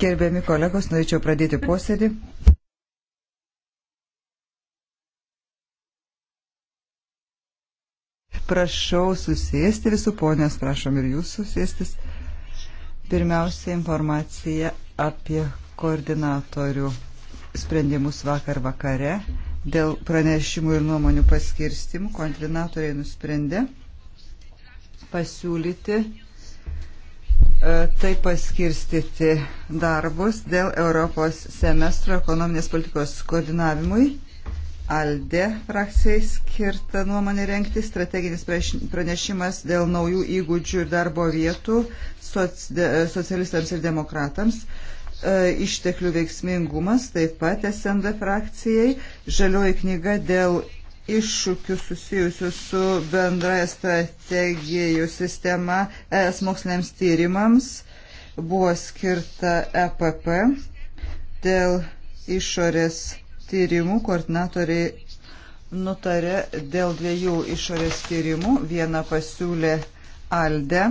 Gerbiami kolegos, norėčiau pradėti posėdį. Prašau susėsti visų ponės, prašom ir jūs susėstis. Pirmiausia informacija apie koordinatorių sprendimus vakar vakare dėl pranešimų ir nuomonių paskirstimų. Koordinatoriai nusprendė pasiūlyti E, taip paskirstyti darbus dėl Europos semestro ekonominės politikos koordinavimui. Alde frakcijai skirta nuomonė renkti strateginis pranešimas dėl naujų įgūdžių ir darbo vietų socialistams ir demokratams e, išteklių veiksmingumas, taip pat SND frakcijai, žalioji knyga dėl iššūkius susijusius su bendraja strategijų sistema ES moksliniams tyrimams buvo skirta EPP dėl išorės tyrimų koordinatoriai nutarė dėl dviejų išorės tyrimų. Vieną pasiūlė Alde.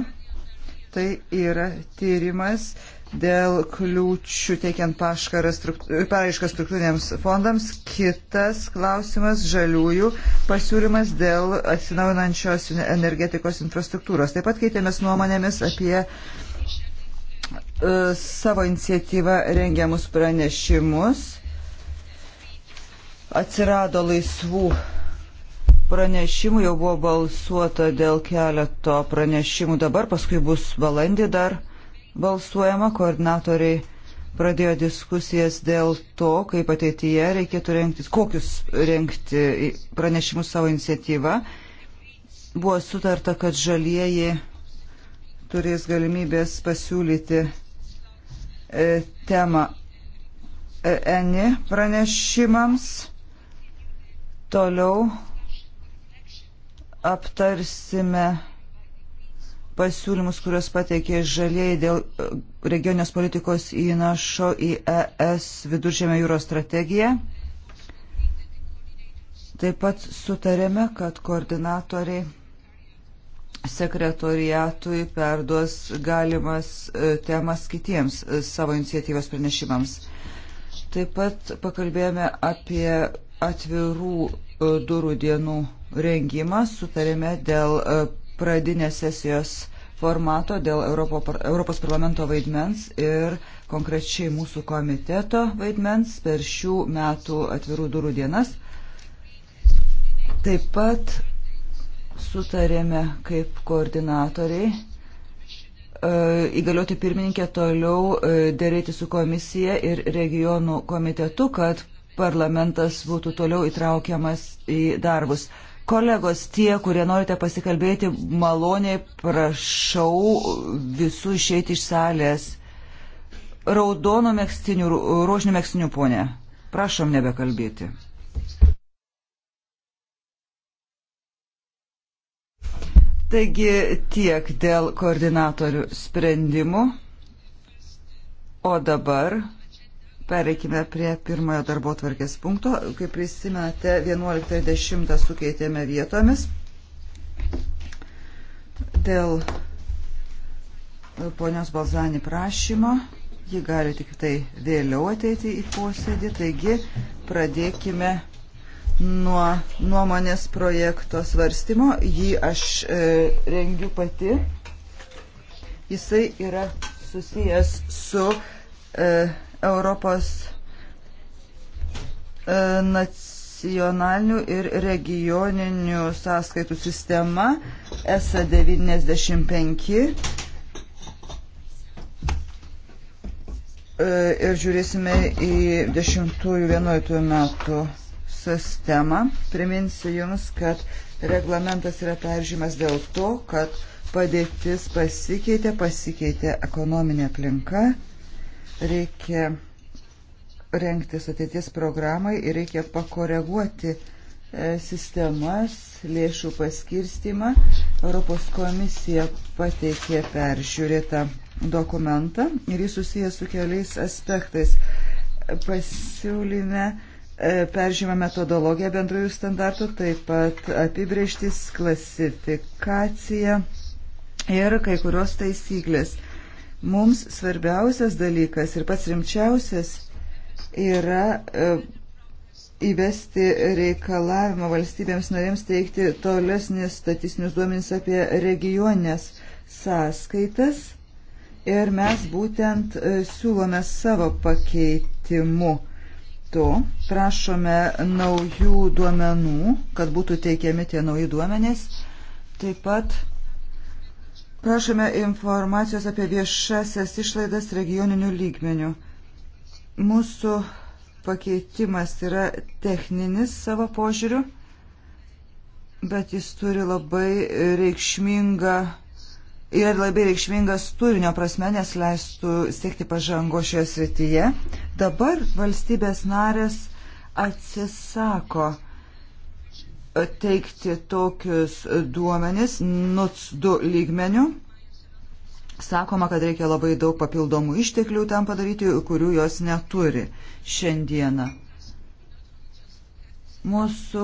Tai yra tyrimas dėl kliūčių teikiant paraišką struktūriniams fondams. Kitas klausimas - žaliųjų pasiūlymas dėl atsinaujinančios energetikos infrastruktūros. Taip pat keitėmės nuomonėmis apie e, savo iniciatyvą rengiamus pranešimus. Atsirado laisvų pranešimų, jau buvo balsuota dėl keleto pranešimų dabar, paskui bus valandį dar balsuojama, koordinatoriai pradėjo diskusijas dėl to, kaip ateityje reikėtų rengtis, kokius rengti pranešimus savo iniciatyvą. Buvo sutarta, kad žalieji turės galimybės pasiūlyti e, temą e, ENI pranešimams. Toliau aptarsime pasiūlymus, kuriuos pateikė žalieji dėl e, regionės politikos įnašo į ES viduržėmio jūros strategiją. Taip pat sutarėme, kad koordinatoriai sekretoriatui perduos galimas e, temas kitiems e, savo iniciatyvos pranešimams. Taip pat pakalbėjome apie atvirų durų dienų rengimą, sutarėme dėl pradinės sesijos formato dėl Europos parlamento vaidmens ir konkrečiai mūsų komiteto vaidmens per šių metų atvirų durų dienas. Taip pat sutarėme kaip koordinatoriai e, įgalioti pirmininkę toliau e, dėrėti su komisija ir regionų komitetu, kad parlamentas būtų toliau įtraukiamas į darbus. Kolegos, tie, kurie norite pasikalbėti, maloniai prašau visų išeiti iš salės. Raudono mėgstinių, rožinių mėgstinių ponė. Prašom nebekalbėti. Taigi tiek dėl koordinatorių sprendimų. O dabar Pereikime prie pirmojo darbo tvarkės punkto. Kaip prisimenate, 11.10 sukeitėme vietomis dėl ponios Balzani prašymo. Ji gali tik tai vėliau ateiti į posėdį, taigi pradėkime nuo nuomonės projekto svarstymo. Jį aš e, rengiu pati. Jisai yra susijęs su e, Europos e, nacionalinių ir regioninių sąskaitų sistema ESA 95 e, ir žiūrėsime į 10-11 metų sistemą. Priminsiu Jums, kad reglamentas yra peržimas dėl to, kad padėtis pasikeitė, pasikeitė ekonominė aplinka. Reikia rengtis ateities programai ir reikia pakoreguoti e, sistemas, lėšų paskirstimą. Europos komisija pateikė peržiūrėtą dokumentą ir jis susijęs su keliais aspektais. Pasiūlyme e, peržymą metodologiją bendrųjų standartų, taip pat apibrieštis, klasifikacija ir kai kurios taisyklės. Mums svarbiausias dalykas ir pats rimčiausias yra e, įvesti reikalavimą valstybėms narėms teikti tolesnis statistinius duomenys apie regionės sąskaitas. Ir mes būtent e, siūlome savo pakeitimu to, prašome naujų duomenų, kad būtų teikiami tie nauji duomenys. Taip pat Prašome informacijos apie viešasias išlaidas regioninių lygmenių. Mūsų pakeitimas yra techninis savo požiūriu, bet jis turi labai reikšmingą ir labai reikšmingas turinio prasme, nes leistų siekti pažango šioje srityje. Dabar valstybės narės atsisako teikti tokius duomenis NUTS 2 lygmenių. Sakoma, kad reikia labai daug papildomų išteklių tam padaryti, kurių jos neturi šiandieną. Mūsų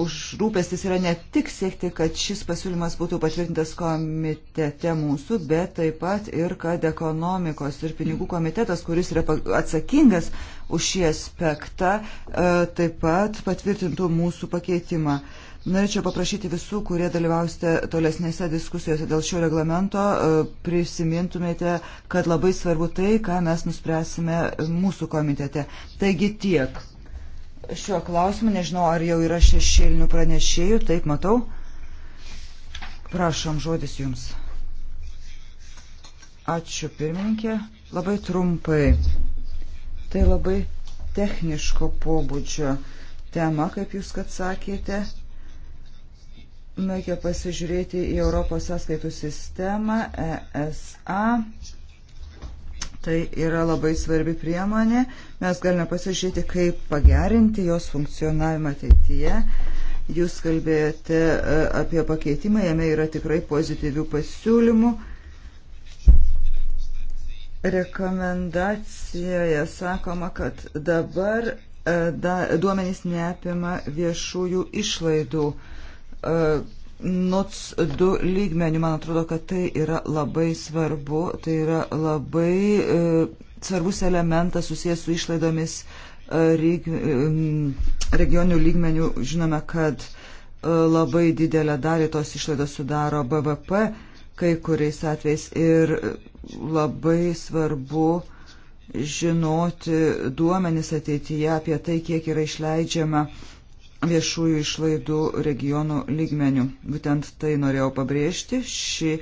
užrūpestis yra ne tik siekti, kad šis pasiūlymas būtų patvirtintas komitete mūsų, bet taip pat ir, kad ekonomikos ir pinigų komitetas, kuris yra atsakingas už šį aspektą, e, taip pat patvirtintų mūsų pakeitimą. Norėčiau paprašyti visų, kurie dalyvausite tolesnėse diskusijose dėl šio reglamento, e, prisimintumėte, kad labai svarbu tai, ką mes nuspręsime mūsų komitete. Taigi tiek šiuo klausimu. Nežinau, ar jau yra šešėlinių pranešėjų. Taip, matau. Prašom, žodis jums. Ačiū, pirmininkė. Labai trumpai. Tai labai techniško pobūdžio tema, kaip jūs kad sakėte. Reikia pasižiūrėti į Europos sąskaitų sistemą ESA Tai yra labai svarbi priemonė. Mes galime pasižiūrėti, kaip pagerinti jos funkcionavimą ateityje. Jūs kalbėjote e, apie pakeitimą, jame yra tikrai pozityvių pasiūlymų. Rekomendacijoje sakoma, kad dabar e, da, duomenys neapima viešųjų išlaidų. Uh, NOTS 2 lygmenių, man atrodo, kad tai yra labai svarbu, tai yra labai e, svarbus elementas susijęs su išlaidomis e, reg, e, regionių lygmenių. Žinome, kad e, labai didelę dalį tos išlaidos sudaro BVP kai kuriais atvejais ir labai svarbu žinoti duomenis ateityje apie tai, kiek yra išleidžiama uh, viešųjų išlaidų regionų lygmenių. Būtent tai norėjau pabrėžti. Ši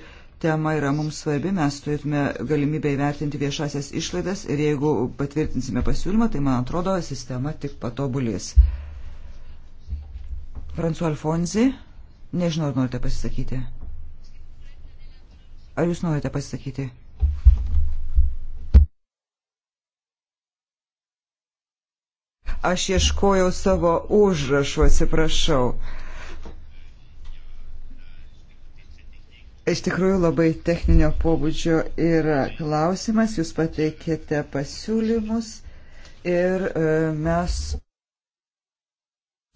tema yra mums svarbi, mes turėtume galimybę įvertinti viešasias išlaidas ir jeigu patvirtinsime pasiūlymą, tai man atrodo, sistema tik patobulės. Fransu Alfonzi, nežinau, ar norite pasisakyti. Ar jūs norite pasisakyti? Aš ieškojau savo užrašų, atsiprašau. Iš tikrųjų labai techninio pobūdžio yra klausimas, jūs pateikėte pasiūlymus ir e, mes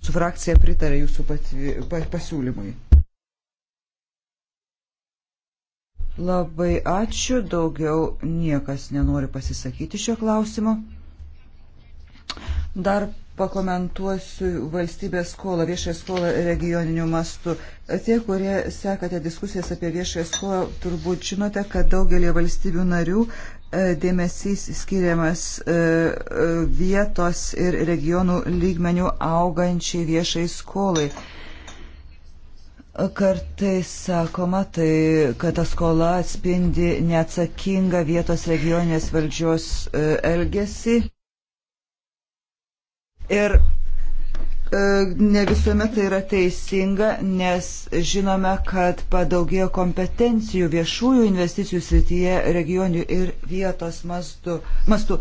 su frakcija pritarė jūsų patvi, pasiūlymui. Labai ačiū, daugiau niekas nenori pasisakyti šio klausimo. Dar pakomentuosiu valstybės skolą, viešąją skolą regioniniu mastu. Tie, kurie sekate diskusijas apie viešąją skolą, turbūt žinote, kad daugelį valstybių narių e, dėmesys skiriamas e, e, vietos ir regionų lygmenių augančiai viešai skolai. Kartais sakoma, tai, kad ta skola atspindi neatsakingą vietos regioninės valdžios elgesį Ir e, ne visuomet tai yra teisinga, nes žinome, kad padaugėjo kompetencijų viešųjų investicijų srityje regionių ir vietos mastu. mastu.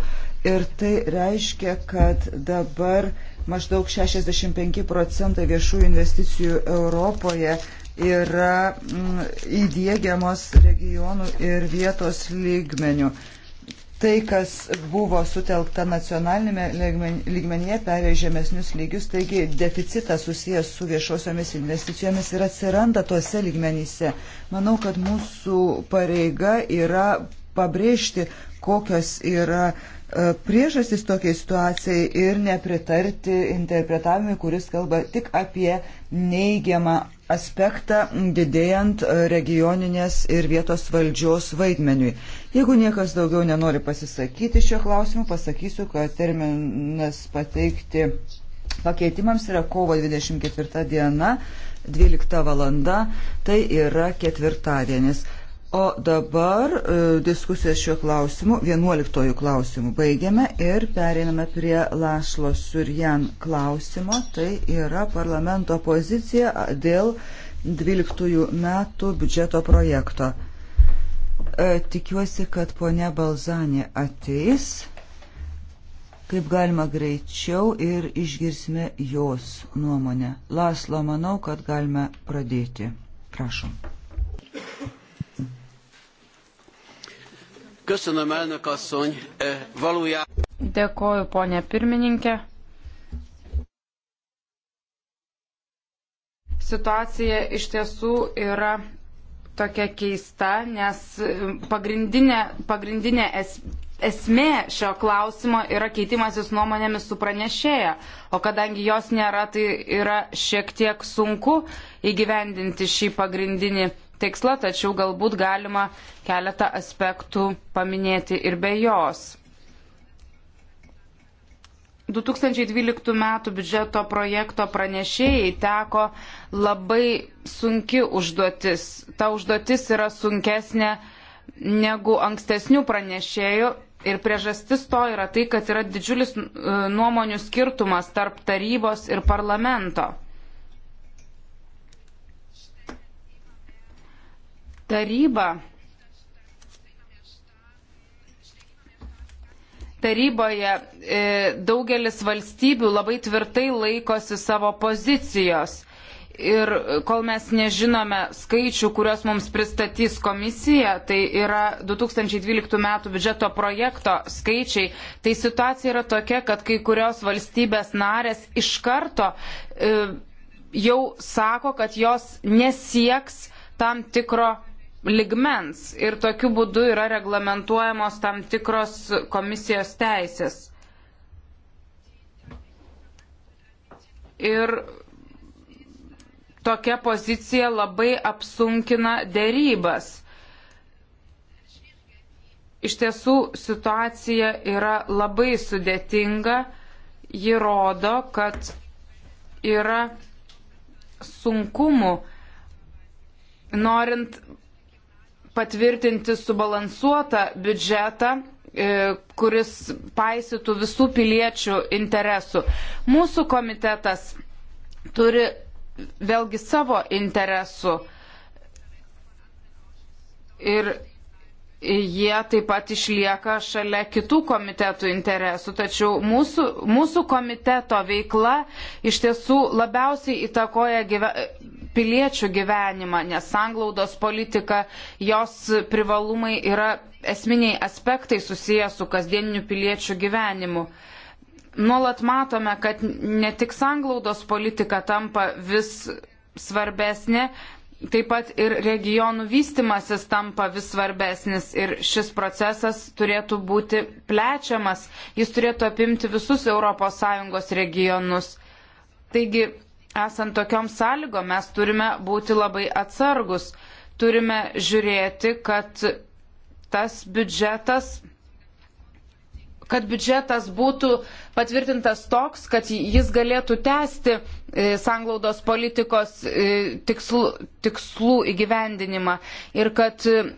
Ir tai reiškia, kad dabar maždaug 65 procentai viešųjų investicijų Europoje yra mm, įdėgiamos regionų ir vietos lygmenių tai, kas buvo sutelkta nacionalinėme lygmenyje, perėjo žemesnius lygius, taigi deficitas susijęs su viešosiomis investicijomis ir atsiranda tuose lygmenyse. Manau, kad mūsų pareiga yra pabrėžti, kokios yra uh, E, priežastis tokiai situacijai ir nepritarti interpretavimui, kuris kalba tik apie neigiamą aspektą didėjant regioninės ir vietos valdžios vaidmeniui. Jeigu niekas daugiau nenori pasisakyti šio klausimu, pasakysiu, kad terminas pateikti pakeitimams yra kovo 24 diena, 12 valanda, tai yra ketvirtadienis. O dabar e, diskusiją šiuo klausimu, 11 klausimu baigiame ir pereiname prie Lašlo Surjan klausimo. Tai yra parlamento pozicija dėl 12 metų biudžeto projekto. E, tikiuosi, kad ponia Balzanė ateis kaip galima greičiau ir išgirsime jos nuomonę. Laslo, manau, kad galime pradėti. Prašom. Köszönöm, elnök asszony, e, valójában. Dėkoju, ponė pirmininkė. Situacija iš tiesų yra tokia keista, nes pagrindinė, pagrindinė es, esmė šio klausimo yra keitimasis nuomonėmis su pranešėja, o kadangi jos nėra, tai yra šiek tiek sunku įgyvendinti šį pagrindinį tikslą, tačiau galbūt galima keletą aspektų paminėti ir be jos. 2012 m. biudžeto projekto pranešėjai teko labai sunki užduotis. Ta užduotis yra sunkesnė negu ankstesnių pranešėjų ir priežastis to yra tai, kad yra didžiulis e, nuomonių skirtumas tarp tarybos ir parlamento. Taryba. Taryboje e, daugelis valstybių labai tvirtai laikosi savo pozicijos. Ir kol mes nežinome skaičių, kuriuos mums pristatys komisija, tai yra 2012 metų biudžeto projekto skaičiai, tai situacija yra tokia, kad kai kurios valstybės narės iš karto e, jau sako, kad jos nesieks tam tikro ligmens ir tokiu būdu yra reglamentuojamos tam tikros komisijos teisės. Ir tokia pozicija labai apsunkina dėrybas. Iš tiesų situacija yra labai sudėtinga, ji rodo, kad yra sunkumų norint patvirtinti subalansuotą biudžetą, e, kuris paisytų visų piliečių interesų. Mūsų komitetas turi vėlgi savo interesų. Ir jie taip pat išlieka šalia kitų komitetų interesų, tačiau mūsų, mūsų komiteto veikla iš tiesų labiausiai įtakoja gyve, piliečių gyvenimą, nes sanglaudos politika, jos privalumai yra esminiai aspektai susiję su kasdieniniu piliečių gyvenimu. Nuolat matome, kad ne tik sanglaudos politika tampa vis svarbesnė, taip pat ir regionų vystimasis tampa vis svarbesnis ir šis procesas turėtų būti plečiamas, jis turėtų apimti visus ES regionus. Taigi, esant tokiom sąlygom, mes turime būti labai atsargus, turime žiūrėti, kad tas biudžetas kad biudžetas būtų patvirtintas toks, kad jis galėtų tęsti e, sanglaudos politikos e, tikslų, tikslų įgyvendinimą ir kad e,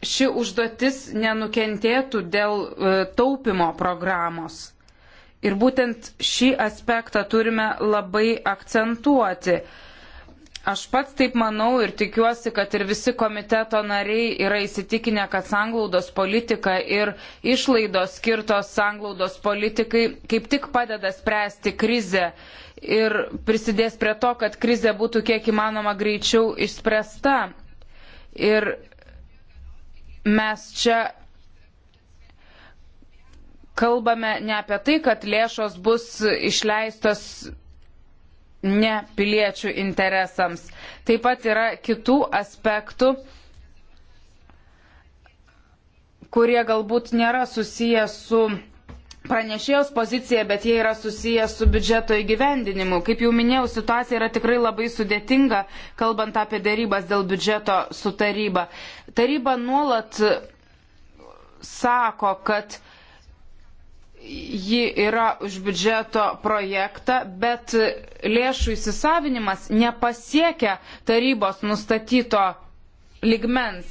ši užduotis nenukentėtų dėl taupimo programos. Ir būtent šį aspektą turime labai akcentuoti. Aš pats taip manau ir tikiuosi, kad ir visi komiteto nariai yra įsitikinę, kad sanglaudos politika ir išlaidos skirtos sanglaudos politikai kaip tik padeda spręsti krizę ir prisidės prie to, kad krizė būtų kiek įmanoma greičiau išspręsta. Ir mes čia kalbame ne apie tai, kad lėšos bus išleistos ne piliečių interesams. Taip pat yra kitų aspektų, kurie galbūt nėra susiję su pranešėjos pozicija, bet jie yra susiję su biudžeto įgyvendinimu. Kaip jau minėjau, situacija yra tikrai labai sudėtinga, kalbant apie darybas dėl biudžeto su taryba. Taryba nuolat sako, kad ji yra už biudžeto projektą, bet lėšų įsisavinimas nepasiekia tarybos nustatyto ligmens.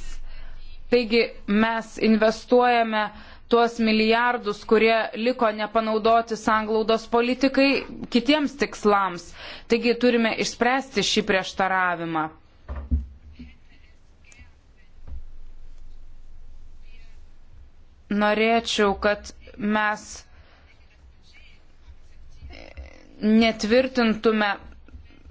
Taigi mes investuojame tuos milijardus, kurie liko nepanaudoti sanglaudos politikai kitiems tikslams. Taigi turime išspręsti šį prieštaravimą. Norėčiau, kad mes netvirtintume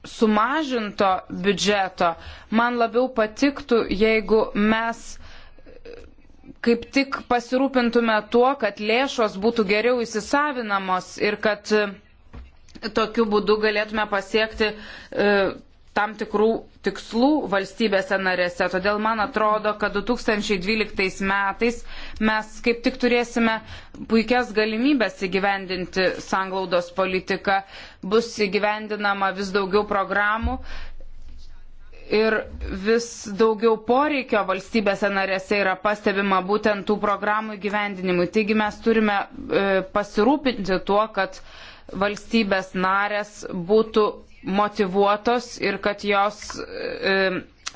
sumažinto biudžeto. Man labiau patiktų, jeigu mes e, kaip tik pasirūpintume tuo, kad lėšos būtų geriau įsisavinamos ir kad e, tokiu būdu galėtume pasiekti e, tam tikrų tikslų valstybėse narėse. Todėl man atrodo, kad 2012 metais mes kaip tik turėsime puikias galimybės įgyvendinti sanglaudos politiką, bus įgyvendinama vis daugiau programų ir vis daugiau poreikio valstybėse narėse yra pastebima būtent tų programų įgyvendinimui. Taigi mes turime e, pasirūpinti tuo, kad valstybės narės būtų motivuotos ir kad jos e,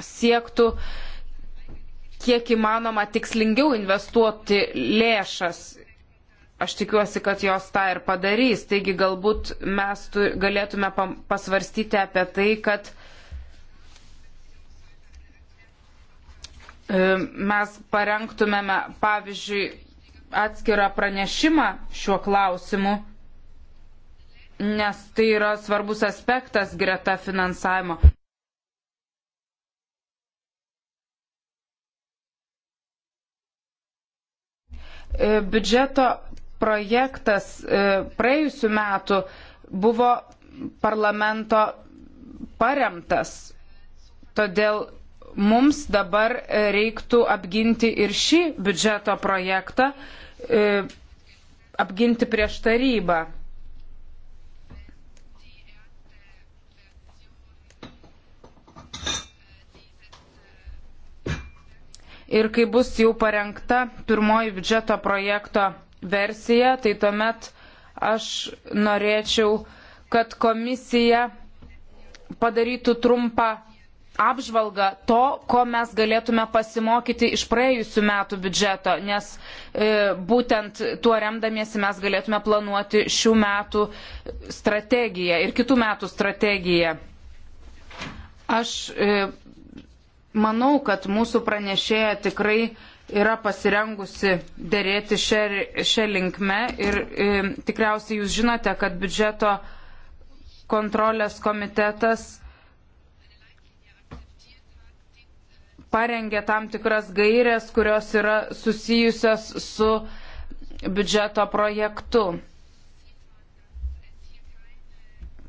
siektų e, kiek įmanoma tikslingiau investuoti lėšas. Aš tikiuosi, kad jos tą ir padarys. Taigi galbūt mes tu, galėtume pasvarstyti apie tai, kad e, mes parengtumėme, pavyzdžiui, atskirą pranešimą šiuo klausimu, nes tai yra svarbus aspektas greta finansavimo. E, biudžeto projektas e, praėjusiu metu buvo parlamento paremtas. Todėl mums dabar reiktų apginti ir šį biudžeto projektą, e, apginti prieš tarybą. ir kai bus jau parengta pirmoji biudžeto projekto versija, tai tuomet aš norėčiau, kad komisija padarytų trumpą apžvalgą to, ko mes galėtume pasimokyti iš praėjusių metų biudžeto, nes e, būtent tuo remdamiesi mes galėtume planuoti šių metų strategiją ir kitų metų strategiją. Aš e, Manau, kad mūsų pranešėja tikrai yra pasirengusi dėrėti šią linkmę ir, ir e, tikriausiai jūs žinote, kad biudžeto kontrolės komitetas parengė tam tikras gairias, kurios yra susijusios su biudžeto projektu.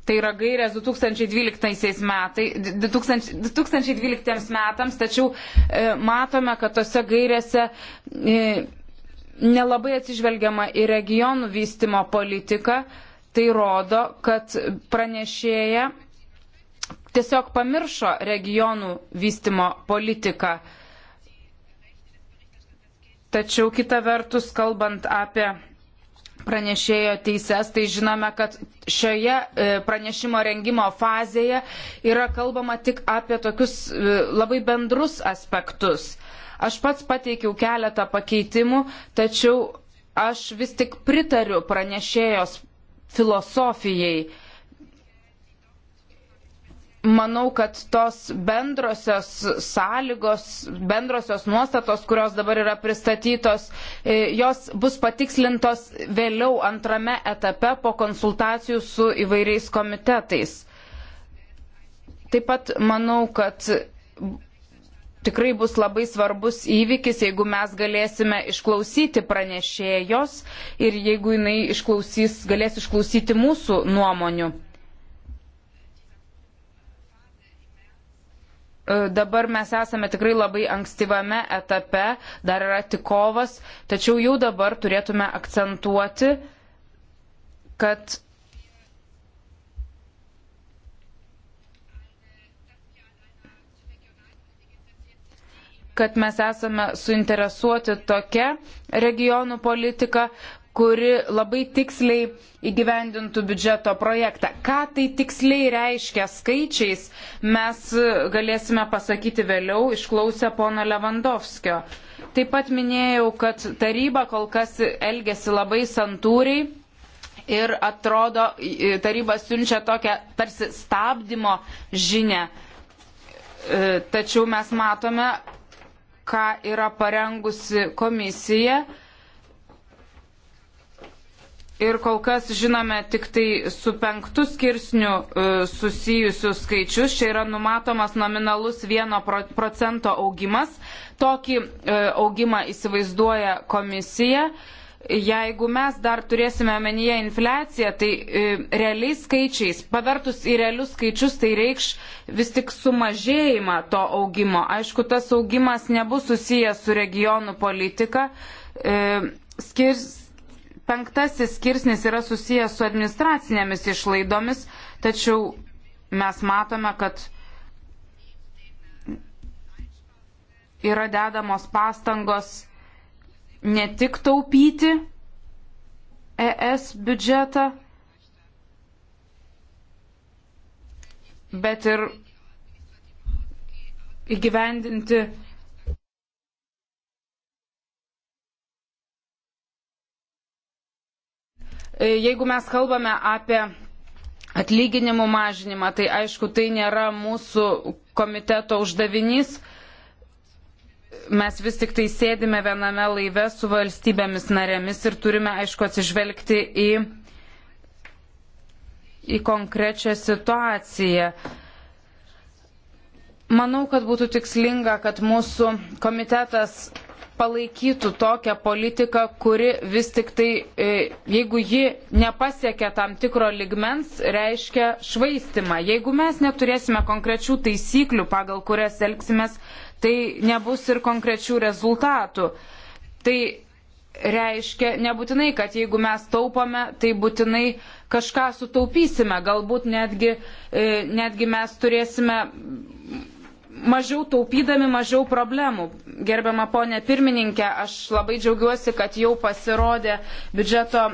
Tai yra gairės 2012, metai, 2012 metams, tačiau e, matome, kad tose gairėse e, nelabai atsižvelgiama į regionų vystimo politiką. Tai rodo, kad pranešėja tiesiog pamiršo regionų vystimo politiką. Tačiau kita vertus, kalbant apie pranešėjo teises, tai žinome, kad šioje e, pranešimo rengimo fazėje yra kalbama tik apie tokius e, labai bendrus aspektus. Aš pats pateikiau keletą pakeitimų, tačiau aš vis tik pritariu pranešėjos filosofijai manau, kad tos bendrosios sąlygos, bendrosios nuostatos, kurios dabar yra pristatytos, e, jos bus patikslintos vėliau antrame etape po konsultacijų su įvairiais komitetais. Taip pat manau, kad tikrai bus labai svarbus įvykis, jeigu mes galėsime išklausyti pranešėjos ir jeigu jinai išklausys, galės išklausyti mūsų nuomonių. E, dabar mes esame tikrai labai ankstyvame etape, dar yra tik kovas, tačiau jau dabar turėtume akcentuoti, kad kad mes esame suinteresuoti tokia regionų politika, kuri labai tiksliai įgyvendintų biudžeto projektą. Ką tai tiksliai reiškia skaičiais, mes galėsime pasakyti vėliau, išklausę pono Levandovskio. Taip pat minėjau, kad taryba kol kas elgesi labai santūriai. Ir atrodo, taryba siunčia tokią tarsi stabdymo žinę. E, tačiau mes matome, ką yra parengusi komisija Ir kol kas žinome tik tai su penktu skirsniu e, susijusius skaičius. Čia yra numatomas nominalus 1 procento augimas. Tokį e, augimą įsivaizduoja komisija. Jeigu mes dar turėsime omenyje infliaciją, tai e, realiais skaičiais, pavertus į realius skaičius, tai reikš vis tik sumažėjimą to augimo. Aišku, tas augimas nebus susijęs su regionų politika. Skirs Penktasis skirsnis yra susijęs su administracinėmis išlaidomis, tačiau mes matome, kad yra dedamos pastangos ne tik taupyti ES biudžetą, bet ir įgyvendinti E, jeigu mes kalbame apie atlyginimų mažinimą, tai aišku, tai nėra mūsų komiteto uždavinys. Mes vis tik tai sėdime viename laive su valstybėmis narėmis ir turime, aišku, atsižvelgti į, į konkrečią situaciją. Manau, kad būtų tikslinga, kad mūsų komitetas palaikytų tokią politiką, kuri vis tik tai, e, jeigu ji nepasiekia tam tikro ligmens, reiškia švaistimą. Jeigu mes neturėsime konkrečių taisyklių, pagal kurias elgsimės, tai nebus ir konkrečių rezultatų. Tai reiškia nebūtinai, kad jeigu mes taupome, tai būtinai kažką sutaupysime, galbūt netgi, e, netgi mes turėsime mažiau taupydami mažiau problemų. Gerbiama ponė pirmininkė, aš labai džiaugiuosi, kad jau pasirodė biudžeto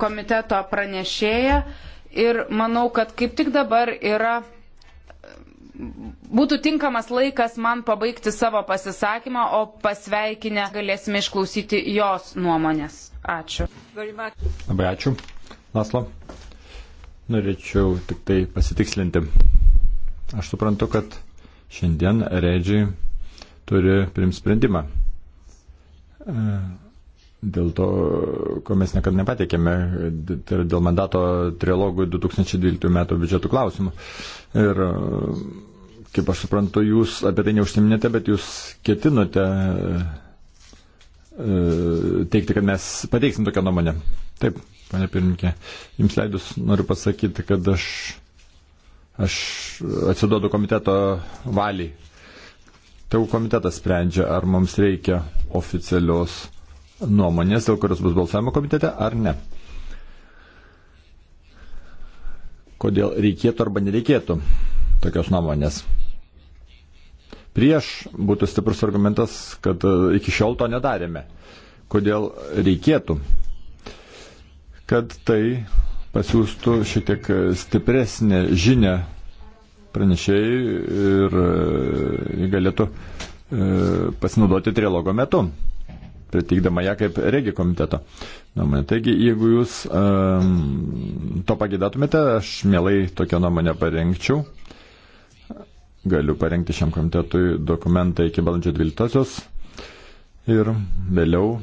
komiteto pranešėja ir manau, kad kaip tik dabar yra. Būtų tinkamas laikas man pabaigti savo pasisakymą, o pasveikinę galėsime išklausyti jos nuomonės. Ačiū. Labai ačiū. Laslo. Norėčiau tik tai pasitikslinti. Aš suprantu, kad šiandien redžiai turi prims sprendimą. E, dėl to, ko mes niekada nepatikėme, tai yra dėl mandato trilogų 2012 metų biudžetų klausimų. Ir e, kaip aš suprantu, jūs apie tai neužsiminėte, bet jūs ketinote e, teikti, kad mes pateiksim tokią nuomonę. Taip, pane pirmininkė, jums leidus noriu pasakyti, kad aš Aš atsidodu komiteto valiai. Tai komitetas sprendžia, ar mums reikia oficialios nuomonės, dėl kurios bus balsavimo komitete, ar ne. Kodėl reikėtų arba nereikėtų tokios nuomonės. Prieš būtų stiprus argumentas, kad e, iki šiol to nedarėme. Kodėl reikėtų? Kad tai pasiūstų šiek tiek stipresnę žinę pranešėjai ir e, jį galėtų e, pasinaudoti trilogo metu, priteikdama ją kaip regi komiteto nuomonę. Taigi, jeigu jūs um, to pagėdatumėte, aš mielai tokią nuomonę parengčiau. Galiu parengti šiam komitetui dokumentą iki balandžio 12 ir vėliau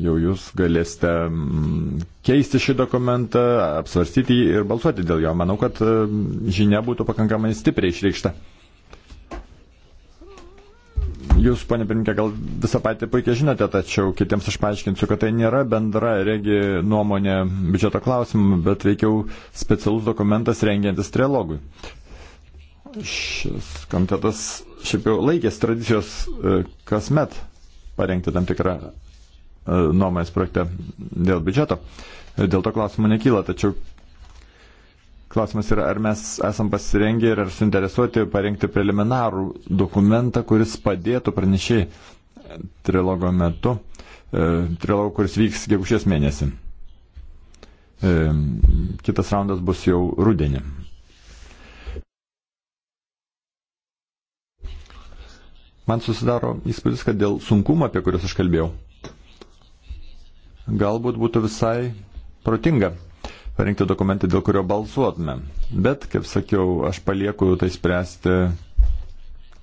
jau jūs galėsite mm, keisti šį dokumentą, apsvarstyti jį ir balsuoti dėl jo. Manau, kad mm, žinia būtų pakankamai stipriai išreikšta. Jūs, ponė pirmininkė, gal visą patį puikiai žinote, tačiau kitiems aš paaiškinsiu, kad tai nėra bendra regi nuomonė biudžeto klausimų, bet veikiau specialus dokumentas rengiantis trilogui. Šis komitetas šiaip jau laikės tradicijos e, kasmet parengti tam tikrą nuomonės projekte dėl biudžeto. Dėl to klausimų nekyla, tačiau klausimas yra, ar mes esam pasirengę ir ar suinteresuoti parengti preliminarų dokumentą, kuris padėtų pranešiai trilogo metu, e, trilogo, kuris vyks gegužės mėnesį. E, kitas raundas bus jau rudenį. Man susidaro įspūdis, kad dėl sunkumo, apie kuriuos aš kalbėjau, galbūt būtų visai protinga parengti dokumentą, dėl kurio balsuotume. Bet, kaip sakiau, aš palieku tai spręsti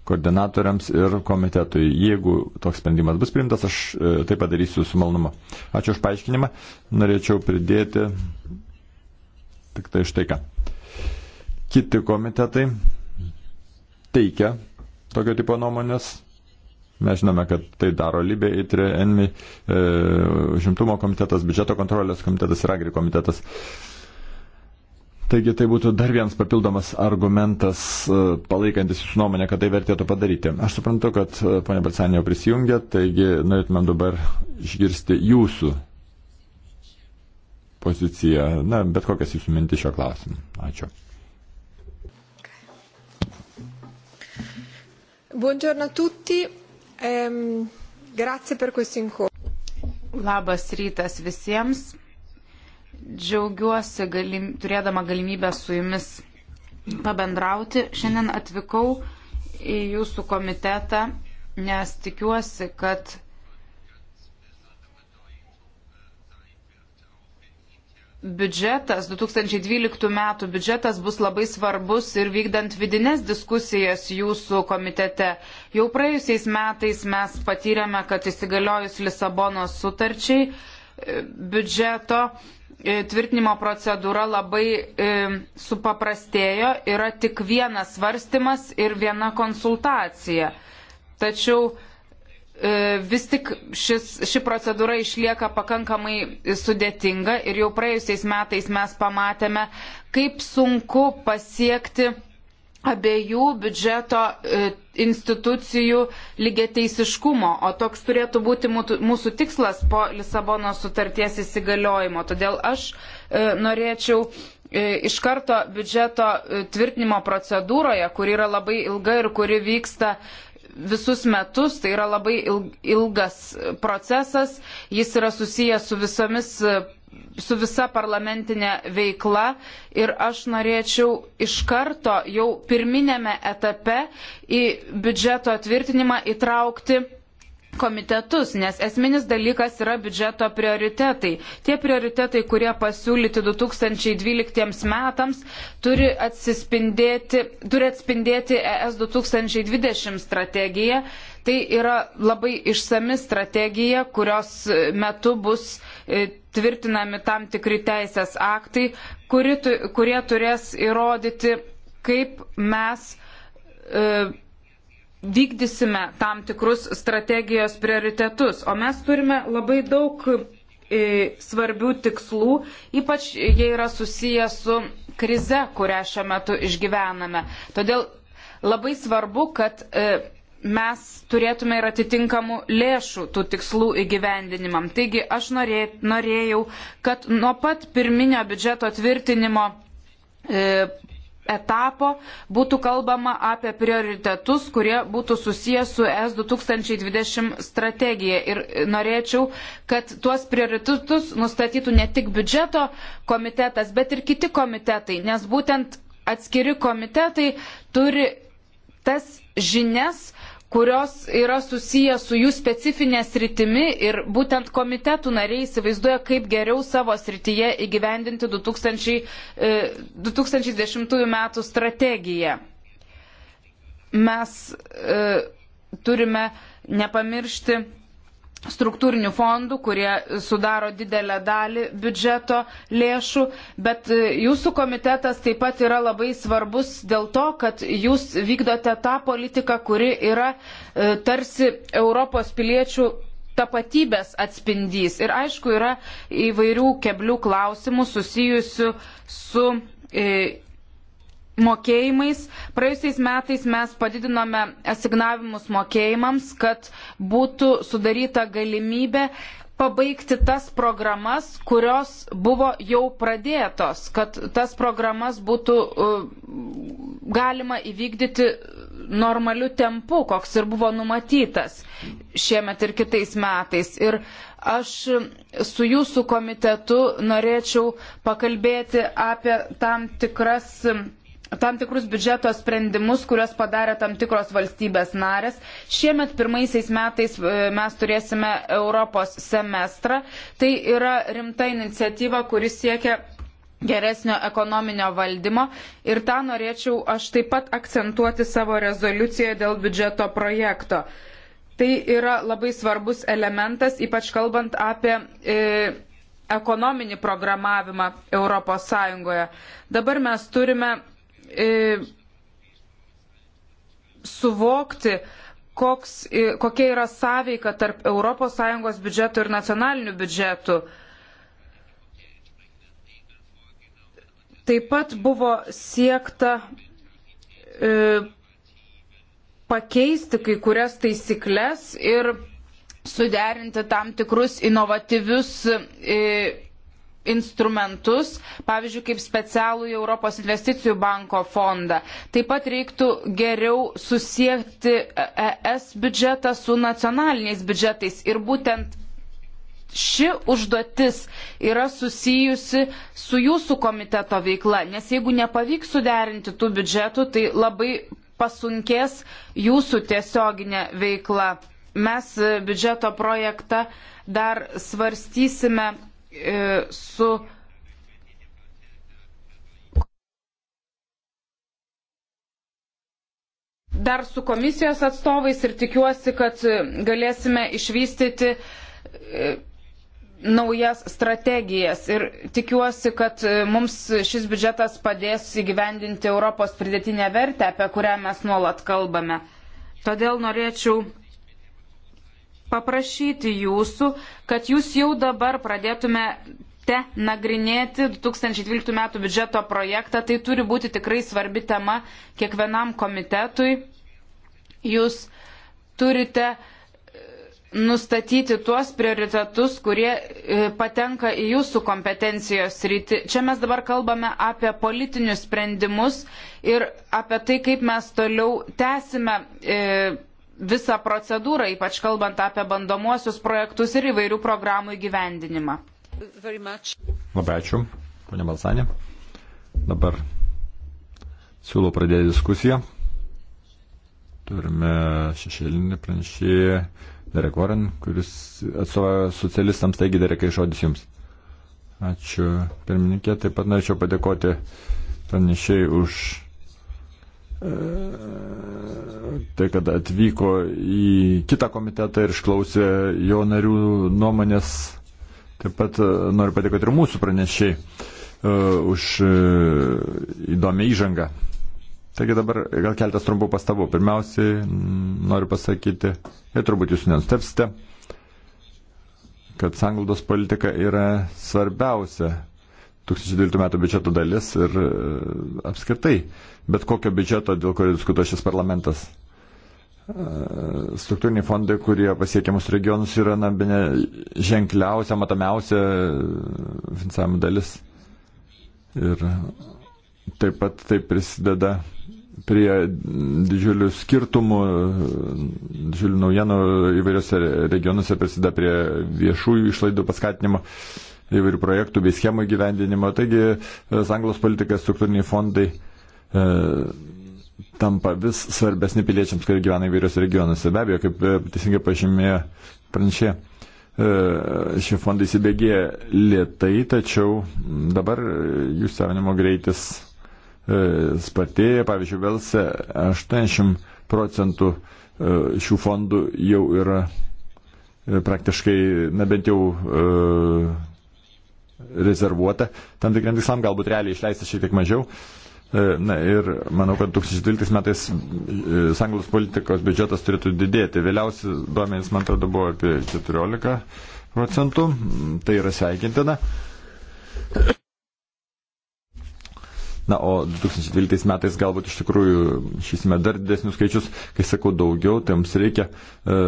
koordinatoriams ir komitetui. Jeigu toks sprendimas bus priimtas, aš e, tai padarysiu su malnumu. Ačiū už paaiškinimą. Norėčiau pridėti tik tai štai ką. Kiti komitetai teikia tokio tipo nuomonės Mes žinome, kad tai daro Libė, Itrė, Enmi, e, Žimtumo komitetas, biudžeto kontrolės komitetas ir Agri komitetas. Taigi tai būtų dar vienas papildomas argumentas e, palaikantis jūsų nuomonę, kad tai vertėtų padaryti. Aš suprantu, kad e, ponia Balsanė jau prisijungė, taigi norėtumėm dabar išgirsti jūsų poziciją, na, bet kokias jūsų mintis šio klausimu. Ačiū. Buongiorno a tutti. Um, grazie per questo incontro. Labas rytas visiems. Džiaugiuosi galim, turėdama galimybę su jumis pabendrauti. Šiandien atvykau į jūsų komitetą, nes tikiuosi, kad biudžetas, 2012 metų biudžetas bus labai svarbus ir vykdant vidinės diskusijas jūsų komitete. Jau praėjusiais metais mes patyrėme, kad įsigaliojus Lisabonos sutarčiai e, biudžeto e, tvirtinimo procedūra labai e, supaprastėjo, yra tik vienas svarstymas ir viena konsultacija. Tačiau E, vis tik šis, ši procedūra išlieka pakankamai sudėtinga ir jau praėjusiais metais mes pamatėme, kaip sunku pasiekti abiejų biudžeto e, institucijų lygiateisiškumo, o toks turėtų būti mūsų tikslas po Lisabono sutarties įsigaliojimo. Todėl aš e, norėčiau iš karto biudžeto tvirtinimo procedūroje, kuri yra labai ilga ir kuri vyksta visus metus, tai yra labai ilgas procesas, jis yra susijęs su visomis su visa parlamentinė veikla ir aš norėčiau iš karto jau pirminėme etape į biudžeto tvirtinimą įtraukti komitetus, nes esminis dalykas yra biudžeto prioritetai. Tie prioritetai, kurie pasiūlyti 2012 metams, turi, turi atspindėti ES 2020 strategiją. Tai yra labai išsami strategija, kurios metu bus e, tvirtinami tam tikri teisės aktai, kuri, kurie turės įrodyti, kaip mes e, vykdysime tam tikrus strategijos prioritetus. O mes turime labai daug e, svarbių tikslų, ypač jie yra susiję su krize, kurią šiuo metu išgyvename. Todėl labai svarbu, kad e, mes turėtume ir atitinkamų lėšų tų tikslų įgyvendinimam. Taigi aš norėjau, kad nuo pat pirminio biudžeto tvirtinimo e, etapo būtų kalbama apie prioritetus, kurie būtų susijęs su S 2020 strategija. Ir norėčiau, kad tuos prioritetus nustatytų ne tik biudžeto komitetas, bet ir kiti komitetai, nes būtent atskiri komitetai turi tas žinias, kurios yra susiję su jų specifinė sritimi ir būtent komitetų nariai įsivaizduoja, kaip geriau savo srityje įgyvendinti 2000, 2010 m. strategiją. Mes e, turime nepamiršti struktūrinių fondų, kurie sudaro didelę dalį biudžeto lėšų, bet e, jūsų komitetas taip pat yra labai svarbus dėl to, kad jūs vykdote tą politiką, kuri yra e, tarsi Europos piliečių tapatybės atspindys. Ir aišku, yra įvairių keblių klausimų susijusių su e, mokėjimais. Praėjusiais metais mes padidinome asignavimus mokėjimams, kad būtų sudaryta galimybė pabaigti tas programas, kurios buvo jau pradėtos, kad tas programas būtų uh, galima įvykdyti normaliu tempu, koks ir buvo numatytas šiemet ir kitais metais. Ir aš su jūsų komitetu norėčiau pakalbėti apie tam tikras uh, tam tikrus biudžeto sprendimus, kuriuos padarė tam tikros valstybės narės. Šiemet pirmaisiais metais e, mes turėsime Europos semestrą. Tai yra rimta iniciatyva, kuris siekia geresnio ekonominio valdymo ir tą norėčiau aš taip pat akcentuoti savo rezoliucijoje dėl biudžeto projekto. Tai yra labai svarbus elementas, ypač kalbant apie e, ekonominį programavimą ES. Dabar mes turime E, suvokti, koks, e, kokia yra sąveika tarp ES biudžeto ir nacionalinių biudžetų. Taip pat buvo siekta e, pakeisti kai kurias taisyklės ir suderinti tam tikrus inovatyvius e, instrumentus, pavyzdžiui, kaip specialų Europos investicijų banko fondą. Taip pat reiktų geriau susiekti ES biudžetą su nacionaliniais biudžetais ir būtent ši užduotis yra susijusi su jūsų komiteto veikla, nes jeigu nepavyks suderinti tų biudžetų, tai labai pasunkės jūsų tiesioginė veikla. Mes biudžeto projektą dar svarstysime E, su dar su komisijos atstovais ir tikiuosi, kad galėsime išvystyti e, naujas strategijas ir tikiuosi, kad e, mums šis biudžetas padės įgyvendinti Europos pridėtinę vertę, apie kurią mes nuolat kalbame. Todėl norėčiau paprašyti jūsų, kad jūs jau dabar pradėtumėte nagrinėti 2012 metų biudžeto projektą. Tai turi būti tikrai svarbi tema kiekvienam komitetui. Jūs turite e, nustatyti tuos prioritetus, kurie e, patenka į jūsų kompetencijos rytį. Čia mes dabar kalbame apie politinius sprendimus ir apie tai, kaip mes toliau tęsime. E, visą procedūrą, ypač kalbant apie bandomuosius projektus ir įvairių programų įgyvendinimą. Labai ačiū, ponia Balsanė. Dabar siūlau pradėti diskusiją. Turime šešėlinį pranešėją Derek Warren, kuris atstovauja socialistams, taigi Derekai žodis jums. Ačiū pirmininkė, taip pat norėčiau padėkoti pranešėjai už tai, kad atvyko į kitą komitetą ir išklausė jo narių nuomonės. Taip pat e, noriu padėkoti ir mūsų pranešiai e, už e, įdomią įžangą. Taigi dabar gal keltas trumpų pastabų. Pirmiausiai noriu pasakyti, ir turbūt jūs nenustepsite, kad sanglaudos politika yra svarbiausia 2012 metų biudžeto dalis ir apskritai bet kokio biudžeto, dėl kurio diskutuoja šis parlamentas. E, struktūriniai fondai, kurie pasiekia mūsų regionus, yra na, bene ženkliausia, matomiausia e, finansavimo dalis. Ir taip pat tai prisideda prie didžiulių skirtumų, e, didžiulių naujienų įvairiose regionuose prisideda prie viešųjų išlaidų paskatinimo įvairių projektų bei schemų įgyvendinimo. Taigi, Anglos politika, struktūriniai fondai E, tampa vis svarbesni piliečiams, kurie gyvena įvairiose regionuose. Be abejo, kaip e, teisingai pažymėjo pranešė, e, šie fondai įsibėgėja lietai, tačiau dabar jų savinimo greitis spartėja. Pavyzdžiui, Velse 80 procentų šių fondų jau yra praktiškai, na bent jau rezervuota tam tikram tikslam, galbūt realiai išleista šiek tiek mažiau. E, na ir manau, kad 2012 metais e, sanglos politikos biudžetas turėtų didėti. Vėliausi duomenys, man atrodo, buvo apie 14 procentų. Tai yra sveikintina. Na, o 2012 metais galbūt iš tikrųjų išysime dar didesnius skaičius, kai sakau daugiau, tai mums reikia e,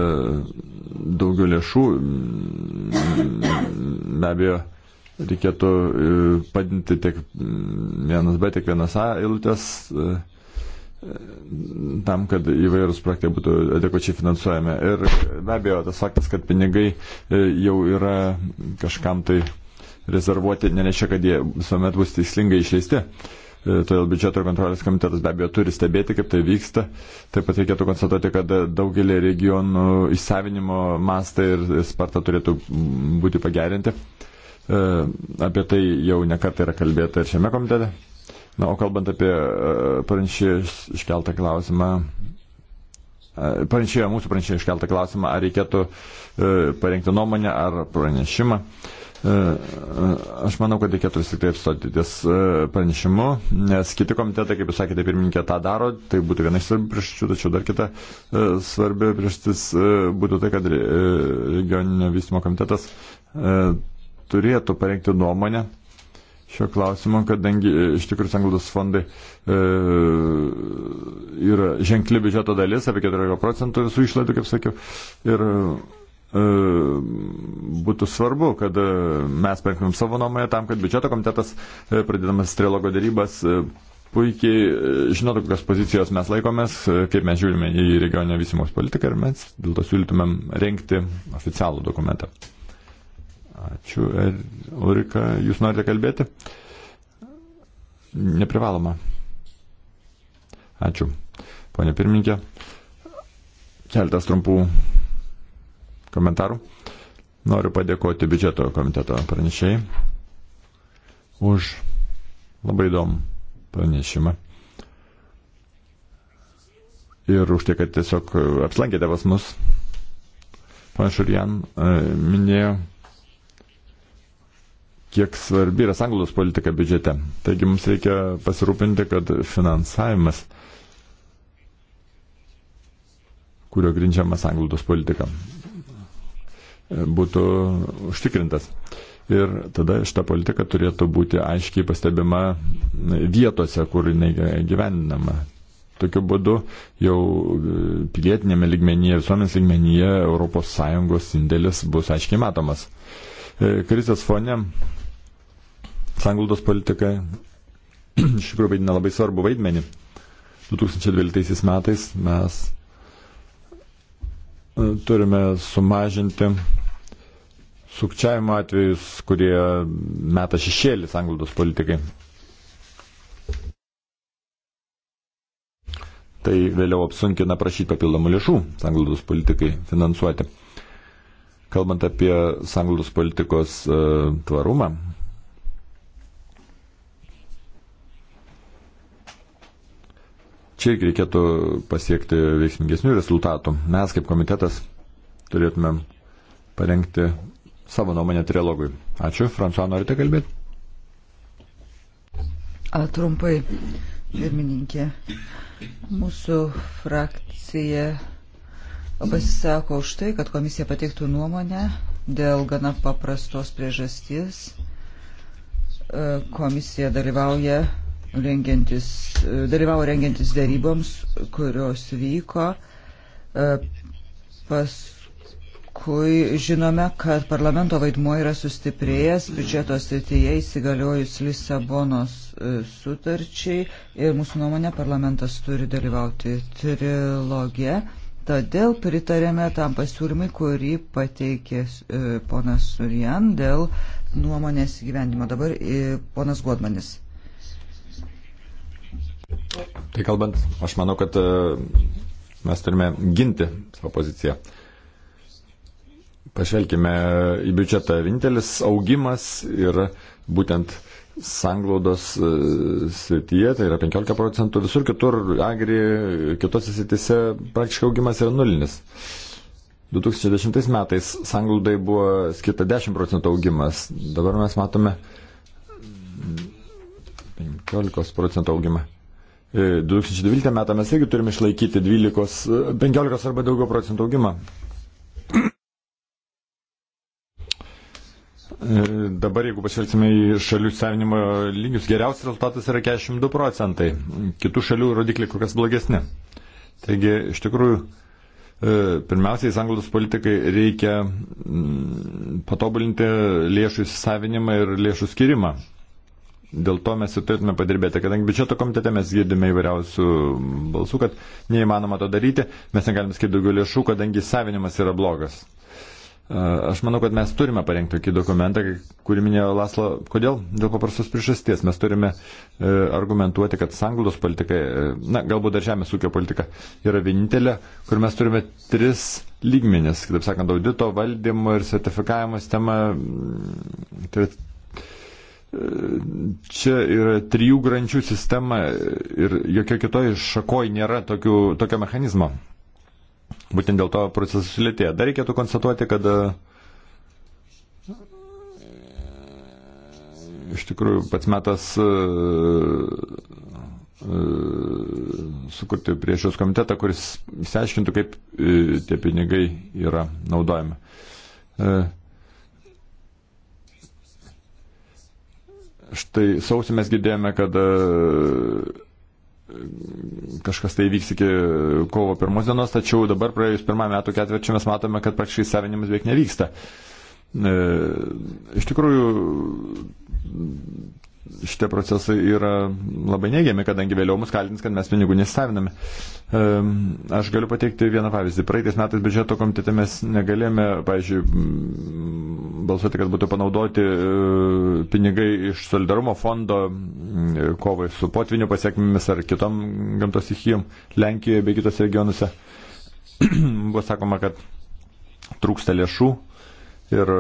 daugiau lėšų, be abejo, reikėtų e, padinti tiek vienas B, tiek vienas A eilutės e, e, tam, kad įvairūs projektai būtų adekvačiai finansuojami. Ir be abejo, tas faktas, kad pinigai jau yra kažkam tai rezervuoti, nereiškia, kad jie visuomet bus teisingai išleisti. Todėl biudžeto kontrolės komitetas be abejo turi stebėti, kaip tai vyksta. Taip pat reikėtų konstatuoti, kad daugelį regionų įsavinimo mastai ir sparta turėtų būti pagerinti. E, apie tai jau nekartą yra kalbėta ir šiame komitete. Na, o kalbant apie e, pranešėjus iškeltą klausimą, e, pranešėjo, mūsų pranešėjo iškeltą klausimą, ar reikėtų parengti nuomonę ar pranešimą. Aš manau, kad reikėtų vis tik tai apstoti ties pranešimu, nes kiti komitetai, kaip jūs sakėte, pirmininkė tą daro, tai būtų viena iš svarbių priežasčių, tačiau dar kita svarbi priežastis būtų tai, kad regioninio vystimo komitetas turėtų parengti nuomonę šio klausimo, kadangi e, iš tikrųjų sanglaudos fondai e, yra ženkli biudžeto dalis, apie 14 procentų visų išlaidų, kaip sakiau. Ir e, būtų svarbu, kad e, mes parengtumėm savo nuomonę tam, kad biudžeto komitetas, pradėdamas trilogo darybas, puikiai žinotų, kokios pozicijos mes laikomės, kaip mes žiūrime į regioninę vysimos politiką ir mes dėl to siūlytumėm renkti oficialų dokumentą. Ačiū. Ulrika, jūs norite kalbėti? Neprivaloma. Ačiū. Pone pirmininkė, keltas trumpų komentarų. Noriu padėkoti biudžeto komiteto pranešėjai už labai įdomų pranešimą. Ir už tai, kad tiesiog apslankėte pas mus. Pana Šurian e, minėjo kiek svarbi yra sanglaudos politika biudžete. Taigi mums reikia pasirūpinti, kad finansavimas, kurio grindžiama sanglaudos politika, būtų užtikrintas. Ir tada šita politika turėtų būti aiškiai pastebima vietose, kur jinai gyveninama. Tokiu būdu jau pilietinėme ligmenyje, visuomenės ligmenyje ES indėlis bus aiškiai matomas. E, krizės fone sanglaudos politika iš tikrųjų vaidina labai svarbu vaidmenį. 2012 metais mes e, turime sumažinti sukčiavimo atvejus, kurie meta šešėlį sanglaudos politikai. Tai vėliau apsunkina prašyti papildomų lėšų sanglaudos politikai finansuoti. Kalbant apie sanglaudos politikos e, tvarumą, čia irgi reikėtų pasiekti veiksmingesnių rezultatų. Mes kaip komitetas turėtumėm parengti savo nuomonę trilogui. Ačiū. Fransuo, norite kalbėti? A, trumpai, pirmininkė. Mūsų frakcija pasisako už tai, kad komisija pateiktų nuomonę dėl gana paprastos priežasties. E, komisija dalyvauja rengiantis, dalyvavo rengiantis daryboms, kurios vyko. E, paskui žinome, kad parlamento vaidmuo yra sustiprėjęs biudžeto srityje įsigaliojus Lisabonos e, sutarčiai ir mūsų nuomonė parlamentas turi dalyvauti trilogė. Todėl pritarėme tam pasiūlymui, kurį pateikė e, ponas Surjan dėl nuomonės gyvendimo. Dabar ponas Godmanis. Tai kalbant, aš manau, kad e, mes turime ginti savo poziciją. Pažvelkime į biudžetą. Vintelis augimas yra būtent sanglaudos e, srityje, tai yra 15 procentų, visur kitur, agri, kitose srityse praktiškai augimas yra nulinis. 2010 metais sanglaudai buvo skirta 10 procentų augimas, dabar mes matome 15 procentų augimą. 2012 e, metą mes irgi turime išlaikyti 12, 15 e, arba daugiau procentų augimą. E, dabar, jeigu pažvelgsime į šalių savinimo lygius, geriausias rezultatas yra 42 procentai. Kitų šalių rodikliai kur kas blogesni. Taigi, iš tikrųjų, pirmiausiai, sanglaudos politikai reikia patobulinti lėšų įsisavinimą ir lėšų skirimą. Dėl to mes ir turėtume padirbėti, kadangi biudžeto komitete mes girdime įvairiausių balsų, kad neįmanoma to daryti, mes negalime skirti daugiau lėšų, kadangi savinimas yra blogas. Aš manau, kad mes turime parengti tokį dokumentą, kurį minėjo Laslo. Kodėl? Dėl paprastos priežasties. Mes turime e, argumentuoti, kad sanglaudos politika, e, na, galbūt dar žemės ūkio politika yra vienintelė, kur mes turime tris lygmenis, kitaip sakant, audito valdymo ir sertifikavimo sistema, tai yra Čia yra trijų grančių sistema ir jokio kitoje šakoje nėra tokių, tokio mechanizmo. Būtent dėl to procesas sulėtėja. Dar reikėtų konstatuoti, kad e, iš tikrųjų pats metas e, e, sukurti priešios komitetą, kuris išsiaiškintų, kaip tie pinigai yra naudojami. Štai sausį mes girdėjome, kad e, kažkas tai vyks iki kovo pirmos dienos, tačiau dabar praėjus pirmą metų ketvirčių mes matome, kad praktiškai savinimas beveik nevyksta. E, iš tikrųjų, šitie procesai yra labai neigiami, kadangi vėliau mus kaltins, kad mes pinigų nesisaviname. Ehm, aš galiu pateikti vieną pavyzdį. Praeitais metais biudžeto komitete mes negalėjome, pavyzdžiui, mm, balsuoti, kad būtų panaudoti e, pinigai iš solidarumo fondo mm, kovai su potvinių pasiekmėmis ar kitom gamtos įchijom Lenkijoje bei kitose regionuose. Buvo sakoma, kad trūksta lėšų ir e,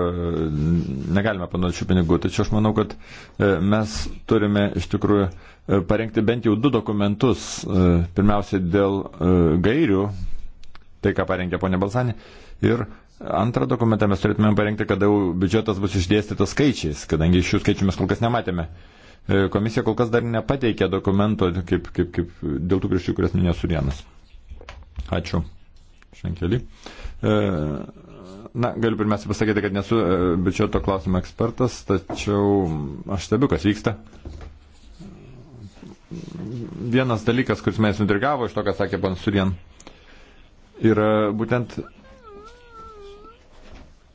negalime panaudoti šių pinigų. Tačiau aš manau, kad e, mes turime iš tikrųjų e, parengti bent jau du dokumentus. Pirmiausia, dėl gairių, tai ką parengė ponė Balsanė. Ir antrą dokumentą mes turėtume parengti, kada jau biudžetas bus išdėstytas skaičiais, kadangi šių skaičių mes kol kas nematėme. Komisija kol kas dar nepateikė dokumento, kaip, kaip, kaip dėl tų priešių, kurias minėjo Surienas. Ačiū. Šenkelį. E, Na, galiu pirmiausia pasakyti, kad nesu e, biudžeto klausimo ekspertas, tačiau aš stebiu, kas vyksta. Vienas dalykas, kuris manęs nudirgavo iš to, ką sakė pan Surien, yra būtent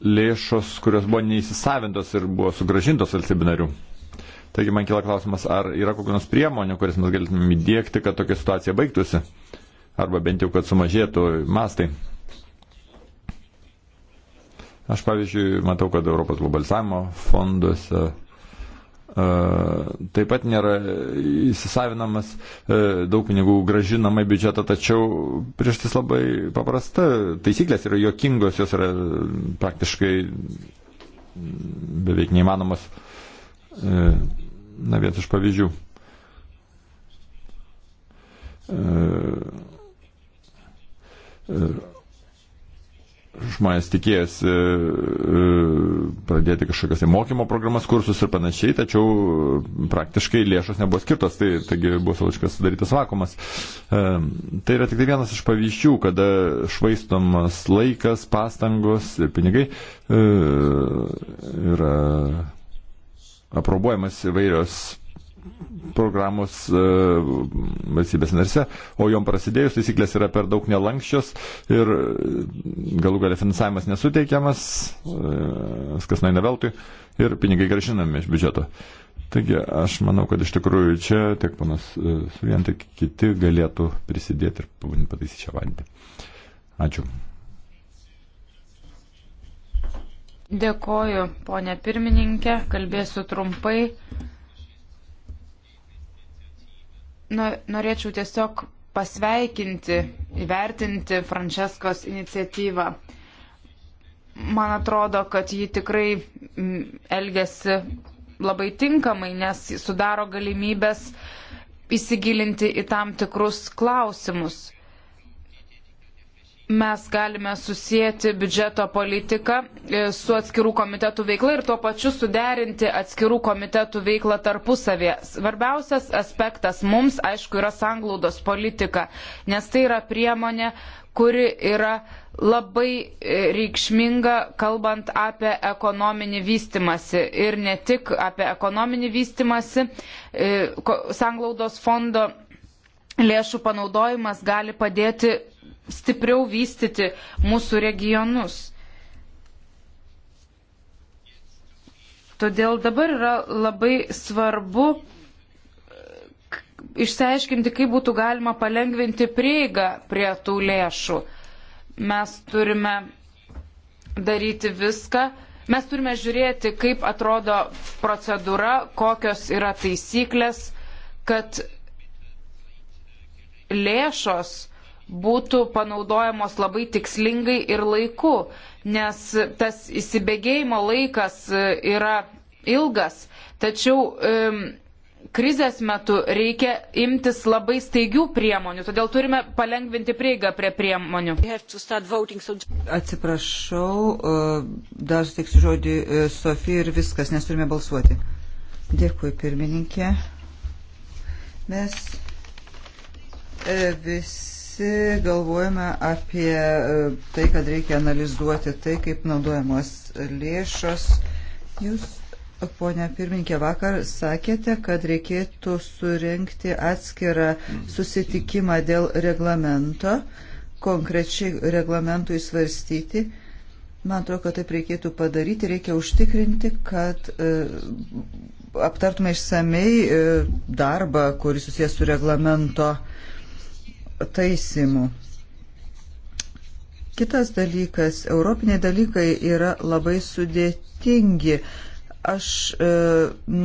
lėšos, kurios buvo neįsisavintos ir buvo sugražintos valstybinarių. Taigi man kila klausimas, ar yra kokių nors priemonių, kurias mes galėtume įdėkti, kad tokia situacija baigtųsi, arba bent jau, kad sumažėtų mastai. Aš pavyzdžiui matau, kad Europos globalizavimo fonduose e, taip pat nėra įsisavinamas e, daug pinigų gražinama į biudžetą, tačiau priežastis labai paprasta. Taisyklės yra jokingos, jos yra praktiškai beveik neįmanomas. E, na, vienas iš pavyzdžių. E, e, žmonės tikėjosi e, e, pradėti kažkokias tai mokymo programas, kursus ir panašiai, tačiau e, praktiškai lėšos nebuvo skirtos, tai taigi buvo savotiškas sudarytas vakumas. Tai yra tik tai vienas iš pavyzdžių, kada švaistomas laikas, pastangos ir pinigai yra aprobuojamas įvairios programos e, valstybės narse, o jom prasidėjus taisyklės yra per daug nelankščios ir e, galų galia finansavimas nesuteikiamas, e, viskas naina veltui ir pinigai gražinami iš biudžeto. Taigi aš manau, kad iš tikrųjų čia tiek panas Suvien, tiek kiti galėtų prisidėti ir pataisyti šią vandį. Ačiū. Dėkoju, ponė pirmininkė, kalbėsiu trumpai nu, norėčiau tiesiog pasveikinti, įvertinti Franceskos iniciatyvą. Man atrodo, kad ji tikrai mm, elgesi labai tinkamai, nes sudaro galimybės įsigilinti į tam tikrus klausimus mes galime susijęti biudžeto politiką e, su atskirų komitetų veikla ir tuo pačiu suderinti atskirų komitetų veiklą tarpusavėje. Svarbiausias aspektas mums, aišku, yra sanglaudos politika, nes tai yra priemonė, kuri yra labai e, reikšminga, kalbant apie ekonominį vystimasi. Ir ne tik apie ekonominį vystimasi, e, sanglaudos fondo lėšų panaudojimas gali padėti stipriau vystyti mūsų regionus. Todėl dabar yra labai svarbu išsiaiškinti, kaip būtų galima palengvinti prieigą prie tų lėšų. Mes turime daryti viską, mes turime žiūrėti, kaip atrodo procedūra, kokios yra taisyklės, kad lėšos būtų panaudojamos labai tikslingai ir laiku, nes tas įsibėgėjimo laikas e, yra ilgas, tačiau krizės metu reikia imtis labai staigių priemonių, todėl turime palengvinti prieigą prie priemonių. Atsiprašau, e, dar suteiksiu žodį e, Sofija ir viskas, nes turime balsuoti. Dėkui, pirmininkė. Mes visi visi galvojame apie e, tai, kad reikia analizuoti tai, kaip naudojamos lėšos. Jūs, ponia pirminkė, vakar sakėte, kad reikėtų surenkti atskirą susitikimą dėl reglamento, konkrečiai reglamentui svarstyti. Man atrodo, kad taip reikėtų padaryti, reikia užtikrinti, kad e, aptartume išsamei e, darbą, kuris susijęs su reglamento taisimų. Kitas dalykas, europiniai dalykai yra labai sudėtingi. Aš e,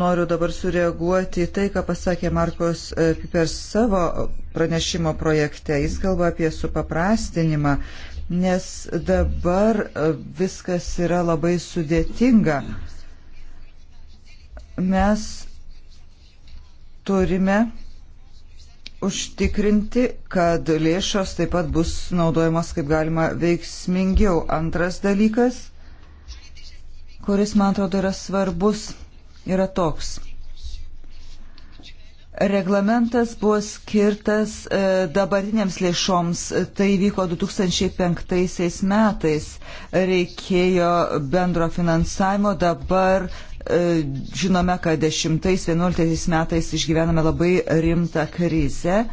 noriu dabar sureaguoti į tai, ką pasakė Markos e, per savo pranešimo projekte. Jis kalba apie supaprastinimą, nes dabar e, viskas yra labai sudėtinga. Mes turime užtikrinti, kad lėšos taip pat bus naudojamos kaip galima veiksmingiau. Antras dalykas, kuris man atrodo yra svarbus, yra toks. Reglamentas buvo skirtas e, dabartiniams lėšoms. Tai vyko 2005 metais. Reikėjo bendro finansavimo, dabar E, žinome, kad 10-11 metais išgyvename labai rimtą krizę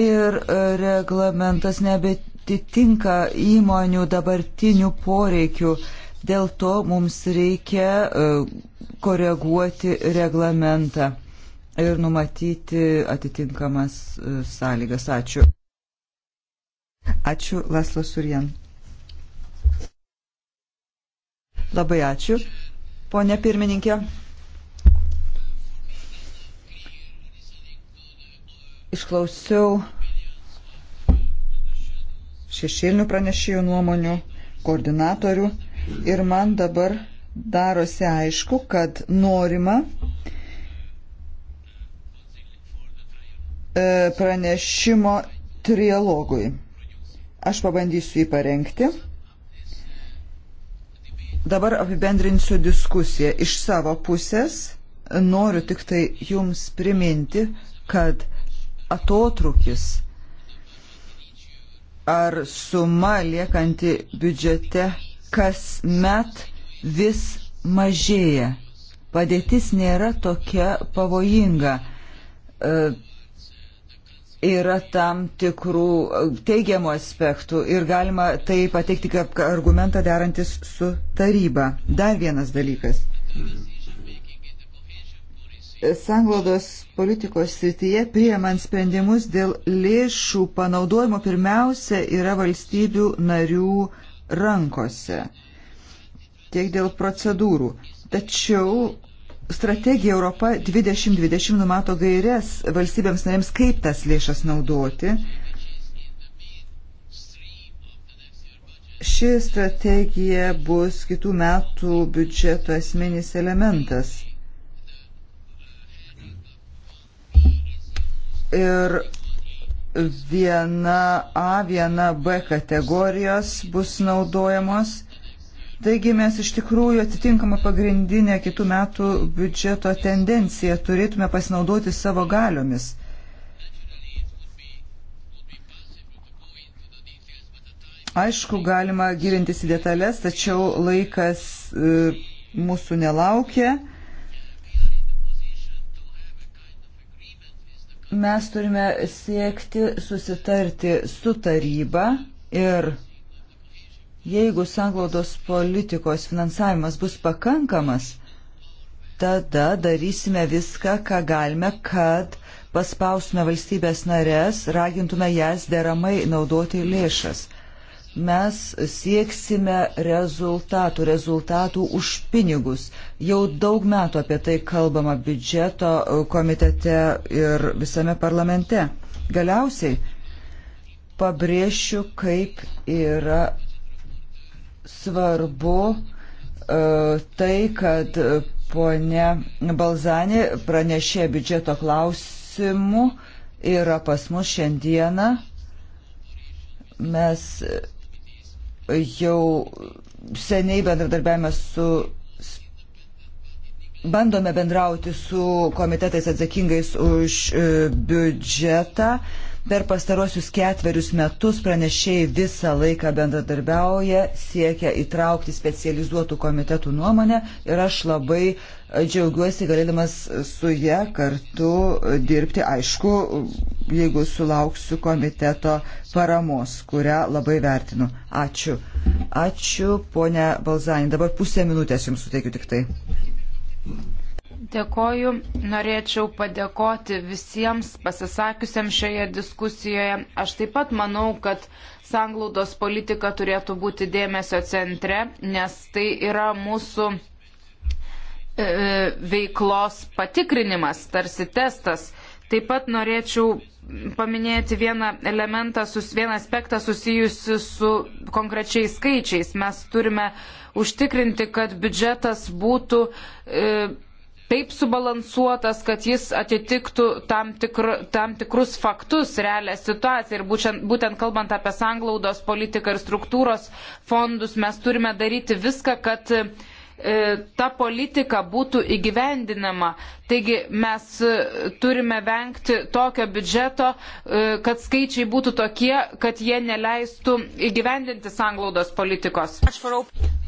ir e, reglamentas nebetitinka įmonių dabartinių poreikių. Dėl to mums reikia e, koreguoti reglamentą ir numatyti atitinkamas sąlygas. Ačiū. Ačiū, Laslas Surien. Labai ačiū. Pone pirmininkė, išklausiau šešėlinių pranešėjų nuomonių, koordinatorių ir man dabar darosi aišku, kad norima e, pranešimo trialogui. Aš pabandysiu jį parengti. Dabar apibendrinsiu diskusiją. Iš savo pusės noriu tik tai jums priminti, kad atotrukis ar suma liekanti biudžete kas met vis mažėja. Padėtis nėra tokia pavojinga. E, yra tam tikrų e, teigiamų aspektų ir galima tai pateikti kaip argumentą derantis su taryba. Dar vienas dalykas. Sanglodos politikos srityje priemant sprendimus dėl lėšų panaudojimo pirmiausia yra valstybių narių rankose, tiek dėl procedūrų. Tačiau Strategija Europa 2020 numato gairias valstybėms narėms, kaip tas lėšas naudoti. Ši strategija bus kitų metų biudžeto esminis elementas. Ir viena A, viena B kategorijos bus naudojamos Taigi mes iš tikrųjų atitinkamą pagrindinę kitų metų biudžeto tendenciją turėtume pasinaudoti savo galiomis. Aišku, galima gilintis į detalės, tačiau laikas e, mūsų nelaukia. Mes turime siekti susitarti su taryba ir Jeigu sanglaudos politikos finansavimas bus pakankamas, tada darysime viską, ką galime, kad paspausime valstybės narės, ragintume jas deramai naudoti lėšas. Mes sieksime rezultatų, rezultatų už pinigus. Jau daug metų apie tai kalbama biudžeto komitete ir visame parlamente. Galiausiai pabrėšiu, kaip yra svarbu e, tai, kad ponė Balzanė pranešė biudžeto klausimų yra pas mus šiandieną. Mes jau seniai bendradarbiavime su bandome bendrauti su komitetais atsakingais už e, biudžetą. Per pastarosius ketverius metus pranešėjai visą laiką bendradarbiauja, siekia įtraukti specializuotų komitetų nuomonę ir aš labai džiaugiuosi galėdamas su jie kartu dirbti, aišku, jeigu sulauksiu komiteto paramos, kurią labai vertinu. Ačiū. Ačiū, ponia Balzanė. Dabar pusę minutės jums suteikiu tik tai. Dėkoju. Norėčiau padėkoti visiems pasisakiusiems šioje diskusijoje. Aš taip pat manau, kad sanglaudos politika turėtų būti dėmesio centre, nes tai yra mūsų e, veiklos patikrinimas, tarsi testas. Taip pat norėčiau paminėti vieną elementą, vieną aspektą susijusi su konkrečiais skaičiais. Mes turime užtikrinti, kad biudžetas būtų. E, taip subalansuotas, kad jis atitiktų tam, tikr, tam tikrus faktus, realią situaciją. Ir būtent, būtent kalbant apie sanglaudos politiką ir struktūros fondus, mes turime daryti viską, kad uh, E, ta politika būtų įgyvendinama. Taigi mes e, turime vengti tokio biudžeto, e, kad skaičiai būtų tokie, kad jie neleistų įgyvendinti sanglaudos politikos.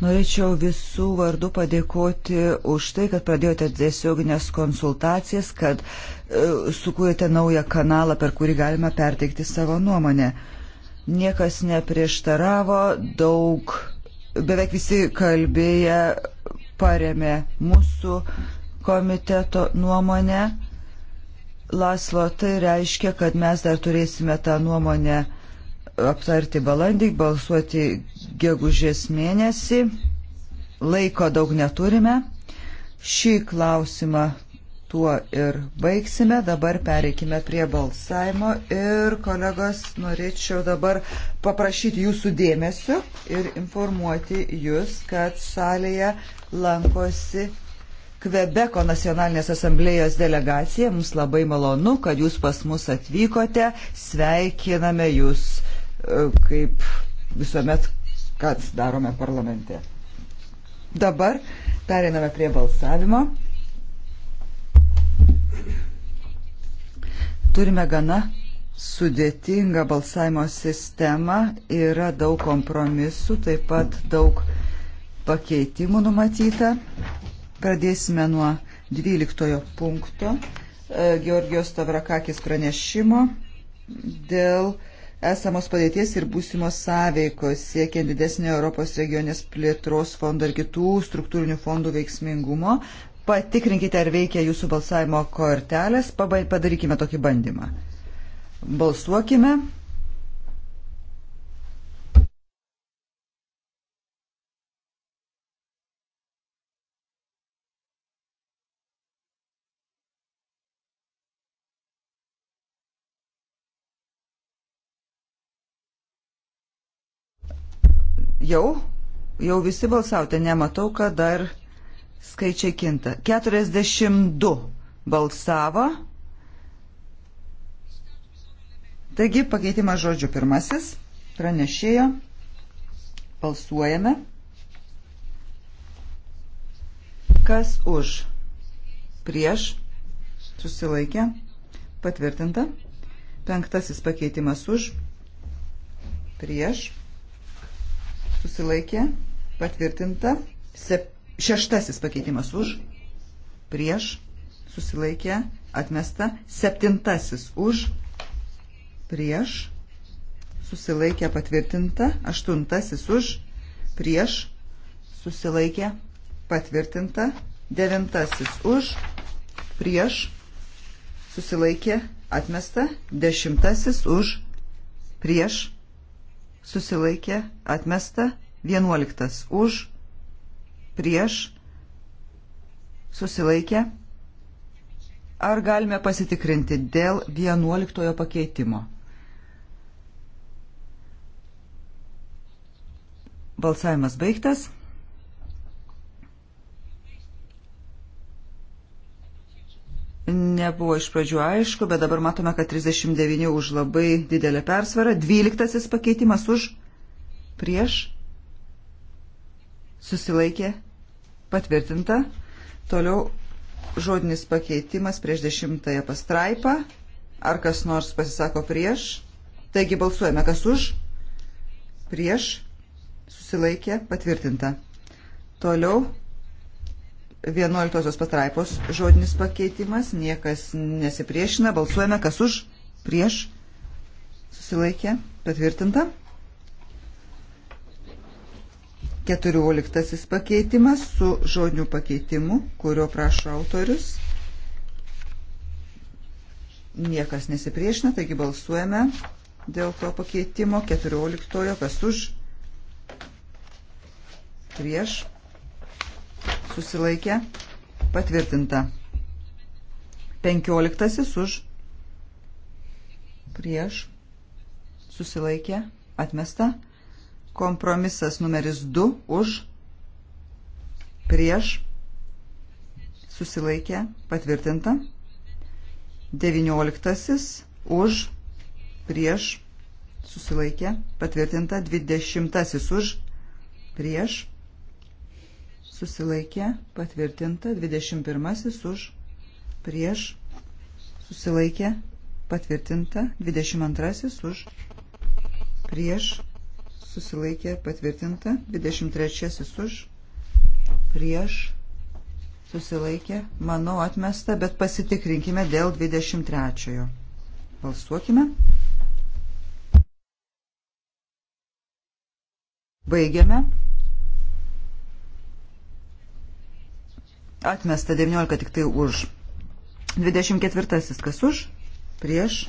Norėčiau visų vardų padėkoti už tai, kad pradėjote tiesioginės konsultacijas, kad sukūrėte naują kanalą, per kurį galima perteikti savo nuomonę. Niekas neprieštaravo, daug beveik visi kalbėję paremė mūsų komiteto nuomonę. Laslo, tai reiškia, kad mes dar turėsime tą nuomonę aptarti balandį, balsuoti gegužės mėnesį. Laiko daug neturime. Šį klausimą tuo ir baigsime. Dabar pereikime prie balsavimo ir kolegos norėčiau dabar paprašyti jūsų dėmesio ir informuoti jūs, kad salėje lankosi Kvebeko nacionalinės asamblėjos delegacija. Mums labai malonu, kad jūs pas mus atvykote. Sveikiname jūs e, kaip visuomet, kad darome parlamente. Dabar periname prie balsavimo. Turime gana sudėtingą balsavimo sistemą, yra daug kompromisų, taip pat daug pakeitimų numatyta. Pradėsime nuo 12 punkto e, Georgijos Tavrakakis pranešimo dėl esamos padėties ir būsimos sąveikos siekiant didesnio Europos regionės plėtros fondo ir kitų struktūrinių fondų veiksmingumo. Patikrinkite, ar veikia jūsų balsavimo kortelės. Padarykime tokį bandymą. Balsuokime. Jau, jau visi balsavote, nematau, kad dar skaičiai kinta. 42 balsavo. Taigi pakeitimas žodžių pirmasis. Pranešėjo. Balsuojame. Kas už? Prieš. Susilaikė. Patvirtinta. Penktasis pakeitimas už. Prieš. Susilaikė. Patvirtinta. Sep Šeštasis pakeitimas už, prieš, susilaikė, atmesta. Septintasis už, prieš, susilaikė, patvirtinta. Aštuntasis už, prieš, susilaikė, patvirtinta. Devintasis už, prieš, susilaikė, atmesta. Dešimtasis už, prieš, susilaikė, atmesta. Vienuoliktas už, prieš prieš, susilaikę. Ar galime pasitikrinti dėl 11 pakeitimo? Balsavimas baigtas. Nebuvo iš pradžių aišku, bet dabar matome, kad 39 už labai didelę persvarą, 12 pakeitimas už prieš susilaikė patvirtinta. Toliau žodinis pakeitimas prieš dešimtąją pastraipą. Ar kas nors pasisako prieš? Taigi balsuojame, kas už, prieš, susilaikė, patvirtinta. Toliau 11 pastraipos žodinis pakeitimas, niekas nesipriešina, balsuojame, kas už, prieš, susilaikė, patvirtinta. Keturioliktasis pakeitimas su žodiniu pakeitimu, kurio prašo autorius. Niekas nesipriešina, taigi balsuojame dėl to pakeitimo. Keturioliktojo, kas už, prieš, susilaikė, patvirtinta. Penkioliktasis už, prieš, susilaikė, atmesta. Kompromisas numeris 2 už, prieš, susilaikė, patvirtinta. 19 už, prieš, susilaikė, patvirtinta. 20 už, prieš, susilaikė, patvirtinta. 21 už, prieš, susilaikė, patvirtinta. 22 už, prieš, susilaikė patvirtinta, 23 už, prieš susilaikė, manau atmesta, bet pasitikrinkime dėl 23. Balsuokime. Baigiame. Atmesta 19 tik tai už. 24 kas už, prieš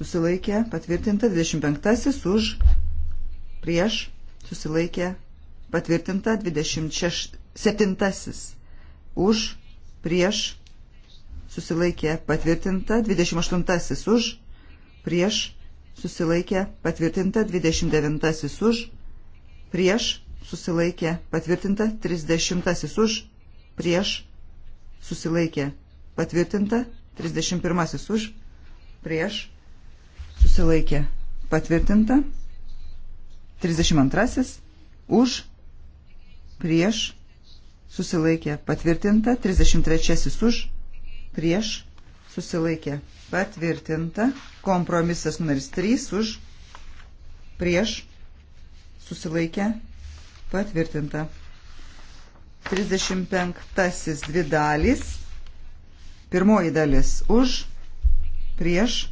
susilaikė, patvirtinta 25 už, prieš, susilaikė, patvirtinta 27 už, prieš, susilaikė, patvirtinta 28 už, prieš, susilaikė, patvirtinta 29 už, prieš, susilaikė, patvirtinta 30 už, prieš, susilaikė, patvirtinta 31 už, prieš, susilaikė, patvirtinta 32 už, prieš, susilaikė patvirtinta, 33 už, prieš, susilaikė patvirtinta, kompromisas numeris 3 už, prieš, susilaikė patvirtinta. 35 dvi dalys, pirmoji dalis už, prieš,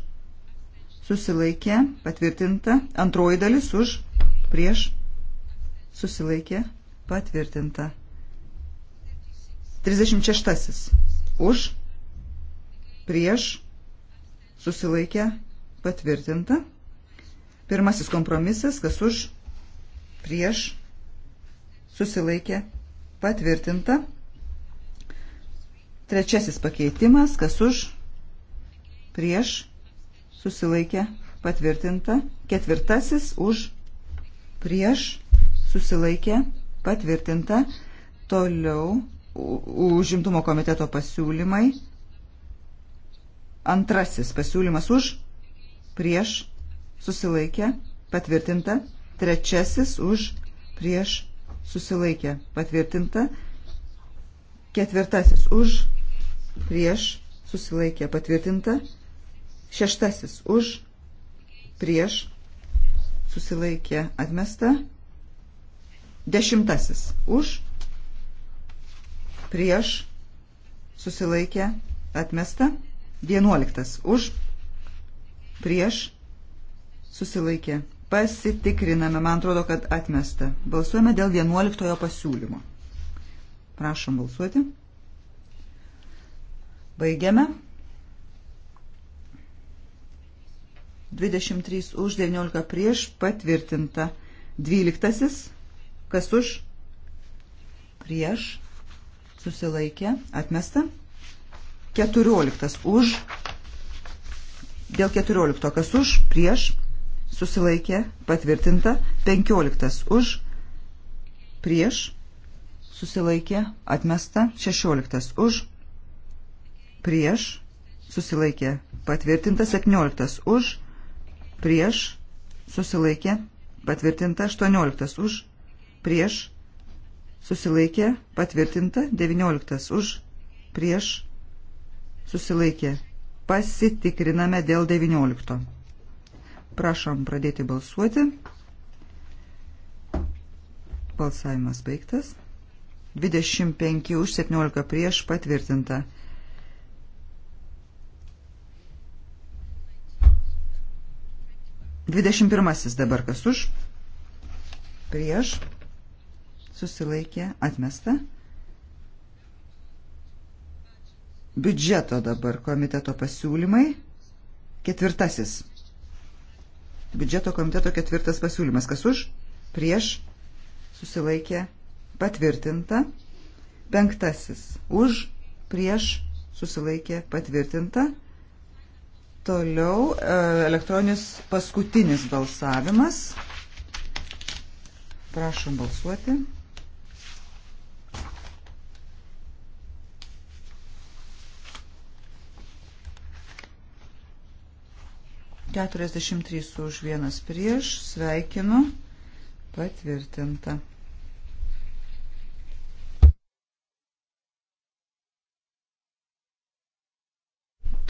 susilaikė patvirtinta, antroji dalis už, prieš, susilaikė, patvirtinta. 36. Už, prieš, susilaikė, patvirtinta. Pirmasis kompromisas, kas už, prieš, susilaikė, patvirtinta. Trečiasis pakeitimas, kas už, prieš, susilaikė, patvirtinta. Ketvirtasis už, prieš, susilaikė, patvirtinta. Toliau užimtumo komiteto pasiūlymai. Antrasis pasiūlymas už, prieš, susilaikė, patvirtinta. Trečiasis už, prieš, susilaikė, patvirtinta. Ketvirtasis už, prieš, susilaikė, patvirtinta. Šeštasis už, prieš, susilaikė atmesta. Dešimtasis už, prieš, susilaikė atmesta. Vienuoliktas už, prieš, susilaikė. Pasitikriname, man atrodo, kad atmesta. Balsuojame dėl vienuoliktojo pasiūlymo. Prašom balsuoti. Baigiame. 23 už, 19 prieš, patvirtinta. 12. Kas už? Prieš. Susilaikė. Atmesta. 14. Už. Dėl 14. Kas už? Prieš. Susilaikė. Patvirtinta. 15. Už. Prieš. Susilaikė. Atmesta. 16. Už. Prieš. Susilaikė. Patvirtinta. 17. Už prieš, susilaikė, patvirtinta 18 už, prieš, susilaikė, patvirtinta 19 už, prieš, susilaikė. Pasitikriname dėl 19. Prašom pradėti balsuoti. Balsavimas baigtas. 25 už 17 prieš patvirtinta. 21 dabar kas už, prieš, susilaikė, atmesta. Biudžeto dabar komiteto pasiūlymai, ketvirtasis. Biudžeto komiteto ketvirtas pasiūlymas, kas už, prieš, susilaikė, patvirtinta. Penktasis, už, prieš, susilaikė, patvirtinta. Toliau e, elektroninis paskutinis balsavimas. Prašom balsuoti. Keturiasdešimt trys už vienas prieš. Sveikinu. Patvirtinta.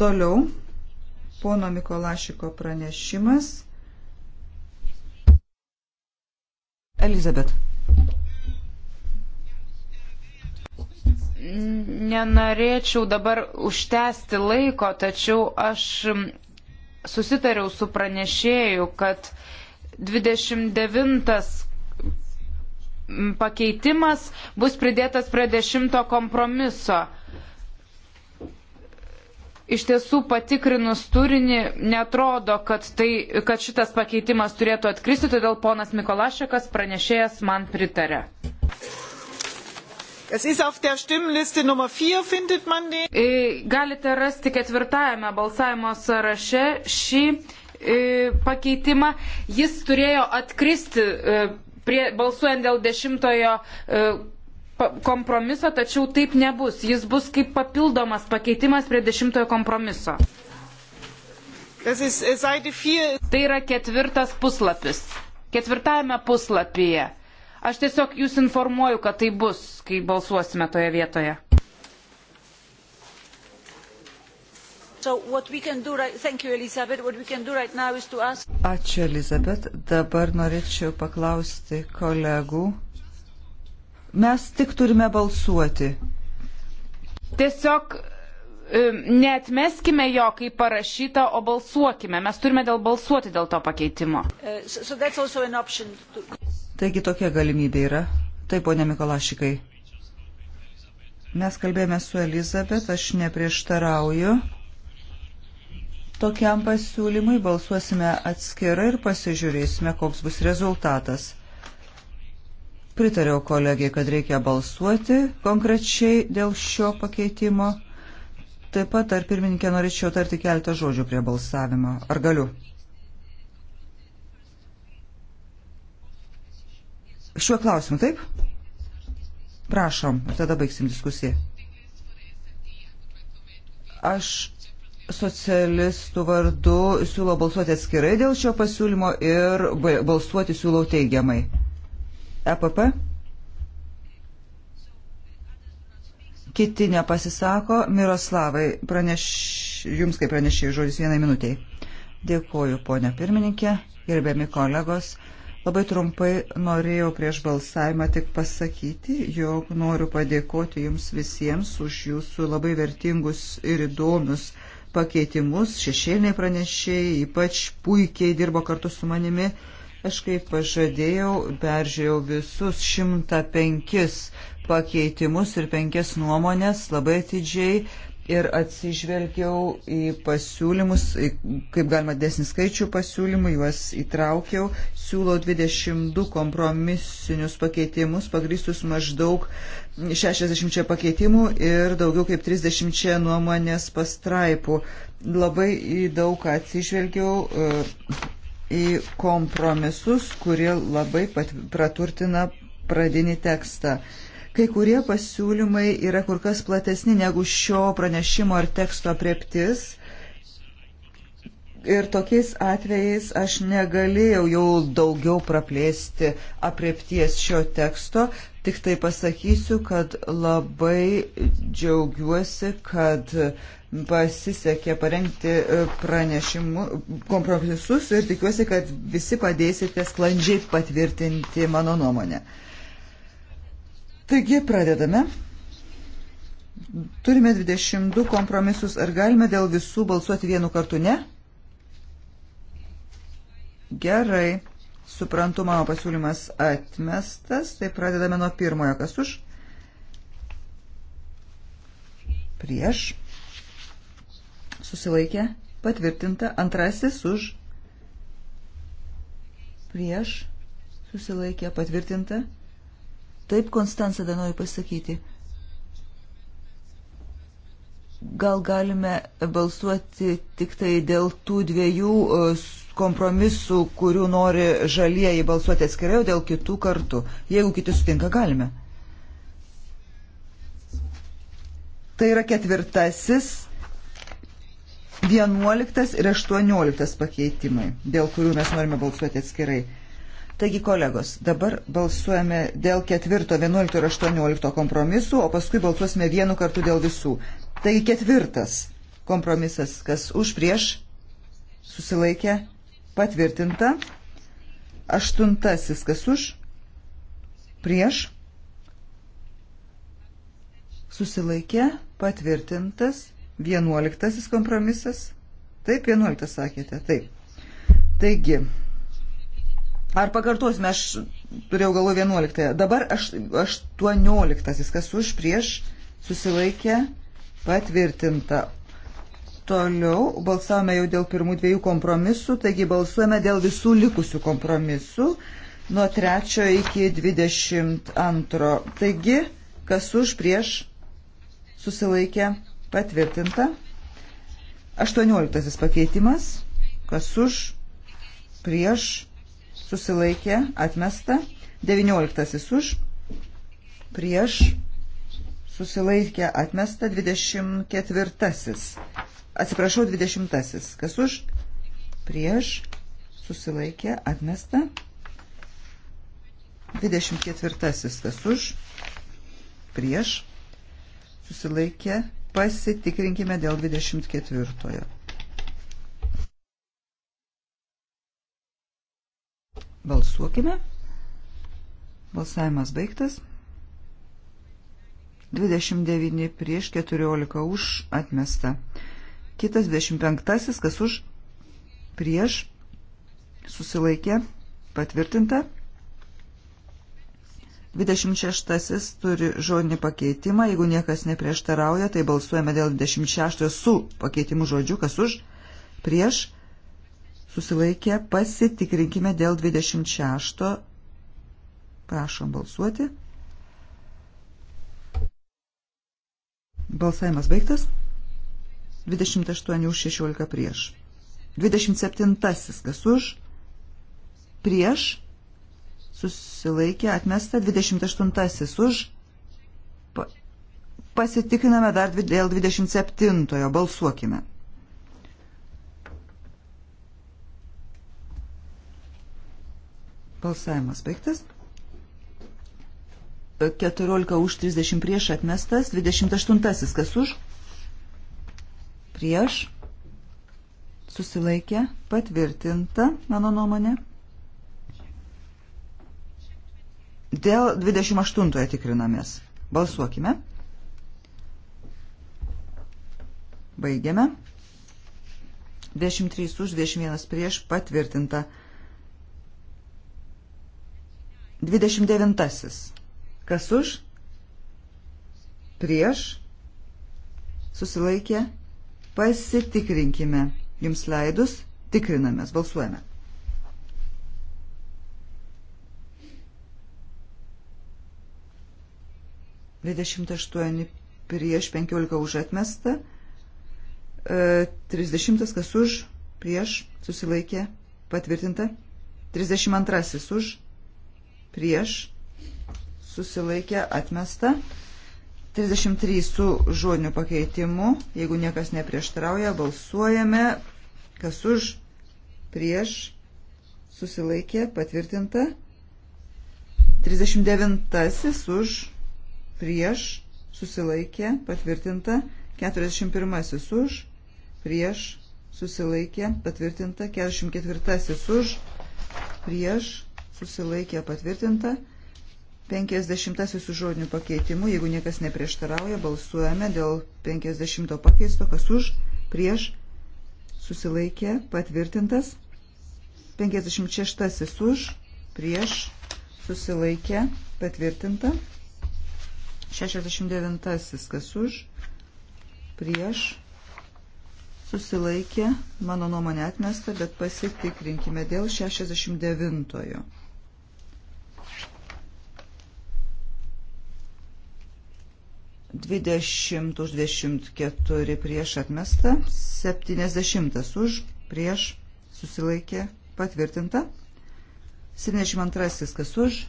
Toliau pono Mikolašiko pranešimas. Elizabet. Nenorėčiau dabar užtęsti laiko, tačiau aš susitariau su pranešėju, kad 29 pakeitimas bus pridėtas prie 10 kompromiso iš tiesų patikrinus turinį netrodo, kad, tai, kad šitas pakeitimas turėtų atkristi, todėl ponas Mikolašekas pranešėjas man pritarė. E, galite rasti ketvirtajame balsavimo sąraše šį e, pakeitimą. Jis turėjo atkristi e, prie, balsuojant dėl dešimtojo e, kompromiso, tačiau taip nebus. Jis bus kaip papildomas pakeitimas prie dešimtojo kompromiso. Äh, tai yra ketvirtas puslapis. Ketvirtajame puslapyje. Aš tiesiog jūs informuoju, kad tai bus, kai balsuosime toje vietoje. So right, you, Elizabeth, right ask... Ačiū, Elizabet. Dabar norėčiau paklausti kolegų Mes tik turime balsuoti. Tiesiog e, neatmeskime jo kaip parašyta, o balsuokime. Mes turime dėl balsuoti dėl to pakeitimo. E, so to... Taigi tokia galimybė yra. Taip, ponė Mikolašikai. Mes kalbėjome su Elizabet, aš neprieštarauju. Tokiam pasiūlymui balsuosime atskirai ir pasižiūrėsime, koks bus rezultatas. Pritariau kolegijai, kad reikia balsuoti konkrečiai dėl šio pakeitimo. Taip pat, ar pirmininkė, norėčiau tarti keletą žodžių prie balsavimo. Ar galiu? Šiuo klausimu, taip? Prašom, tada baigsim diskusiją. Aš socialistų vardu siūlau balsuoti atskirai dėl šio pasiūlymo ir balsuoti siūlau teigiamai. EPP. Kiti nepasisako. Miroslavai, praneš, jums kaip pranešėjai žodis vienai minutiai. Dėkuoju, ponia pirmininkė, gerbiami kolegos. Labai trumpai norėjau prieš balsavimą tik pasakyti, jog noriu padėkoti jums visiems už jūsų labai vertingus ir įdomius pakeitimus. Šešėliniai pranešėjai ypač puikiai dirbo kartu su manimi. Aš kaip pažadėjau, peržiūrėjau visus 105 pakeitimus ir penkias nuomonės labai atidžiai ir atsižvelgiau į pasiūlymus, į kaip galima desnį skaičių pasiūlymų, juos įtraukiau, siūlau 22 kompromisinius pakeitimus, pagristus maždaug 60 pakeitimų ir daugiau kaip 30 nuomonės pastraipų. Labai į daug atsižvelgiau, e, į kompromisus, kurie labai pat, praturtina pradinį tekstą. Kai kurie pasiūlymai yra kur kas platesni negu šio pranešimo ar teksto prieptis. Ir tokiais atvejais aš negalėjau jau daugiau praplėsti apriepties šio teksto, tik tai pasakysiu, kad labai džiaugiuosi, kad pasisekė parengti e, pranešimų kompromisus ir tikiuosi, kad visi padėsite sklandžiai patvirtinti mano nuomonę. Taigi pradedame. Turime 22 kompromisus. Ar galime dėl visų balsuoti vienu kartu? Ne? Gerai. Suprantu, mano pasiūlymas atmestas. Tai pradedame nuo pirmojo. Kas už? Prieš susilaikė patvirtinta, antrasis už prieš susilaikė patvirtinta. Taip Konstanca dar noriu pasakyti. Gal galime balsuoti tik tai dėl tų dviejų e, kompromisų, kurių nori žalieji balsuoti atskirai, o dėl kitų kartų. Jeigu kiti sutinka, galime. Tai yra ketvirtasis 11 ir 18 pakeitimai, dėl kurių mes norime balsuoti atskirai. Taigi, kolegos, dabar balsuojame dėl 4, 11 ir 18 kompromisų, o paskui balsuosime vienu kartu dėl visų. Taigi, ketvirtas kompromisas, kas už prieš susilaikė, patvirtinta. Aštuntasis, kas už prieš susilaikė, patvirtintas. Vienuoliktasis kompromisas. Taip, vienuoliktas sakėte. Taip. Taigi, ar pakartosime, aš turėjau galvo vienuoliktąją. Dabar aš, aštuonioliktasis, kas už prieš susilaikė patvirtinta. Toliau balsavome jau dėl pirmų dviejų kompromisų, taigi balsuojame dėl visų likusių kompromisų nuo 3 iki 22. Taigi, kas už prieš susilaikė Patvirtinta. 18 pakeitimas. Kas už, prieš, susilaikė, atmesta. 19 už, prieš, susilaikė, atmesta. 24. Atsiprašau, 20. Kas už, prieš, susilaikė, atmesta. 24. Kas už, prieš, susilaikė, Pasitikrinkime dėl 24. Balsuokime. Balsavimas baigtas. 29 prieš 14 už atmesta. Kitas 25, kas už prieš susilaikė patvirtinta. 26 turi žodinį pakeitimą, jeigu niekas neprieštarauja, tai balsuojame dėl 26 su pakeitimu žodžiu, kas už, prieš, susilaikė, pasitikrinkime dėl 26, prašom balsuoti. Balsavimas baigtas, 28 už 16 prieš, 27 kas už, prieš, susilaikė atmesta 28 už. Pasitikriname dar dėl 27-ojo, balsuokime. Balsavimas baigtas. 14 už 30 prieš atmestas, 28 kas už, prieš, susilaikė, patvirtinta, mano nuomonė. Dėl 28 tikrinamės. Balsuokime. Baigiame. 23 už, 21 prieš patvirtinta. 29. Kas už? Prieš? Susilaikė? Pasitikrinkime. Jums leidus tikrinamės, balsuojame. 28 prieš 15 už atmestą, 30 e, kas už prieš susilaikė patvirtinta, 32 už prieš susilaikė atmestą, 33 su žodiniu pakeitimu, jeigu niekas neprieštarauja, balsuojame, kas už prieš susilaikė patvirtinta, 39 už prieš prieš, susilaikė, patvirtinta, 41 už, prieš, susilaikė, patvirtinta, 44 už, prieš, susilaikė, patvirtinta, 50 su žodiniu pakeitimu, jeigu niekas neprieštarauja, balsuojame dėl 50 pakeisto, kas už, prieš, susilaikė, patvirtintas, 56 už, prieš, susilaikė, patvirtinta. 69 kas už, prieš, susilaikė, mano nuomonė atmesta, bet pasitikrinkime dėl 69-ojo. Dvidešimt už dvidešimt keturi prieš atmestą, septynesdešimtas už prieš susilaikė patvirtinta, septynesdešimt antrasis kas už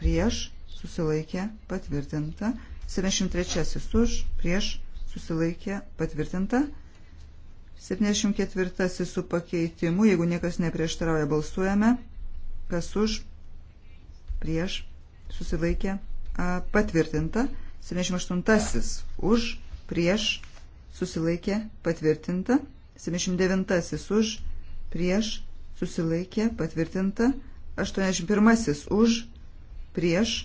prieš susilaikė patvirtinta. 73 už, prieš susilaikė patvirtinta. 74 su pakeitimu, jeigu niekas neprieštarauja, balsuojame. Kas už, prieš susilaikė patvirtinta. 78 už, prieš susilaikė patvirtinta. 79 už, prieš susilaikė patvirtinta. 81 už, prieš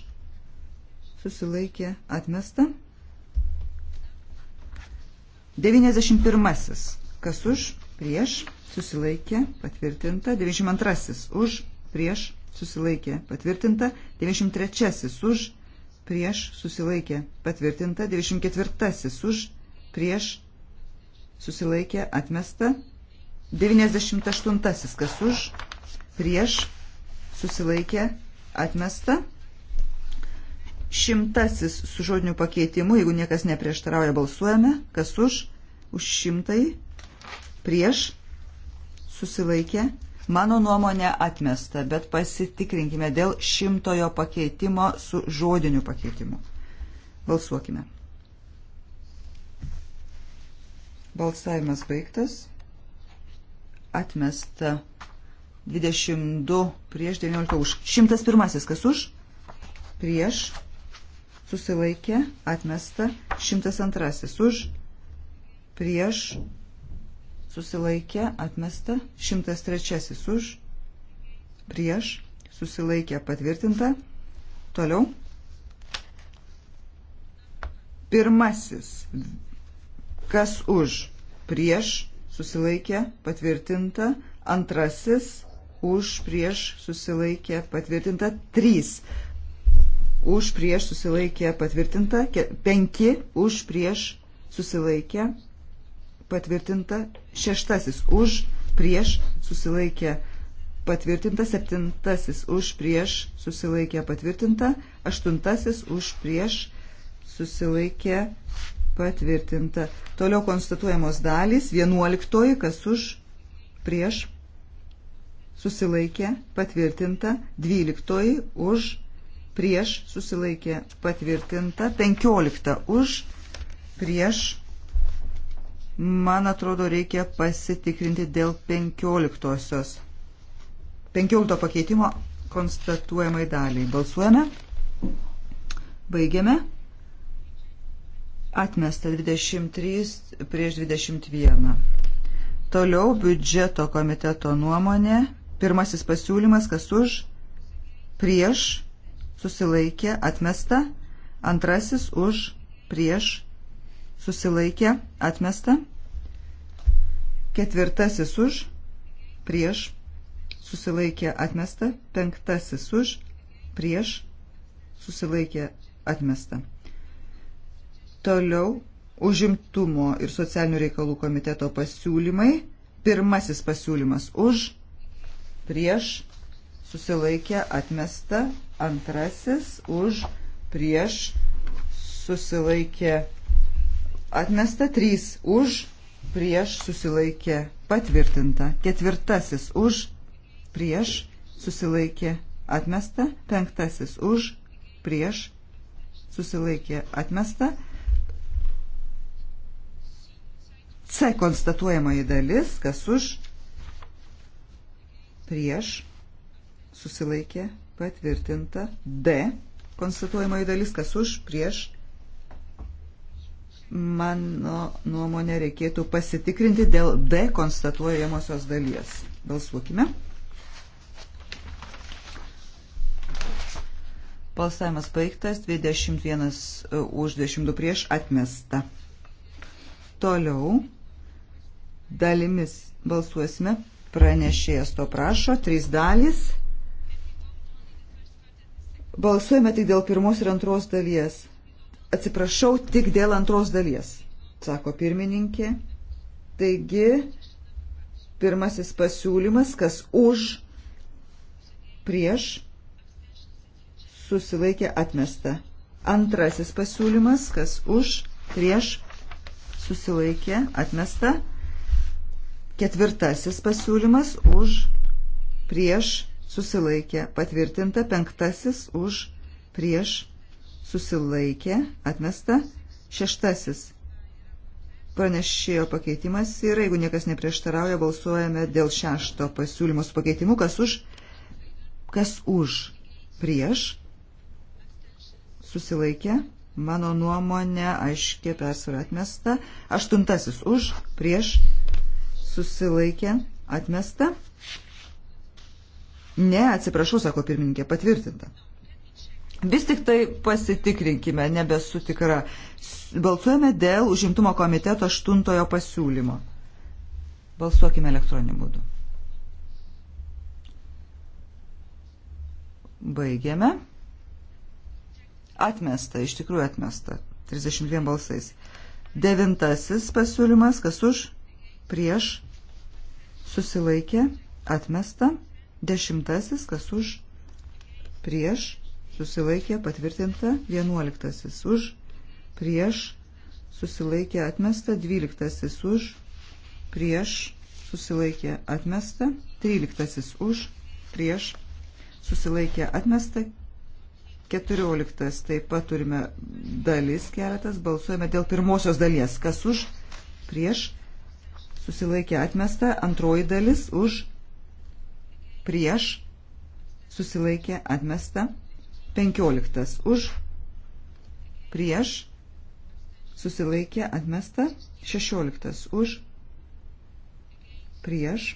susilaikė atmesta. 91. Kas už, prieš, susilaikė, patvirtinta. 92. Už, prieš, susilaikė, patvirtinta. 93. Už, prieš, susilaikė, patvirtinta. 94. Už, prieš, susilaikė, atmesta. 98. Kas už, prieš, susilaikė, atmesta. Šimtasis su žodiniu pakeitimu, jeigu niekas neprieštarauja, balsuojame. Kas už? Už šimtai. Prieš. Susilaikė. Mano nuomonė atmesta, bet pasitikrinkime dėl šimtojo pakeitimo su žodiniu pakeitimu. Balsuokime. Balsavimas baigtas. Atmesta 22 prieš 19 už. 101 kas už? Prieš susilaikė, atmesta, 102 už, prieš, susilaikė, atmesta, 103 už, prieš, susilaikė, patvirtinta, toliau, pirmasis, kas už, prieš, susilaikė, patvirtinta, antrasis, už, prieš, susilaikė, patvirtinta, trys, už prieš susilaikė patvirtinta, 5 už prieš susilaikė patvirtinta, 6 už prieš susilaikė patvirtinta, 7 už prieš susilaikė patvirtinta, 8 už prieš susilaikė patvirtinta. Toliau konstatuojamos dalys, 11 kas už prieš susilaikė patvirtinta, 12 už prieš prieš susilaikė patvirtinta, 15 už, prieš, man atrodo, reikia pasitikrinti dėl 15. 15 pakeitimo konstatuojamai daliai. Balsuojame, baigiame. Atmesta 23 prieš 21. Toliau biudžeto komiteto nuomonė. Pirmasis pasiūlymas, kas už, prieš, susilaikė, atmesta. Antrasis už, prieš, susilaikė, atmesta. Ketvirtasis už, prieš, susilaikė, atmesta. Penktasis už, prieš, susilaikė, atmesta. Toliau užimtumo ir socialinių reikalų komiteto pasiūlymai. Pirmasis pasiūlymas už, prieš, susilaikė, atmesta. Antrasis už prieš susilaikė atmesta. Trys už prieš susilaikė patvirtinta. Ketvirtasis už prieš susilaikė atmesta. Penktasis už prieš susilaikė atmesta. C konstatuojamoji dalis, kas už prieš susilaikė patvirtinta. D. Konstatuojamoji dalis, kas už, prieš. Mano nuomonė reikėtų pasitikrinti dėl D konstatuojamosios dalies. Balsuokime. Balsavimas baigtas, 21 e, už 22 prieš atmesta. Toliau dalimis balsuosime, pranešėjas to prašo, trys dalys. Balsuojame tik dėl pirmos ir antros dalies. Atsiprašau, tik dėl antros dalies, sako pirmininkė. Taigi, pirmasis pasiūlymas, kas už, prieš, susilaikė atmesta. Antrasis pasiūlymas, kas už, prieš, susilaikė atmesta. Ketvirtasis pasiūlymas už, prieš, susilaikė patvirtinta, penktasis už prieš susilaikė atmesta, šeštasis pranešėjo pakeitimas ir jeigu niekas neprieštarauja, balsuojame dėl šešto pasiūlymo su pakeitimu, kas už, kas už prieš susilaikė, mano nuomonė aiškiai persvara atmesta, aštuntasis už prieš susilaikė atmesta. Ne, atsiprašau, sako pirmininkė, patvirtinta. Vis tik tai pasitikrinkime, nebesu tikra. Balsuojame dėl užimtumo komiteto aštuntojo pasiūlymo. Balsuokime elektroniniu būdu. Baigiame. Atmesta, iš tikrųjų atmesta. 32 balsais. Devintasis pasiūlymas, kas už, prieš, susilaikė, atmesta. Dešimtasis, kas už, prieš, susilaikė, patvirtinta. Vienuoliktasis už, prieš, susilaikė, atmesta. Dvyliktasis už, prieš, susilaikė, atmesta. Tryliktasis už, prieš, susilaikė, atmesta. 14. Taip pat turime dalis keletas. Balsuojame dėl pirmosios dalies. Kas už? Prieš. Susilaikė atmesta. Antroji dalis už prieš, susilaikė, atmesta. 15 už, prieš, susilaikė, atmesta. 16 už, prieš,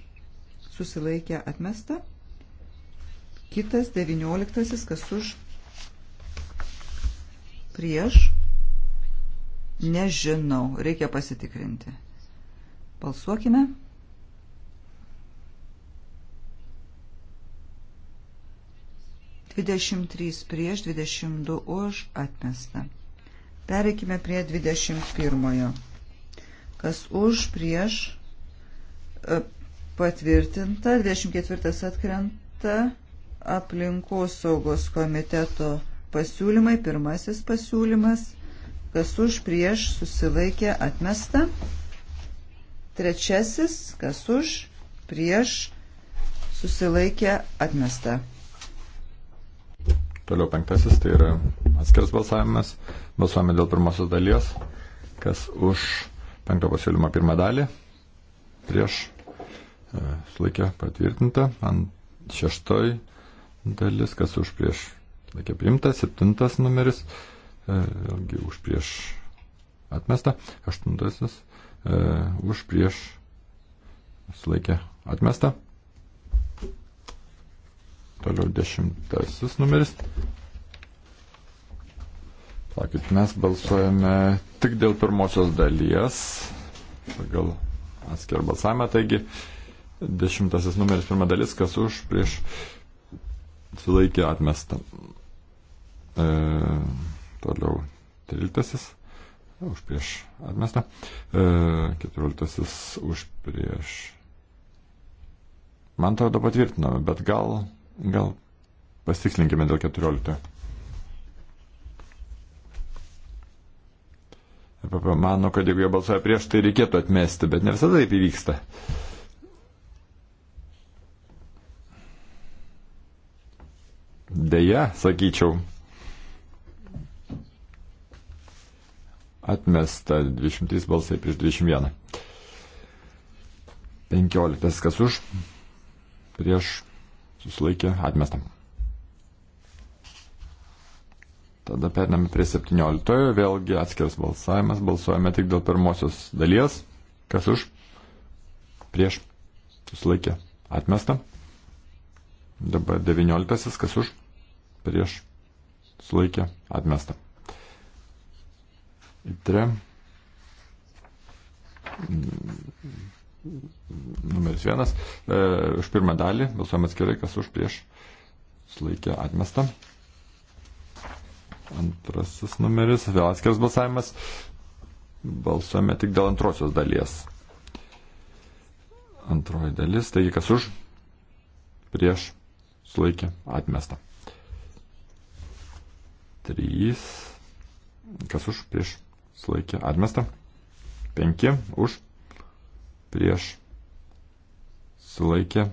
susilaikė, atmesta. Kitas 19, kas už, prieš, nežinau, reikia pasitikrinti. Balsuokime. 23 prieš, 22 už atmesta. Pereikime prie 21. Kas už prieš e, patvirtinta, 24 atkrenta aplinkos saugos komiteto pasiūlymai, pirmasis pasiūlymas, kas už prieš susilaikė atmesta. Trečiasis, kas už prieš susilaikė atmesta. Toliau penktasis, tai yra atskiras balsavimas. Balsuojame dėl pirmosios dalies. Kas už penktą pasiūlymą pirmą dalį? Prieš. E, Sulaikė patvirtinta. Ant šeštoj dalis, kas už prieš. Sulaikė priimta. Septintas numeris. E, vėlgi už prieš atmesta. Aštuntasis. E, už prieš. Sulaikė atmesta. Toliau dešimtasis numeris. Sakykit, mes balsuojame tik dėl pirmosios dalies, pagal atskirą balsavimą, taigi dešimtasis numeris pirma dalis, kas už prieš sulaikė atmestą. E, toliau tryliktasis už prieš atmestą, e, keturioliktasis už prieš. Man atrodo patvirtinome, bet gal Gal pasitikslinkime dėl 14. EPP mano, kad jeigu jie balsuoja prieš, tai reikėtų atmesti, bet ne visada taip įvyksta. Deja, sakyčiau, atmesta 23 balsai prieš 21. 15. Kas už? Prieš susilaikė, atmestam. Tada periname prie 17. Vėlgi atskiras balsavimas. Balsuojame tik dėl pirmosios dalies. Kas už? Prieš. Susilaikė. Atmesta. Dabar 19. Kas už? Prieš. Susilaikė. Atmesta. Įtre numeris vienas. E, už pirmą dalį balsuojame atskirai, kas už prieš sulaikė atmestą. Antrasis numeris, vėl atskiras balsavimas. Balsuojame tik dėl antrosios dalies. Antroji dalis, taigi kas už prieš sulaikė atmestą. Trys, kas už prieš sulaikė atmestą. Penki už prieš sulaikė,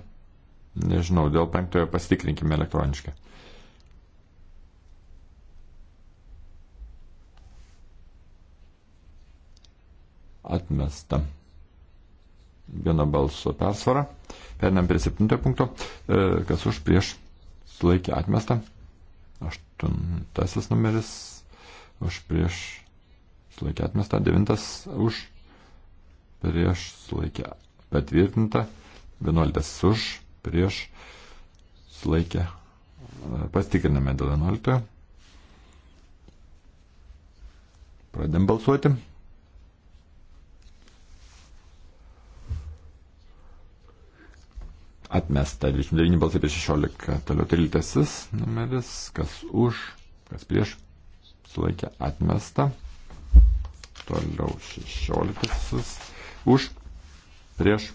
nežinau, dėl penktojo pasitikrinkime elektroniškai. Atmesta. Vieno balso persvara. Perinam prie septintojo punkto. E, kas už prieš sulaikė atmestą. Aštuntasis numeris už prieš sulaikė atmestą. Devintas už prieš sulaikę patvirtinta, 11 už prieš sulaikę e, pastikriname dėl 11. Pradėm balsuoti. Atmesta 29 balsai prieš 16. Toliau 13 numeris. Kas už, kas prieš. Sulaikė atmesta. Toliau 16 už, prieš,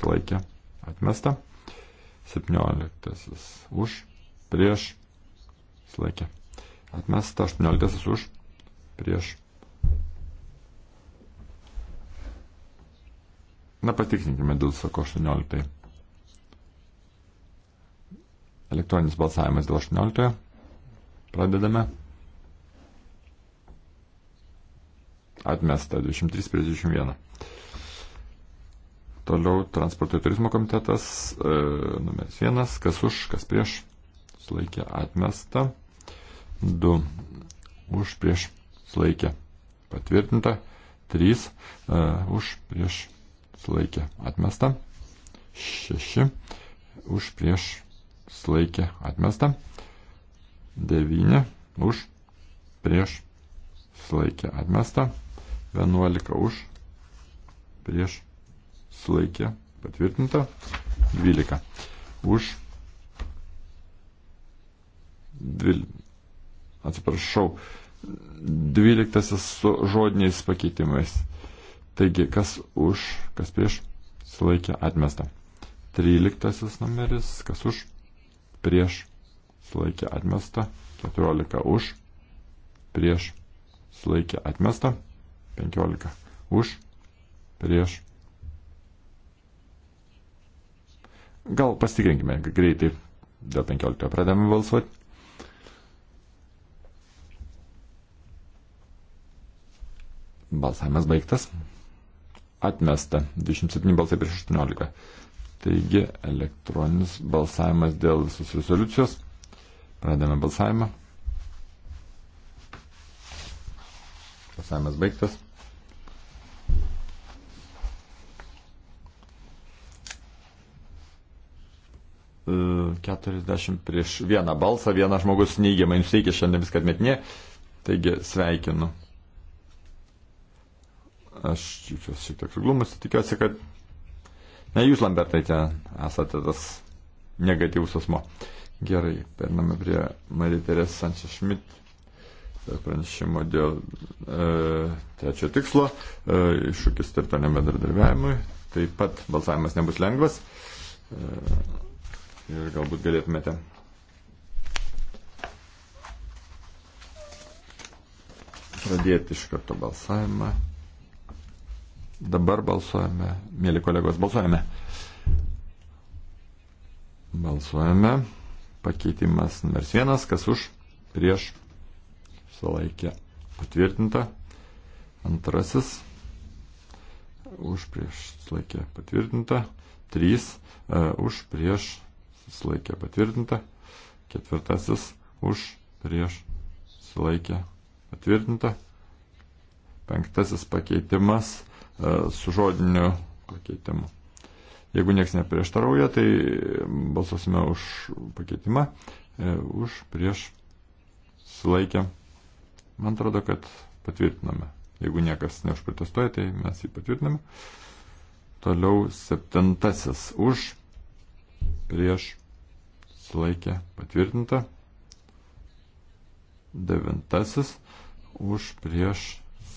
sulaikė, atmesta. 17 už, prieš, sulaikė, atmesta. 18 už, prieš. Na patikrinkime dėl sako 18. Elektroninis balsavimas dėl 18. Pradedame. Atmesta 23 prieš 21. Toliau transporto ir turizmo komitetas e, numeris 1. Kas už, kas prieš. Sulaikė atmesta. 2. Už prieš. Sulaikė. Patvirtinta. 3. E, už prieš. Sulaikė. Atmesta. 6. Už prieš. Sulaikė. Atmesta. 9. Už prieš. Sulaikė. Atmesta. 11 už, prieš, sulaikė, patvirtinta, 12 už, 12, atsiprašau, 12 su žodiniais pakeitimais. Taigi, kas už, kas prieš, sulaikė, atmesta. 13 numeris, kas už, prieš, sulaikė, atmesta. 14 už, prieš, sulaikė, atmesta. 15. Už, prieš. Gal pasitikrinkime greitai dėl 15 pradėjome balsuoti. Balsavimas baigtas. Atmesta 27 balsai prieš 18. Taigi elektroninis balsavimas dėl visos rezoliucijos. Pradėjome balsavimą. Balsavimas baigtas. 40 prieš vieną balsą, vienas žmogus neigiamai nusiteikė šiandien viską atmetinė. Taigi sveikinu. Aš jaučiuosi šiek tiek suglumas, tikiuosi, kad ne jūs, Lambertai, ten esate tas negatyvus asmo. Gerai, pername prie Marija Teresė Sančia Šmit e, pranešimo dėl e, trečio tikslo, e, iššūkis teritoriniam bendradarbiavimui. Taip pat balsavimas nebus lengvas. E, ir galbūt galėtumėte. Pradėti iš karto balsavimą. Dabar balsuojame, mėly kolegos, balsuojame. Balsuojame. Pakeitimas numeris vienas, kas už, prieš, sulaikė patvirtinta. Antrasis, už, prieš, sulaikė patvirtinta. Trys, uh, už, prieš, susilaikė patvirtinta, ketvirtasis už, prieš, susilaikė patvirtinta, penktasis pakeitimas e, su žodiniu pakeitimu. Jeigu nieks neprieštarauja, tai balsuosime už pakeitimą, e, už, prieš, susilaikė. Man atrodo, kad patvirtiname. Jeigu niekas neužprotestuoja, tai mes jį patvirtiname. Toliau septintasis už, prieš sulaikė patvirtinta. Devintasis už prieš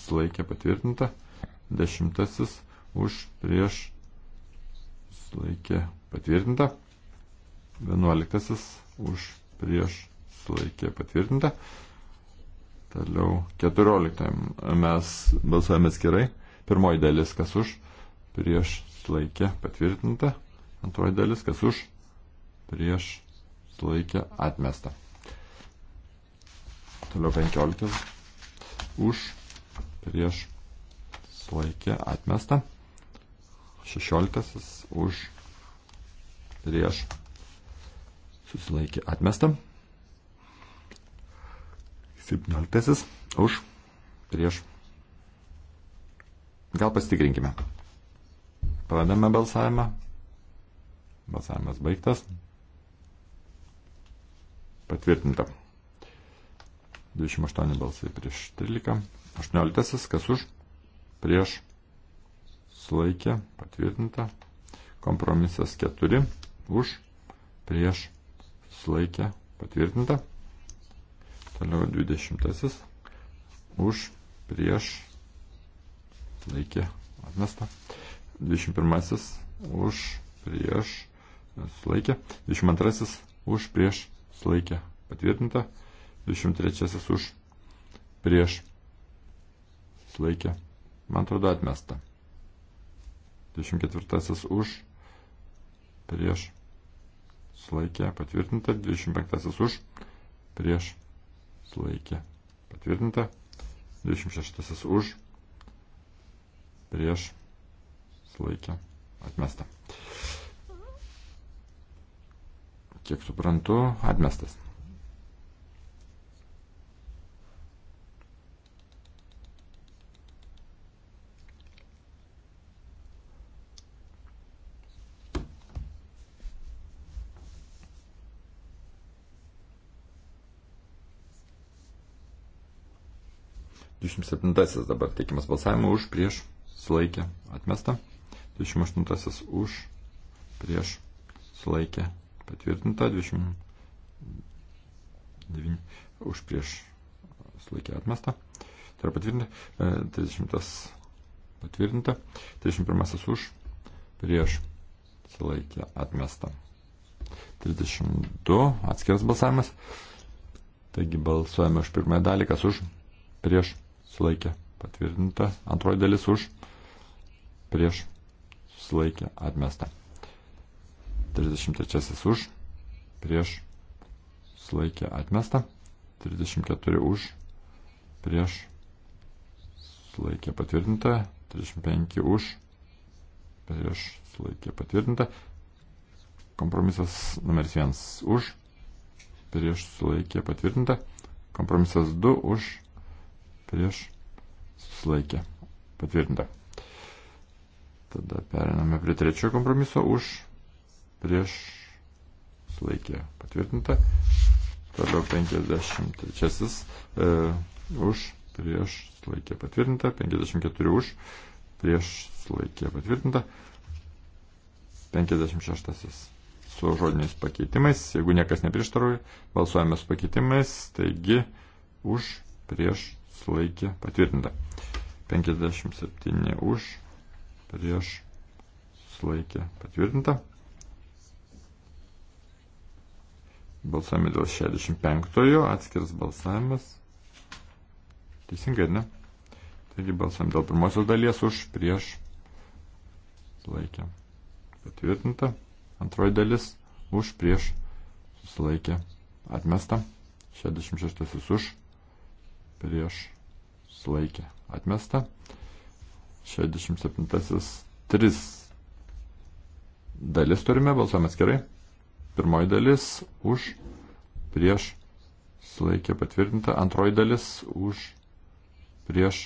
sulaikė patvirtinta. Dešimtasis už prieš sulaikė patvirtinta. Vienuoliktasis už prieš sulaikė patvirtinta. Toliau 14 mes balsuojame skirai. Pirmoji dalis, kas už, prieš sulaikė patvirtinta. Antroji dalis, kas už, prieš, sulaikė, atmesta. Toliau 15. Už, prieš, sulaikė, atmesta. 16. Už, prieš, susilaikė, atmesta. 17. Už, prieš. Gal pasitikrinkime. Pradame balsavimą. Balsavimas baigtas. Patvirtinta. 28 balsai prieš 13. 18. Kas už? Prieš. Sulaikė. Patvirtinta. Kompromisas 4. Už. Prieš. Sulaikė. Patvirtinta. Toliau 20. Už. Prieš. Laikė. Atmesta. 21. Už. Prieš sulaikė, 22 už prieš sulaikė patvirtinta, 23 už prieš sulaikė, man atrodo atmesta, 24 už prieš sulaikė patvirtinta, 25 už prieš sulaikė patvirtinta, 26 už prieš sulaikė atmesta. Kiek suprantu, atmestas. Dvidešimt septintasis dabar teikimas balsavimo už, prieš, sulaikė, atmesta. 28 už, prieš, sulaikė, patvirtinta, 29 už prieš sulaikė atmestą, tai yra patvirtinta, 30 e, patvirtinta, 31 už prieš sulaikė atmestą. 32 atskiras balsavimas, taigi balsuojame už pirmąją dalį, kas už prieš sulaikė patvirtinta, antroji dalis už prieš sulaikė atmestą. 33 už, prieš, sulaikė atmesta, 34 už, prieš, sulaikė patvirtinta, 35 už, prieš, sulaikė patvirtinta, kompromisas numeris 1 už, prieš, sulaikė patvirtinta, kompromisas 2 už, prieš, sulaikė patvirtinta. Tada periname prie trečiojo kompromiso už, prieš sulaikė patvirtinta. Toliau 53 e, už prieš sulaikė patvirtinta. 54 už prieš sulaikė patvirtinta. 56 su žodiniais pakeitimais. Jeigu niekas neprieštaruoja, balsuojame su pakeitimais. Taigi už prieš sulaikė patvirtinta. 57 už prieš sulaikė patvirtinta. Balsuojame dėl 65-ojo, atskiras balsavimas. Teisingai, ne? Taigi balsuojame dėl pirmosios dalies už, prieš, susilaikė. Patvirtinta. Antroji dalis už, prieš, susilaikė. Atmesta. 66-asis už, prieš, susilaikė. Atmesta. 67-asis 3 dalis turime, balsuojame atskirai. Pirmoji dalis už, prieš, sulaikė patvirtinta. Antroji dalis už, prieš,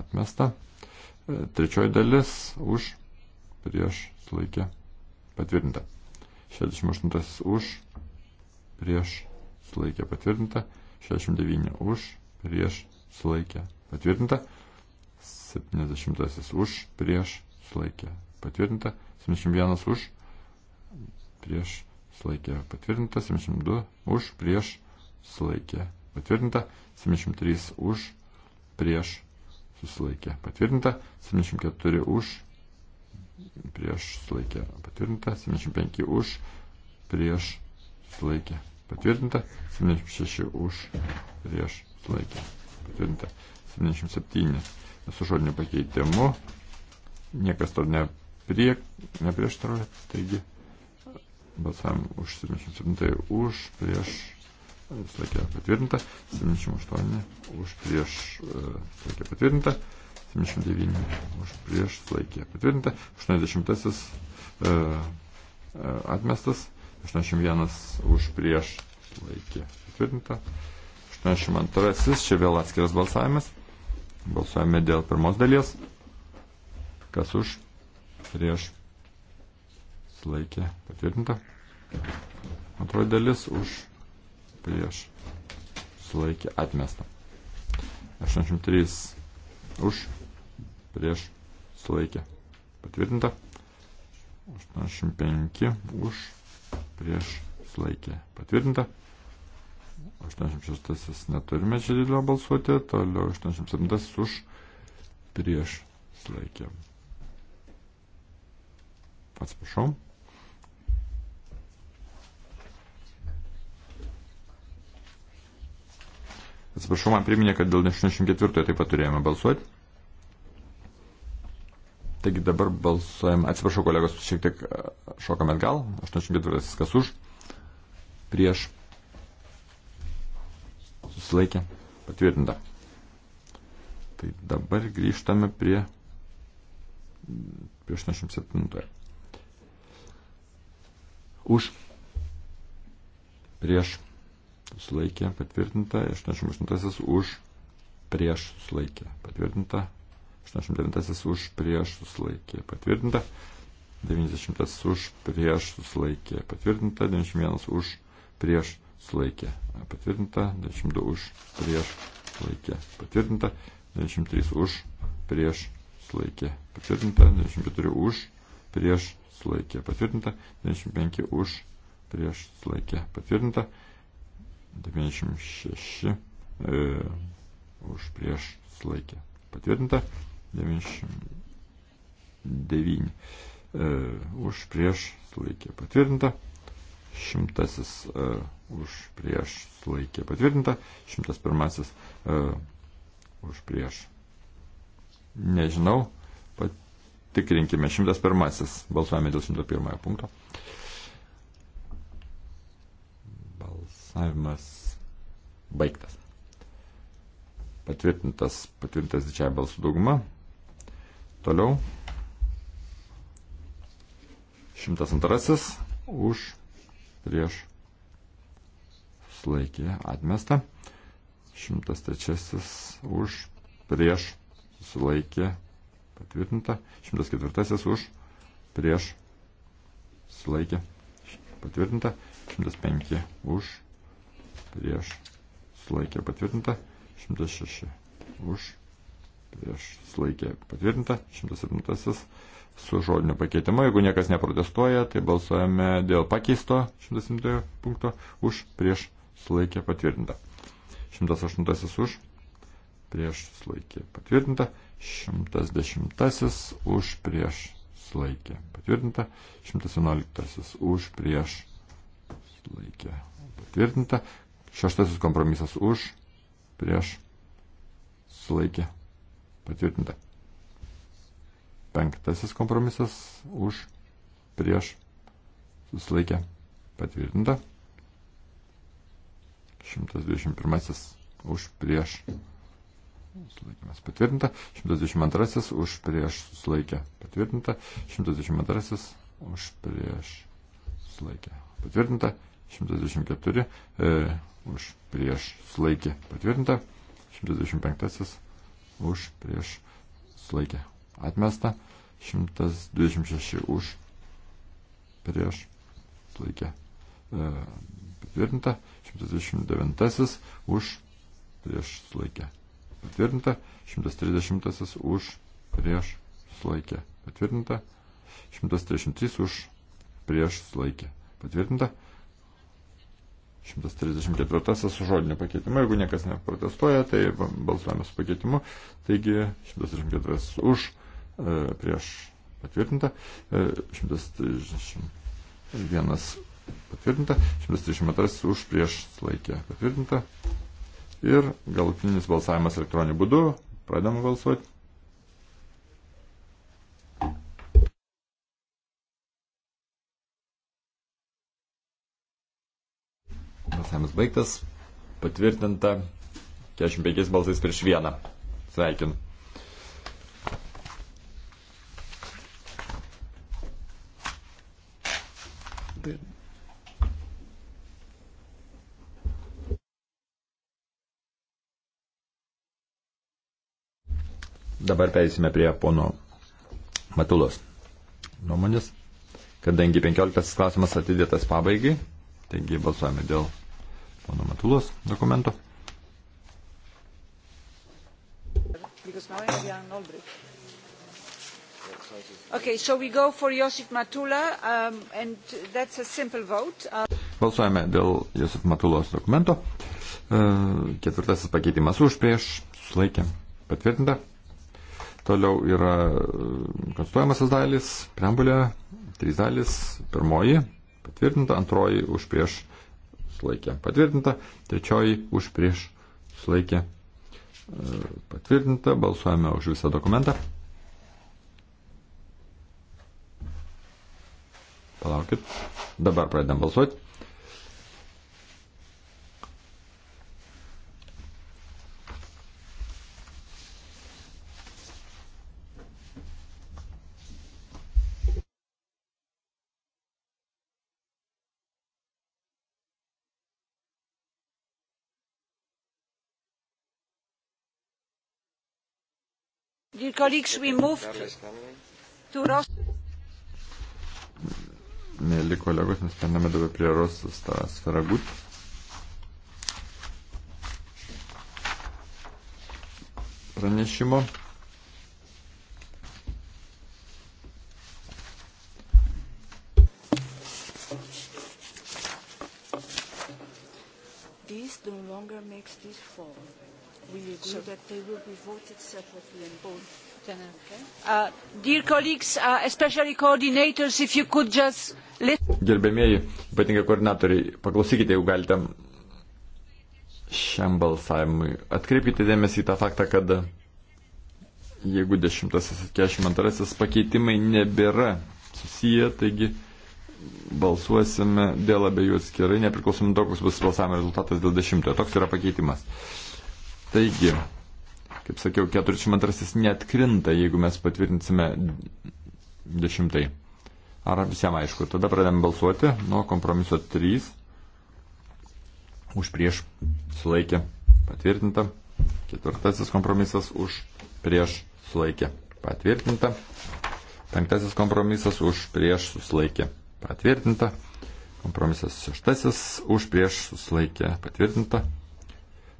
atmesta. E, trečioji dalis už, prieš, sulaikė patvirtinta. 68 už, prieš, sulaikė patvirtinta, 69 už, prieš, sulaikė patvirtinta, 70 už, prieš, sulaikė patvirtinta, 71 už, prieš sulaikė patvirtinta, 72 už, prieš sulaikė patvirtinta, 73 už, prieš susilaikė patvirtinta, 74 už, prieš sulaikė patvirtinta, 75 už, prieš sulaikė patvirtinta, 76 už, prieš sulaikė patvirtinta, 77 su žodiniu pakeitimu, niekas to neprie, neprieštaroja, taigi balsavim už 77 už, prieš sakė patvirtinta, 78 už prieš e, sakė patvirtinta, 79 už prieš laikė patvirtinta, 80 uh, e, e, atmestas, 81 už prieš laikė patvirtinta, 82 čia vėl atskiras balsavimas, balsuojame dėl pirmos dalies, kas už prieš Slaikė patvirtinta. Antroji dalis už prieš sulaikė atmestą. 83 už prieš sulaikė patvirtinta. 85 už prieš sulaikė patvirtinta. 86 neturime čia didelio balsuoti, toliau 87 už prieš sulaikė. Atsiprašau. Atsiprašau, man priminė, kad dėl 84 taip pat turėjome balsuoti. Taigi dabar balsuojam, atsiprašau kolegos, šiek tiek šokame atgal. 84 kas už, prieš, susilaikė, patvirtinta. Tai dabar grįžtame prie, prie 87. Už, prieš, sulaikė, patvirtinta, 88 už, prieš sulaikė, patvirtinta, 89 už, prieš sulaikė, patvirtinta, 90 už, prieš sulaikė, patvirtinta, 91 už, prieš sulaikė, patvirtinta, 92 už, prieš sulaikė, patvirtinta, 93 už, prieš sulaikė, patvirtinta, 94 už, prieš sulaikė, patvirtinta, 95 už, prieš sulaikė, patvirtinta, 95 už, prieš sulaikė, patvirtinta, 96 e, už prieš sulaikę patvirtinta, 99 e, už prieš sulaikė patvirtinta, šimtasis e, už prieš sulaikė patvirtinta, šimtas pirmasis e, už prieš. Nežinau, patikrinkime, šimtas pirmasis, balsuojame dėl šimto pirmojo punkto. E, Balsavimas baigtas. Patvirtintas, patvirtintas didžiąją balsų daugumą. Toliau. 102 už prieš sulaikė atmestą. 103 už prieš sulaikė patvirtinta. 104 už prieš sulaikė patvirtinta. 105 už prieš sulaikė patvirtinta, 106 už, prieš sulaikė patvirtinta, 107 su žodiniu pakeitimu. Jeigu niekas neprotestuoja, tai balsuojame dėl pakeisto 107 punkto už, prieš sulaikė patvirtinta. 108 už, prieš sulaikė patvirtinta, 110 už, prieš sulaikė patvirtinta, 111 už, prieš sulaikė patvirtinta, Šeštasis kompromisas už, prieš, sulaikė, patvirtinta. Penktasis kompromisas už, prieš, susilaikė, patvirtinta. 121 už, prieš, Sulaikymas patvirtinta. 122 už prieš sulaikę patvirtinta. 122 už prieš sulaikę patvirtinta. 124 e, už prieš sulaikė patvirtinta, 125 už prieš sulaikė atmesta, 126 už prieš sulaikė e, patvirtinta, 129 už prieš sulaikė patvirtinta, 130 už prieš sulaikė patvirtinta, 133 už prieš sulaikė patvirtinta. 134 su žodiniu pakeitimu. Jeigu niekas neprotestuoja, tai balsuojame su pakeitimu. Taigi 134 e, e, už, prieš patvirtinta, 131 patvirtinta, 132 už, prieš laikė patvirtinta. Ir galutinis balsavimas elektroniniu būdu. Pradedam balsuoti. Balsavimas baigtas. Patvirtinta. 45 balsais prieš vieną. Sveikinu. Dabar peisime prie pono Matulos nuomonės, kadangi 15 klausimas atidėtas pabaigai. Taigi balsuojame dėl pono Matulos dokumento. Okay, so we go for Josip Matula, um, and that's a simple vote. Uh... Balsuojame dėl Josip Matulos dokumento. Uh, ketvirtasis pakeitimas už prieš, sulaikė, patvirtinta. Toliau yra konstruojamasis dalis, preambulė, trys dalis, pirmoji, patvirtinta, antroji už prieš sulaikė patvirtinta, trečioji už prieš sulaikė e, patvirtinta, balsuojame už visą dokumentą. Palaukit, dabar pradedam balsuoti. colleagues, we moved to Ross. Mėly kolegos, mes perėmėme dabar prie Rosus tą sferagut. Pranešimo. This no longer makes this fall. We agree so, that they will be voted separately and both afternoon. Uh, dear colleagues, uh, especially coordinators, if you could just listen. Gerbėmieji, ypatingai koordinatoriai, paklausykite, jeigu galite šiam balsavimui. Atkreipkite dėmesį į tą faktą, kad jeigu 10.42 pakeitimai nebėra susiję, taigi balsuosime dėl abiejų atskirai, nepriklausom to, koks bus balsavimo rezultatas dėl 10. Toks yra pakeitimas. Taigi, Kaip sakiau, 42 netkrinta, jeigu mes patvirtinsime 10. Ar visiems aišku? Tada pradėm balsuoti nuo kompromiso 3. Už prieš sulaikė patvirtinta. Ketvirtasis kompromisas už prieš sulaikė patvirtinta. Penktasis kompromisas už prieš susilaikė patvirtinta. Kompromisas šeštasis už prieš susilaikė patvirtinta.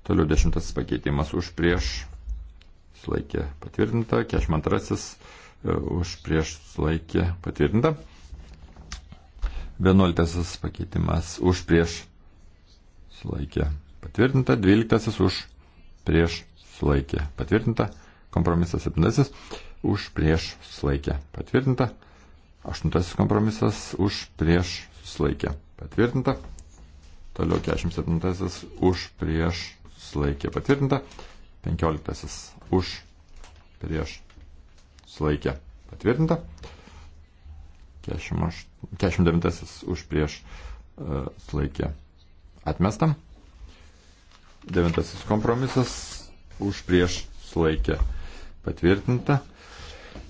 Toliau dešimtasis pakeitimas už prieš sulaikė patvirtinta, 42 e, už prieš sulaikė patvirtinta, 11 pakeitimas už prieš sulaikė patvirtinta, 12 už prieš sulaikė patvirtinta, kompromisas 7 už prieš sulaikė patvirtinta, 8 kompromisas už prieš sulaikė patvirtinta, toliau 47 už prieš sulaikė patvirtinta, 15 už, prieš, sulaikė, patvirtinta. 49 už, prieš, e, sulaikė, atmesta. 9 kompromisas už, prieš, sulaikė, patvirtinta.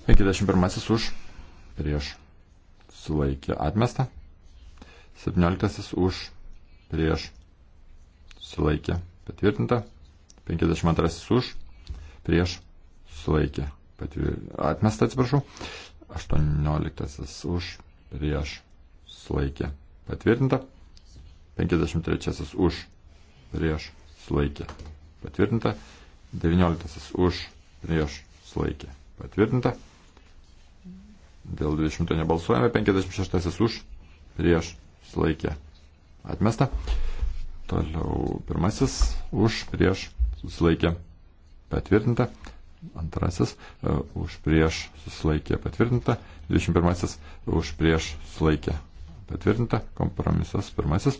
51 už, prieš, sulaikė, atmesta. 17 už, prieš, sulaikė, patvirtinta. 52 už, prieš sulaikė. Atmesta, atsiprašau. 18 už prieš sulaikė. Patvirtinta. 53 už prieš sulaikė. Patvirtinta. 19 už prieš sulaikė. Patvirtinta. Dėl 20 nebalsuojame. 56 už prieš sulaikė. Atmesta. Toliau pirmasis už prieš susilaikė patvirtinta. Antrasis e, už prieš susilaikė patvirtinta. 21 už prieš susilaikė patvirtinta. Kompromisas pirmasis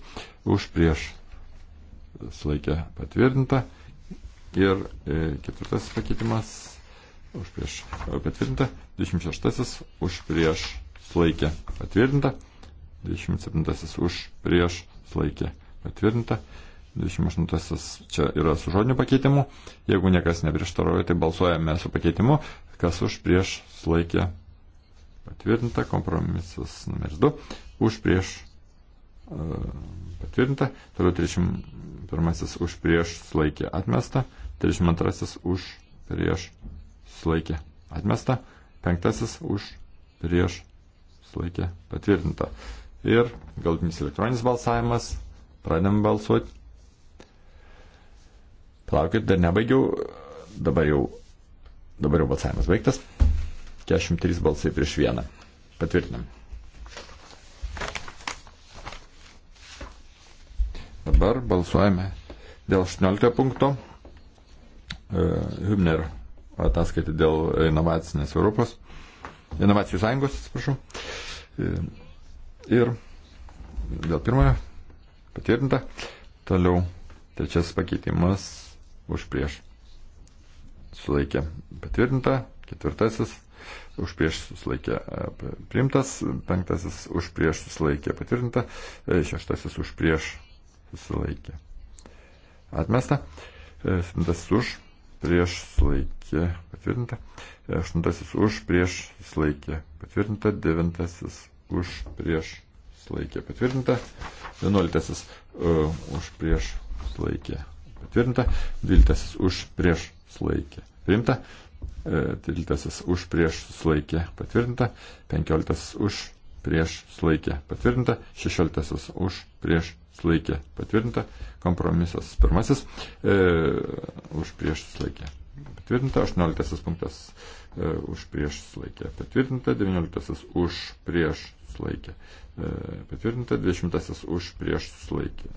už prieš susilaikė patvirtinta. Ir e, ketvirtasis pakeitimas už prieš e, patvirtinta. 26 už prieš susilaikė patvirtinta. 27 už prieš susilaikė patvirtinta. 28 čia yra su žodiniu pakeitimu. Jeigu niekas neprieštaroja, tai balsuojame su pakeitimu. Kas už prieš sulaikė patvirtinta, kompromisas numeris 2. Už prieš uh, patvirtinta. Toliau 31 už prieš sulaikė atmesta. 32 už prieš sulaikė atmesta. 5 už prieš sulaikė patvirtinta. Ir galtinis elektroninis balsavimas. Pradėm balsuoti. Palaukit, dar nebaigiau. Dabar jau, dabar jau balsavimas baigtas. 43 balsai prieš vieną. Patvirtinam. Dabar balsuojame dėl 18 punkto. E, Hübner ataskaitė dėl inovacinės Europos, inovacijų sąjungos, atsiprašau. E, ir dėl pirmojo patvirtinta. Toliau trečias pakeitimas už prieš sulaikė patvirtinta, ketvirtasis už prieš susilaikė e, priimtas, penktasis už prieš susilaikė patvirtinta, e, šeštasis už prieš susilaikė atmesta, e, septintasis už prieš susilaikė patvirtinta, aštuntasis už prieš susilaikė patvirtinta, devintasis už prieš susilaikė patvirtinta, vienuoliktasis uh, už prieš susilaikė patvirtinta, 12 už prieš sulaikė priimta, 13 e, už prieš sulaikė patvirtinta, 15 už prieš sulaikė patvirtinta, 16 už prieš sulaikė patvirtinta, kompromisas pirmasis e, už prieš sulaikė patvirtinta, 18 punktas e, už prieš sulaikė patvirtinta, 19 už prieš sulaikė e, patvirtinta, 20 už prieš sulaikė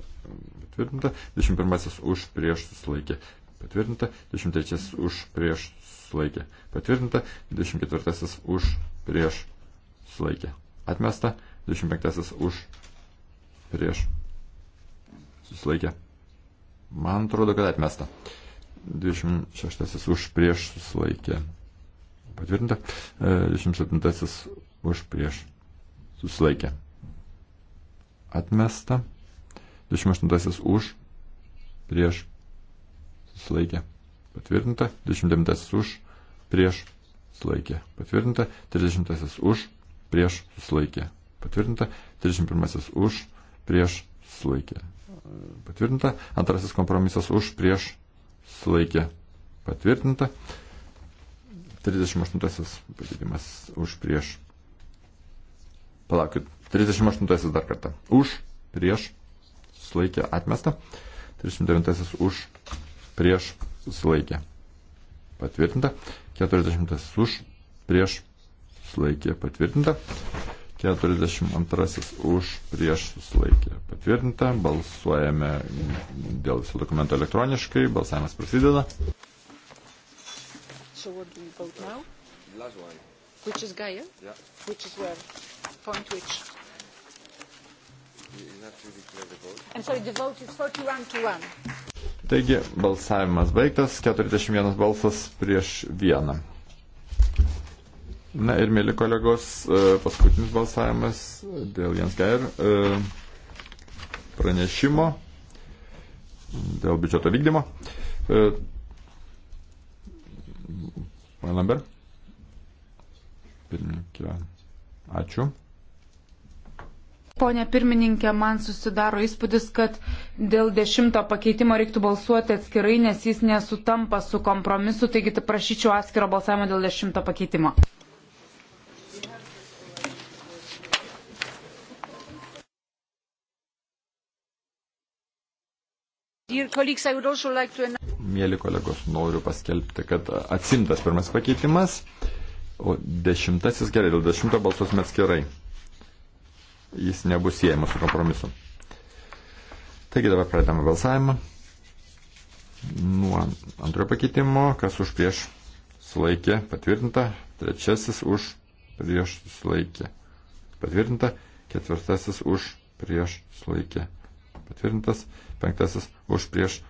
patvirtinta, 21 už prieš susilaikė patvirtinta, 23 už prieš susilaikė patvirtinta, 24 už prieš susilaikė atmesta, 25 už prieš susilaikė. Man atrodo, kad atmesta. 26 už prieš susilaikė patvirtinta, 27 e, už prieš susilaikė atmesta. 28 už, prieš, susilaikė, patvirtinta. 29 už, prieš, susilaikė, patvirtinta. 30 už, prieš, susilaikė, patvirtinta. 31 už, prieš, susilaikė, patvirtinta. Antrasis kompromisas už, prieš, susilaikė, patvirtinta. 38 pakeitimas už, prieš. Palaukit, 38 dar kartą. Už, prieš, susilaikė atmesta, 39 už prieš susilaikė patvirtinta, 40 už prieš susilaikė patvirtinta, 42 už prieš susilaikė patvirtinta, balsuojame dėl viso dokumento elektroniškai, balsavimas prasideda. So what do we vote now? Last one. Which is Gaia? Yeah. Which is where? Point which? Taigi balsavimas baigtas, 41 balsas prieš vieną. Na ir, mėly kolegos, e, paskutinis balsavimas dėl Jens Geir e, pranešimo, dėl biudžeto vykdymo. Pane Lambert, pirmininkė, ačiū. Pone pirmininkė, man susidaro įspūdis, kad dėl dešimto pakeitimo reiktų balsuoti atskirai, nes jis nesutampa su kompromisu, taigi prašyčiau atskiro balsavimo dėl dešimto pakeitimo. Mėly kolegos, noriu paskelbti, kad atsimtas pirmas pakeitimas, o dešimtasis gerai, dėl dešimto balsuosime atskirai jis nebus siejamas su kompromisu. Taigi dabar pradedame balsavimą. Nuo antrojo pakeitimo, kas už prieš sulaikė, patvirtinta. Trečiasis už prieš sulaikė, patvirtinta. Ketvirtasis už prieš sulaikė, patvirtintas. Penktasis už prieš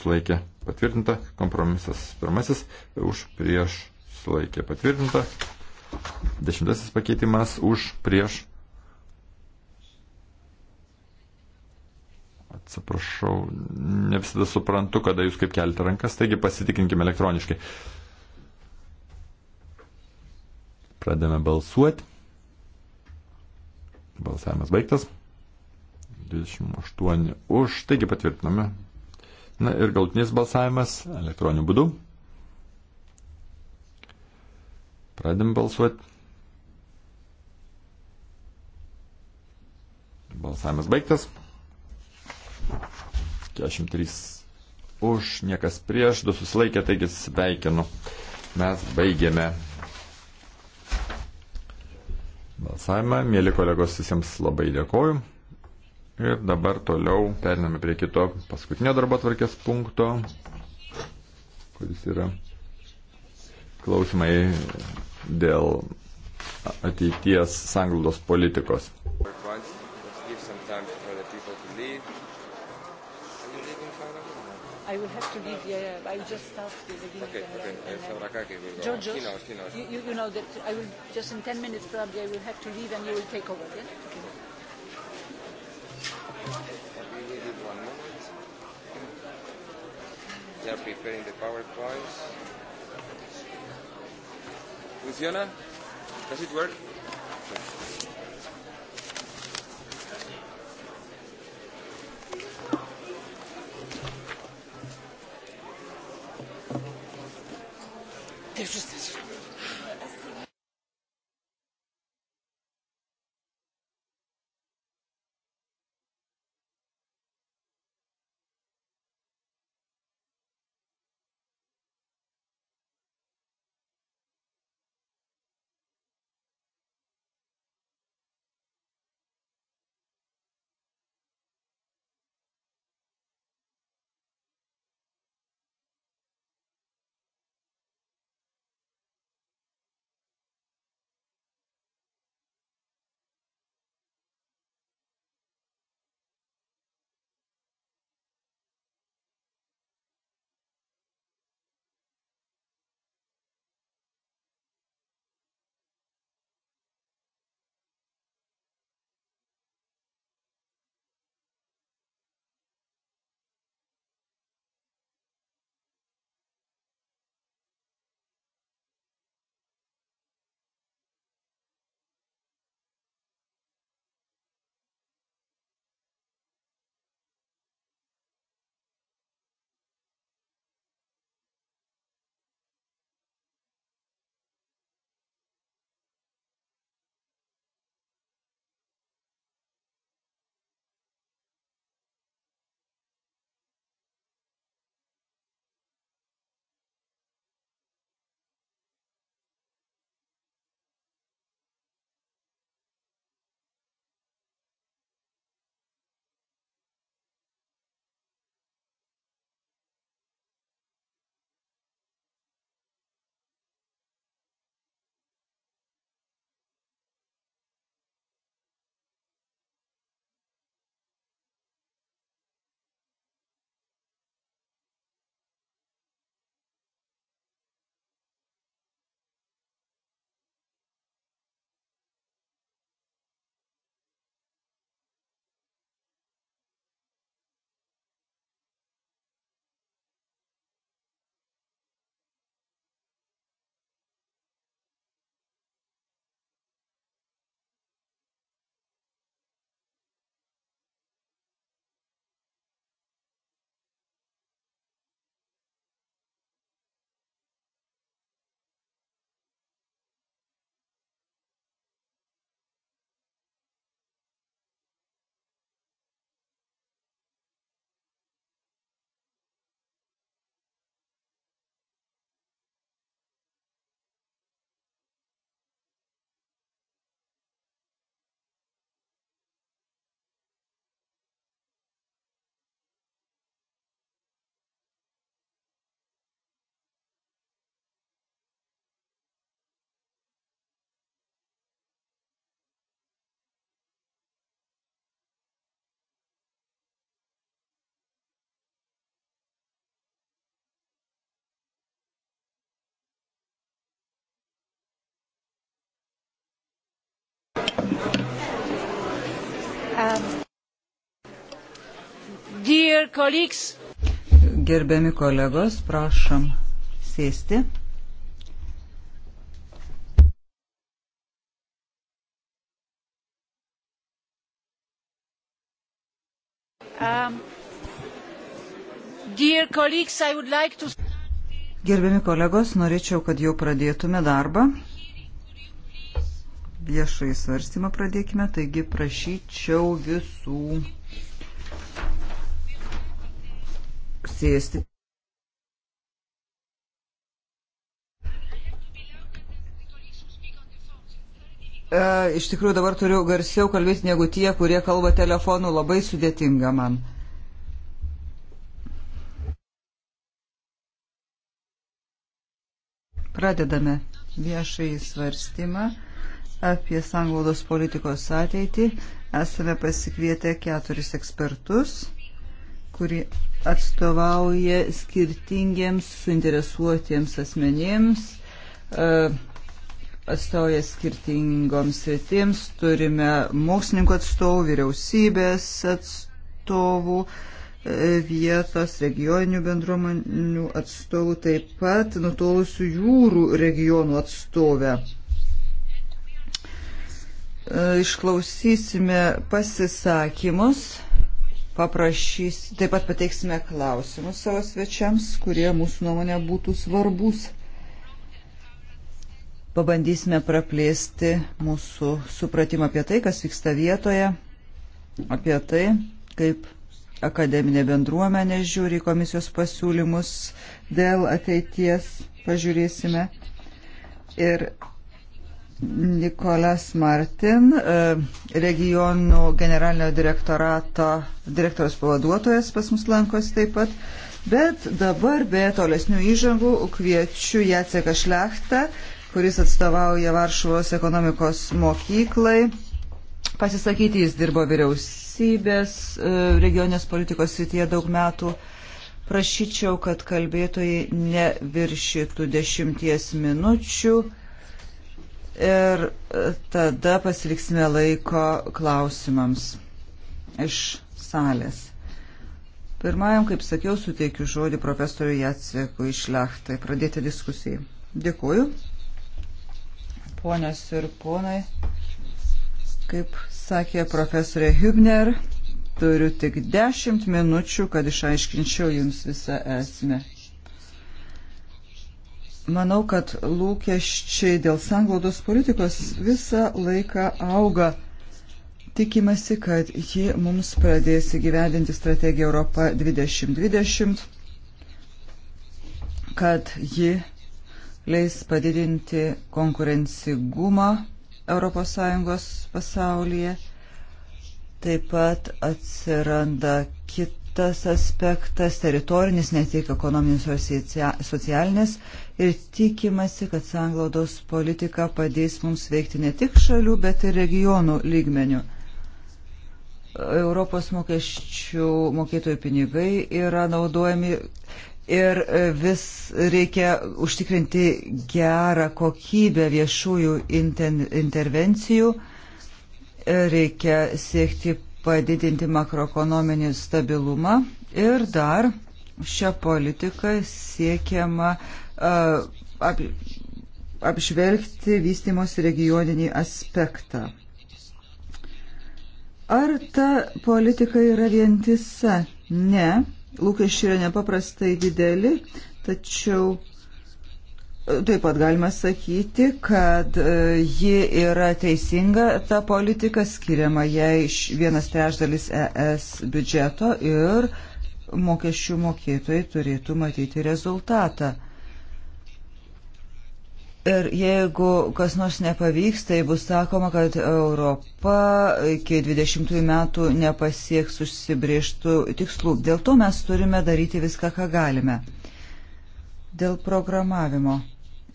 sulaikė, patvirtinta. Kompromisas pirmasis už prieš sulaikė, patvirtinta. Dešimtasis pakeitimas už prieš Atsiprašau, ne visada suprantu, kada jūs kaip kelti rankas, taigi pasitikinkime elektroniškai. Pradame balsuoti. Balsavimas baigtas. 28 už, taigi patvirtiname. Na ir galutinis balsavimas elektroniniu būdu. Pradėm balsuoti. Balsavimas baigtas. 43 už, niekas prieš, du susilaikė, taigi sveikinu. Mes baigėme balsavimą. Mėly kolegos, visiems labai dėkoju. Ir dabar toliau periname prie kito paskutinio darbo tvarkės punkto, kuris yra klausimai dėl ateities sanglaudos politikos. I will have to leave. Yeah, yeah. I just start the beginning. Okay, and, okay. And, and, and George, Chinos, Chinos. You, you, you know that I will just in 10 minutes probably I will have to leave and you will take over. Yeah. Okay. They are preparing the PowerPoints. Funciona? Does it work? Gerbiami kolegos, prašom sėsti. Um, like to... Gerbiami kolegos, norėčiau, kad jau pradėtume darbą viešai svarstymą pradėkime, taigi prašyčiau visų sėsti. E, iš tikrųjų dabar turiu garsiau kalbėti negu tie, kurie kalba telefonu, labai sudėtinga man. Pradedame viešai svarstymą apie sanglaudos politikos ateitį. Esame pasikvietę keturis ekspertus, kurie atstovauja skirtingiems suinteresuotiems asmenėms, e, atstovauja skirtingoms sritims, turime mokslininkų atstovų, vyriausybės atstovų, e, vietos regioninių bendruomenių atstovų, taip pat nutolusių jūrų regionų atstovę. E, išklausysime pasisakymus, paprašys, taip pat pateiksime klausimus savo svečiams, kurie mūsų nuomonė būtų svarbus. Pabandysime praplėsti mūsų supratimą apie tai, kas vyksta vietoje, apie tai, kaip akademinė bendruomenė žiūri komisijos pasiūlymus dėl ateities, pažiūrėsime. Ir Nikolas Martin, e, regionų generalinio direktorato direktoriaus pavaduotojas pas mus lankosi taip pat. Bet dabar be tolesnių įžangų kviečiu Jaceką Šlechtą, kuris atstovauja Varšuvos ekonomikos mokyklai. Pasisakyti jis dirbo vyriausybės e, regionės politikos srityje daug metų. Prašyčiau, kad kalbėtojai neviršytų dešimties minučių ir e, tada pasiliksime laiko klausimams iš salės. Pirmajam, kaip sakiau, suteikiu žodį profesoriui Jacekui iš Lechtai pradėti diskusijai. Dėkuoju. Ponios ir ponai, kaip sakė profesorė Hübner, turiu tik dešimt minučių, kad išaiškinčiau jums visą esmę. Manau, kad lūkesčiai dėl sanglaudos politikos visą laiką auga. Tikimasi, kad ji mums pradės įgyvendinti strategiją Europą 2020, kad ji leis padidinti konkurencigumą ES pasaulyje. Taip pat atsiranda kit tas aspektas teritorinis, ne tik ekonominis, socialinis ir tikimasi, kad sanglaudos politika padės mums veikti ne tik šalių, bet ir regionų lygmenių. Europos mokesčių mokėtojų pinigai yra naudojami ir vis reikia užtikrinti gerą kokybę viešųjų intervencijų, reikia siekti padidinti makroekonominį stabilumą ir dar šią politiką siekiama uh, ap, apžvelgti vystimos regioninį aspektą. Ar ta politika yra vientisa? Ne. Lūkesčiai yra nepaprastai dideli, tačiau Taip pat galima sakyti, kad e, ji yra teisinga, ta politika skiriama jai vienas trešdalis ES biudžeto ir mokesčių mokėtojai turėtų matyti rezultatą. Ir jeigu kas nors nepavyks, tai bus sakoma, kad Europa iki 20 metų nepasieks užsibrieštų tikslų. Dėl to mes turime daryti viską, ką galime. Dėl programavimo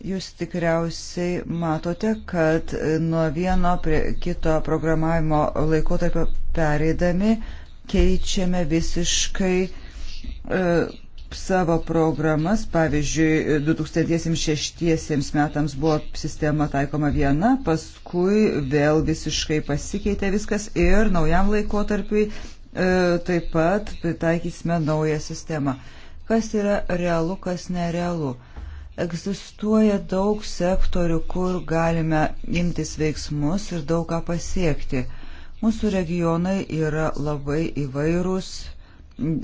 Jūs tikriausiai matote, kad nuo vieno prie kito programavimo laikotarpio pereidami keičiame visiškai e, savo programas. Pavyzdžiui, 2006 metams buvo sistema taikoma viena, paskui vėl visiškai pasikeitė viskas ir naujam laikotarpiui e, taip pat pritaikysime naują sistemą. Kas yra realu, kas nerealu? Egzistuoja daug sektorių, kur galime imtis veiksmus ir daug ką pasiekti. Mūsų regionai yra labai įvairūs,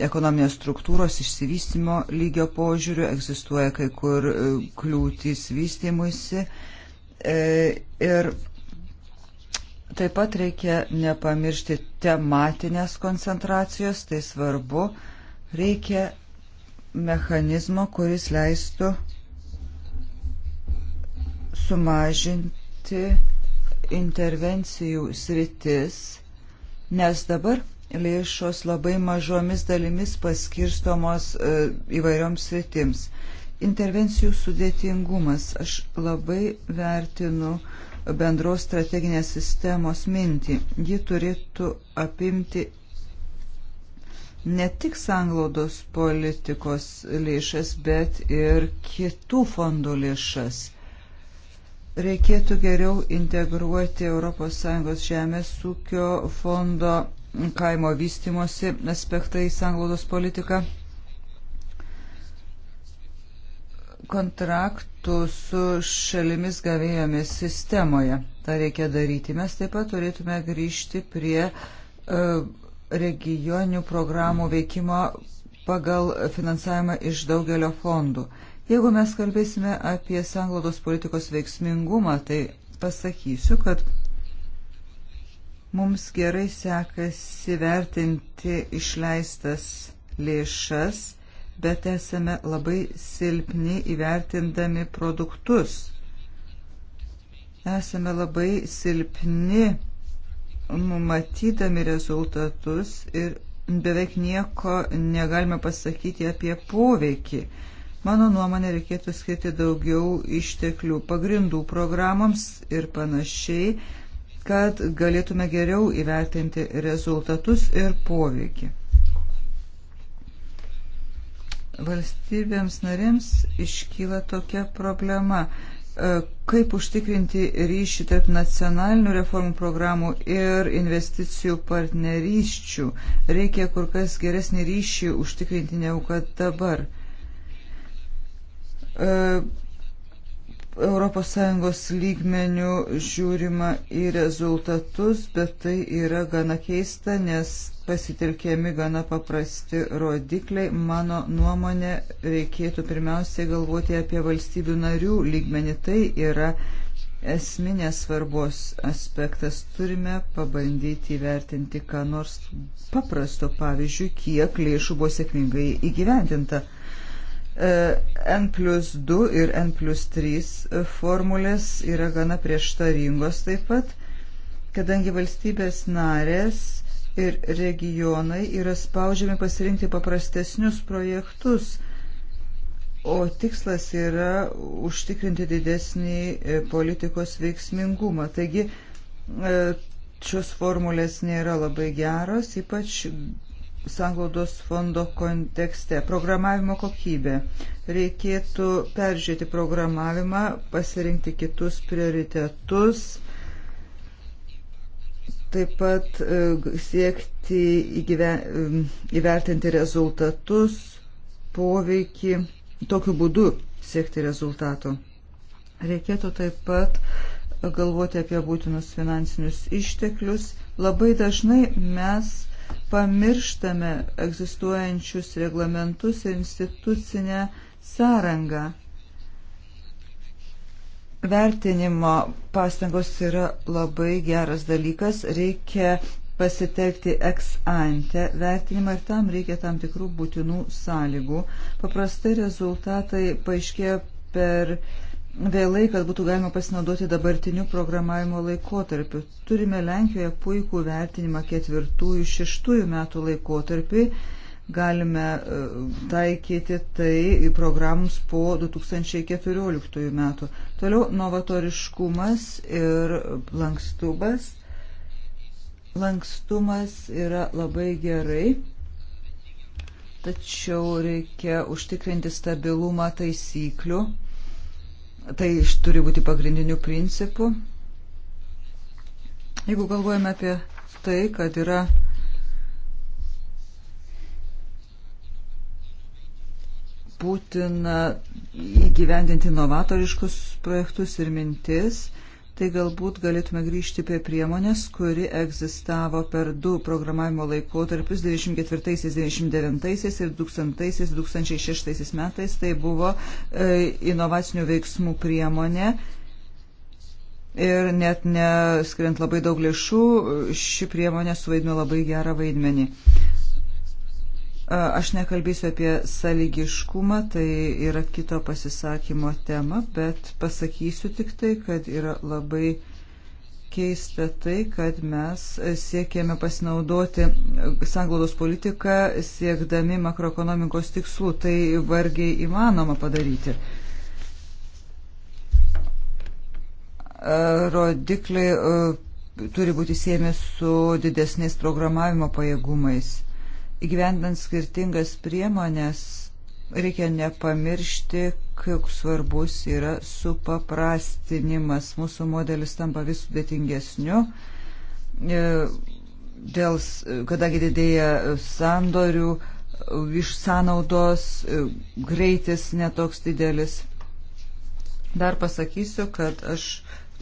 ekonominės struktūros išsivystimo lygio požiūrių, egzistuoja kai kur e, kliūtis vystimuisi. E, ir taip pat reikia nepamiršti tematinės koncentracijos, tai svarbu, reikia mechanizmo, kuris leistų sumažinti intervencijų sritis, nes dabar lėšos labai mažomis dalimis paskirstomos e, įvairioms sritims. Intervencijų sudėtingumas. Aš labai vertinu bendros strateginės sistemos mintį. Ji turėtų apimti ne tik sanglaudos politikos lėšas, bet ir kitų fondų lėšas. Reikėtų geriau integruoti ES žemės ūkio fondo kaimo vystimosi aspektai į sanglaudos politiką. Kontraktų su šalimis gavėjomis sistemoje. Ta reikia daryti. Mes taip pat turėtume grįžti prie e, regioninių programų veikimo pagal finansavimą iš daugelio fondų. Jeigu mes kalbėsime apie sanglaudos politikos veiksmingumą, tai pasakysiu, kad mums gerai sekasi vertinti išleistas lėšas, bet esame labai silpni įvertindami produktus. Esame labai silpni matydami rezultatus ir beveik nieko negalime pasakyti apie poveikį Mano nuomonė reikėtų skirti daugiau išteklių pagrindų programoms ir panašiai, kad galėtume geriau įvertinti rezultatus ir poveikį. Valstybėms narėms iškyla tokia problema e, kaip užtikrinti ryšį tarp nacionalinių reformų programų ir investicijų partnerysčių. Reikia kur kas geresnį ryšį užtikrinti negu kad dabar. ES lygmenių žiūrima į rezultatus, bet tai yra gana keista, nes pasitelkiami gana paprasti rodikliai. Mano nuomonė, reikėtų pirmiausiai galvoti apie valstybių narių lygmenį. Tai yra esminės svarbos aspektas turime pabandyti įvertinti ką nors paprasto, pavyzdžiui, kiek lėšų buvo sėkmingai įgyvendinta. E, N plus 2 ir N plus 3 e, formulės yra gana prieštaringos taip pat, kadangi valstybės narės ir regionai yra spaudžiami pasirinkti paprastesnius projektus, o tikslas yra užtikrinti didesnį e, politikos veiksmingumą. Taigi šios formulės nėra labai geros, ypač sanglaudos fondo kontekste. Programavimo kokybė. Reikėtų peržiūrėti programavimą, pasirinkti kitus prioritetus, taip pat e, siekti įgyven, e, įvertinti rezultatus, poveikį, tokiu būdu siekti rezultato. Reikėtų taip pat galvoti apie būtinus finansinius išteklius. Labai dažnai mes pamirštame egzistuojančius reglamentus ir institucinę sąrangą. Vertinimo pastangos yra labai geras dalykas, reikia pasitelkti ex ante vertinimą ir tam reikia tam tikrų būtinų sąlygų. Paprastai rezultatai paaiškėja per uh, vėlai, kad būtų galima pasinaudoti dabartiniu programavimo laikotarpiu. Turime Lenkijoje puikų vertinimą ketvirtųjų, šeštųjų metų laikotarpiui. Galime e, taikyti tai programams po 2014 metų. Toliau novatoriškumas ir lankstumas. Lankstumas yra labai gerai tačiau reikia užtikrinti stabilumą taisyklių Tai turi būti pagrindinių principų. Jeigu galvojame apie tai, kad yra būtina įgyvendinti novatoriškus projektus ir mintis, tai galbūt galėtume grįžti prie priemonės, kuri egzistavo per du programavimo laikotarpius 94-99 ir 2000-2006 metais. Tai buvo e, inovacinių veiksmų priemonė. Ir net neskiriant labai daug lėšų, ši priemonė suvaidino labai gerą vaidmenį. Aš nekalbėsiu apie sąlygiškumą, tai yra kito pasisakymo tema, bet pasakysiu tik tai, kad yra labai keista tai, kad mes siekėme pasinaudoti sanglaudos politiką siekdami makroekonomikos tikslų. Tai vargiai įmanoma padaryti. Rodikliai turi būti siejami su didesniais programavimo pajėgumais įgyvendant skirtingas priemonės, reikia nepamiršti, kaip svarbus yra supaprastinimas. Mūsų modelis tampa vis sudėtingesniu, e, dėl, kadangi didėja sandorių, iš sąnaudos e, greitis netoks didelis. Dar pasakysiu, kad aš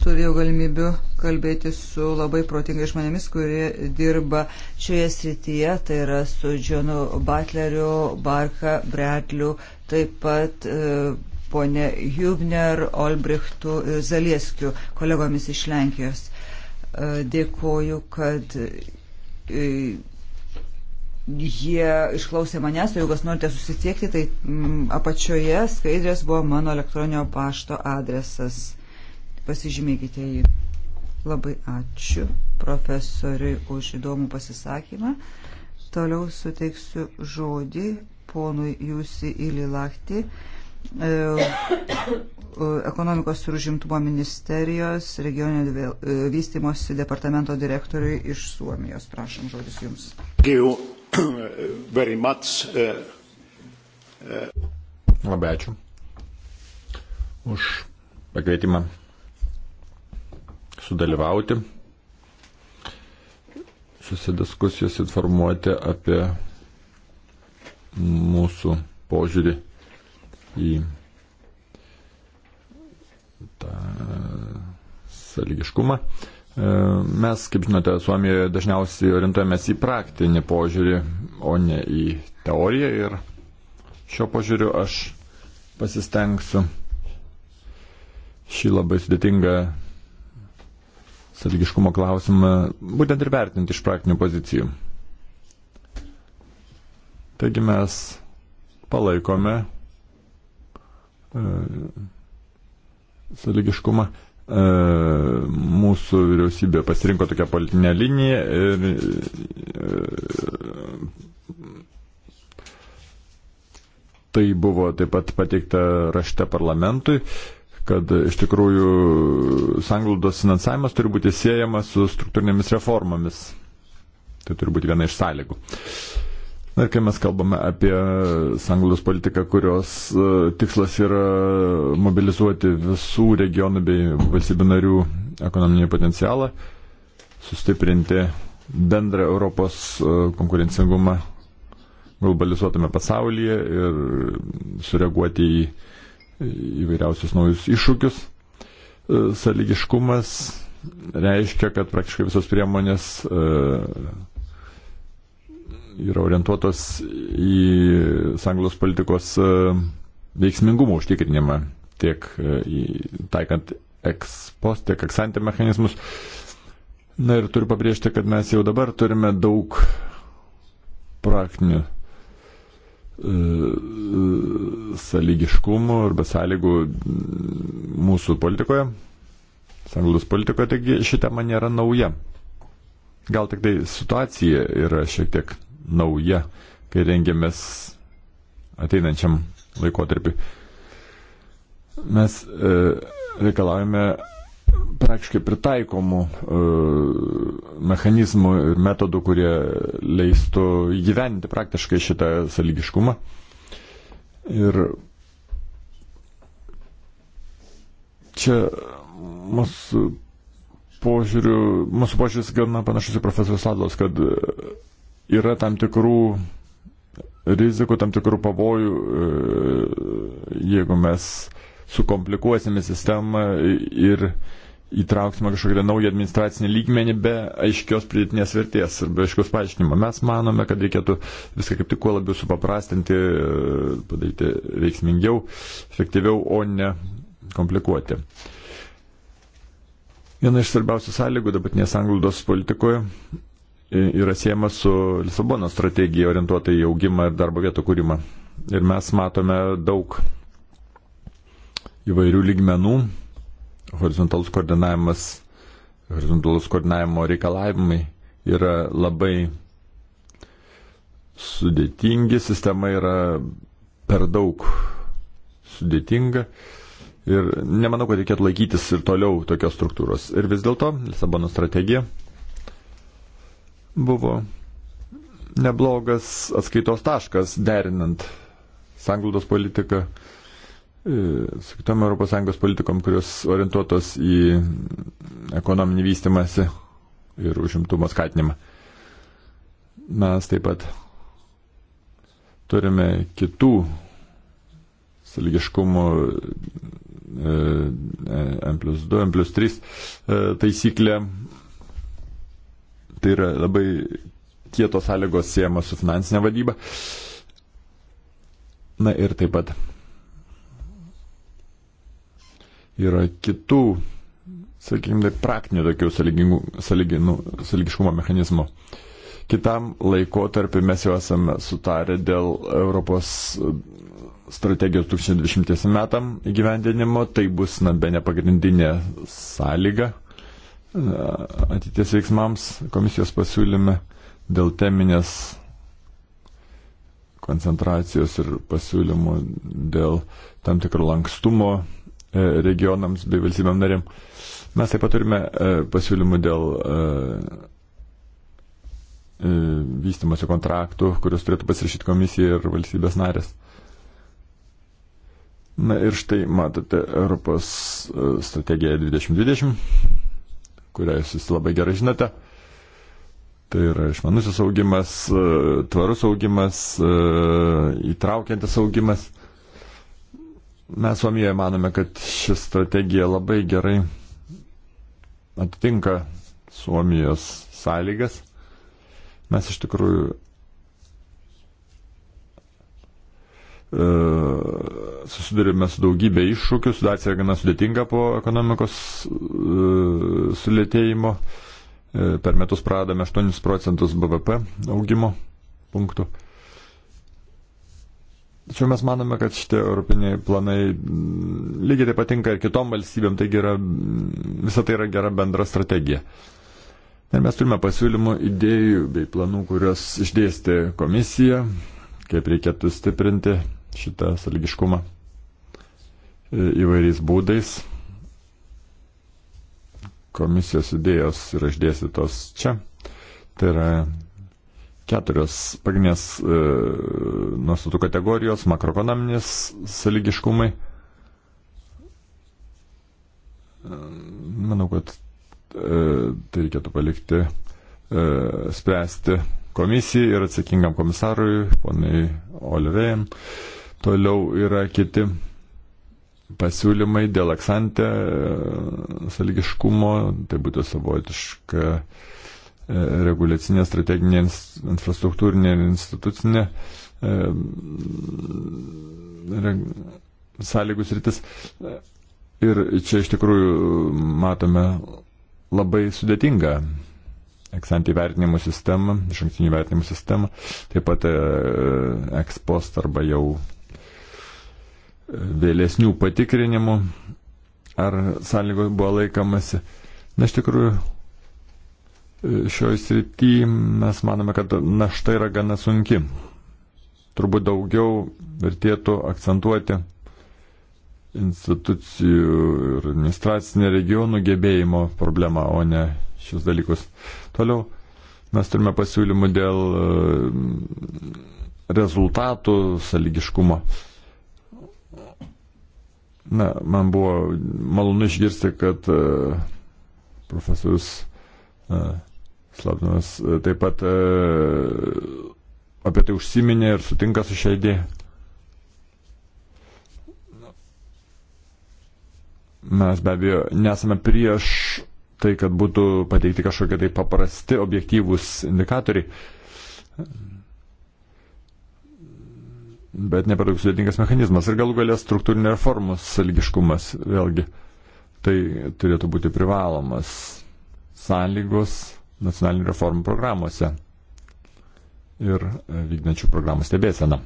turėjau galimybių kalbėti su labai protingai žmonėmis, kurie dirba šioje srityje, tai yra su Džonu Butleriu, Barka, Bretliu, taip pat e, ponė Jubner, Olbrichtu ir Zalieskiu, kolegomis iš Lenkijos. E, dėkoju, kad e, jie išklausė manęs, o jeigu kas norite susisiekti, tai m, apačioje skaidrės buvo mano elektroninio pašto adresas pasižymėkite jį. Labai ačiū profesoriui už įdomų pasisakymą. Toliau suteiksiu žodį ponui Jūsi Ililakti, e, ekonomikos ir užimtumo ministerijos regioninio e, vystimosi departamento direktoriui iš Suomijos. Prašom žodis jums. E, Labai ačiū už pakvietimą sudalyvauti šiuose diskusijose, informuoti apie mūsų požiūrį į tą sąlygiškumą. E, mes, kaip žinote, Suomijoje dažniausiai orientuojamės į praktinį požiūrį, o ne į teoriją ir šio požiūriu aš pasistengsiu šį labai sudėtingą saligiškumo klausimą būtent ir vertinti iš praktinių pozicijų. Taigi mes palaikome e, saligiškumą. E, mūsų vyriausybė pasirinko tokią politinę liniją ir e, tai buvo taip pat pateikta rašte parlamentui kad iš tikrųjų sanglaudos finansavimas turi būti siejamas su struktūrinėmis reformomis. Tai turi būti viena iš sąlygų. Na ir kai mes kalbame apie sanglaudos politiką, kurios uh, tikslas yra mobilizuoti visų regionų bei valstybių narių ekonominį potencialą, sustiprinti bendrą Europos uh, konkurencingumą globalizuotame pasaulyje ir sureaguoti į uh, įvairiausius naujus iššūkius. E, Saligiškumas reiškia, kad praktiškai visos priemonės e, yra orientuotos į sanglos politikos e, veiksmingumo užtikrinimą tiek taikant ekspos, tiek eksantį mechanizmus. Na ir turiu pabrėžti, kad mes jau dabar turime daug praktinių E, e, sąlygiškumo ir besąlygų mūsų politikoje, sanglus politikoje, taigi ši tema nėra nauja. Gal tik tai situacija yra šiek tiek nauja, kai rengiamės ateinančiam laikotarpiu. Mes e, reikalavome praktiškai pritaikomų e, mechanizmų ir metodų, kurie leistų įgyveninti praktiškai šitą sąlygiškumą. Ir čia mūsų požiūrių, mūsų požiūris gana panašus į profesorius Sadlos, kad yra tam tikrų rizikų, tam tikrų pavojų, e, jeigu mes sukomplikuosime sistemą ir įtrauksime kažkokią naują administracinį lygmenį be aiškios pridėtinės vertės ir be aiškios paaiškinimo. Mes manome, kad reikėtų viską kaip tik kuo labiau supaprastinti, padaryti veiksmingiau, efektyviau, o ne komplikuoti. Viena iš svarbiausių sąlygų dabartinės anglodos politikoje yra siejama su Lisabono strategija orientuota į augimą ir darbo vietų kūrimą. Ir mes matome daug įvairių lygmenų horizontalus koordinavimas, horizontalus koordinavimo reikalavimai yra labai sudėtingi, sistema yra per daug sudėtinga. Ir nemanau, kad reikėtų laikytis ir toliau tokios struktūros. Ir vis dėlto Lisabono strategija buvo neblogas atskaitos taškas derinant sanglaudos politiką E, su kitom ES politikom, kurios orientuotos į ekonominį vystimąsi ir užimtumo skatinimą. Mes taip pat turime kitų saligiškumų M e, e, plus 2, M plus 3 taisyklė. Tai yra labai kietos sąlygos siejamos su finansinė vadyba. Na ir taip pat yra kitų, sakykime, tai praktinių tokių sąlygiškumo mechanizmų. Kitam laikotarpiu mes jau esame sutarę dėl Europos strategijos 2020 metam įgyvendinimo, tai bus, na, be nepagrindinė sąlyga e, ateities veiksmams komisijos pasiūlyme dėl teminės koncentracijos ir pasiūlymų dėl tam tikro lankstumo E, regionams bei valstybėm narėm. Mes taip pat turime e, pasiūlymų dėl e, vystimosi kontraktų, kuriuos turėtų pasirašyti komisija ir valstybės narės. Na ir štai matote Europos strategiją 2020, kurią jūs labai gerai žinote. Tai yra išmanusis augimas, tvarus augimas, įtraukiantis augimas. Mes Suomijoje manome, kad ši strategija labai gerai atitinka Suomijos sąlygas. Mes iš tikrųjų e, susidurime su daugybė iššūkių, situacija yra gana sudėtinga po ekonomikos e, sulėtėjimo. E, per metus pradame 8 procentus BVP augimo punktų. Tačiau mes manome, kad šitie europiniai planai mm, lygiai taip patinka ir kitom valstybėm, taigi yra, mm, visa tai yra gera bendra strategija. Ir mes turime pasiūlymų, idėjų bei planų, kuriuos išdėstė komisija, kaip reikėtų stiprinti šitą saligiškumą e, įvairiais būdais. Komisijos idėjos yra išdėstytos čia. Tai yra keturios pagrindinės e, nuostatų kategorijos - makroekonominės saligiškumai. E, manau, kad e, tai reikėtų palikti e, spręsti komisijai ir atsakingam komisarui, ponai Olivėjim. Toliau yra kiti pasiūlymai dėl aksantę e, saligiškumo, tai būtų savotiška e, E, reguliacinė, strateginė, infrastruktūrinė ir institucinė e, sąlygus rytis. Ir čia iš tikrųjų matome labai sudėtingą eksantį vertinimų sistemą, iš ankstinių vertinimų sistemą, taip pat ekspost arba jau e, vėlesnių patikrinimų, ar sąlygos buvo laikamasi. Na, iš tikrųjų, šioje srityje mes manome, kad našta yra gana sunki. Turbūt daugiau vertėtų akcentuoti institucijų ir administracinė regionų gebėjimo problema, o ne šius dalykus. Toliau mes turime pasiūlymų dėl e, rezultatų saligiškumo. Na, man buvo malonu išgirsti, kad e, profesorius e, Slapnas e, taip pat e, apie tai užsiminė ir sutinka su šia idėja. Mes be abejo nesame prieš tai, kad būtų pateikti kažkokie tai paprasti objektyvūs indikatoriai, bet ne per daug sudėtingas mechanizmas ir galų galės struktūrinė reformos sąlygiškumas vėlgi. Tai turėtų būti privalomas sąlygos nacionalinių reformų programuose ir e, vykdančių programų stebėsena.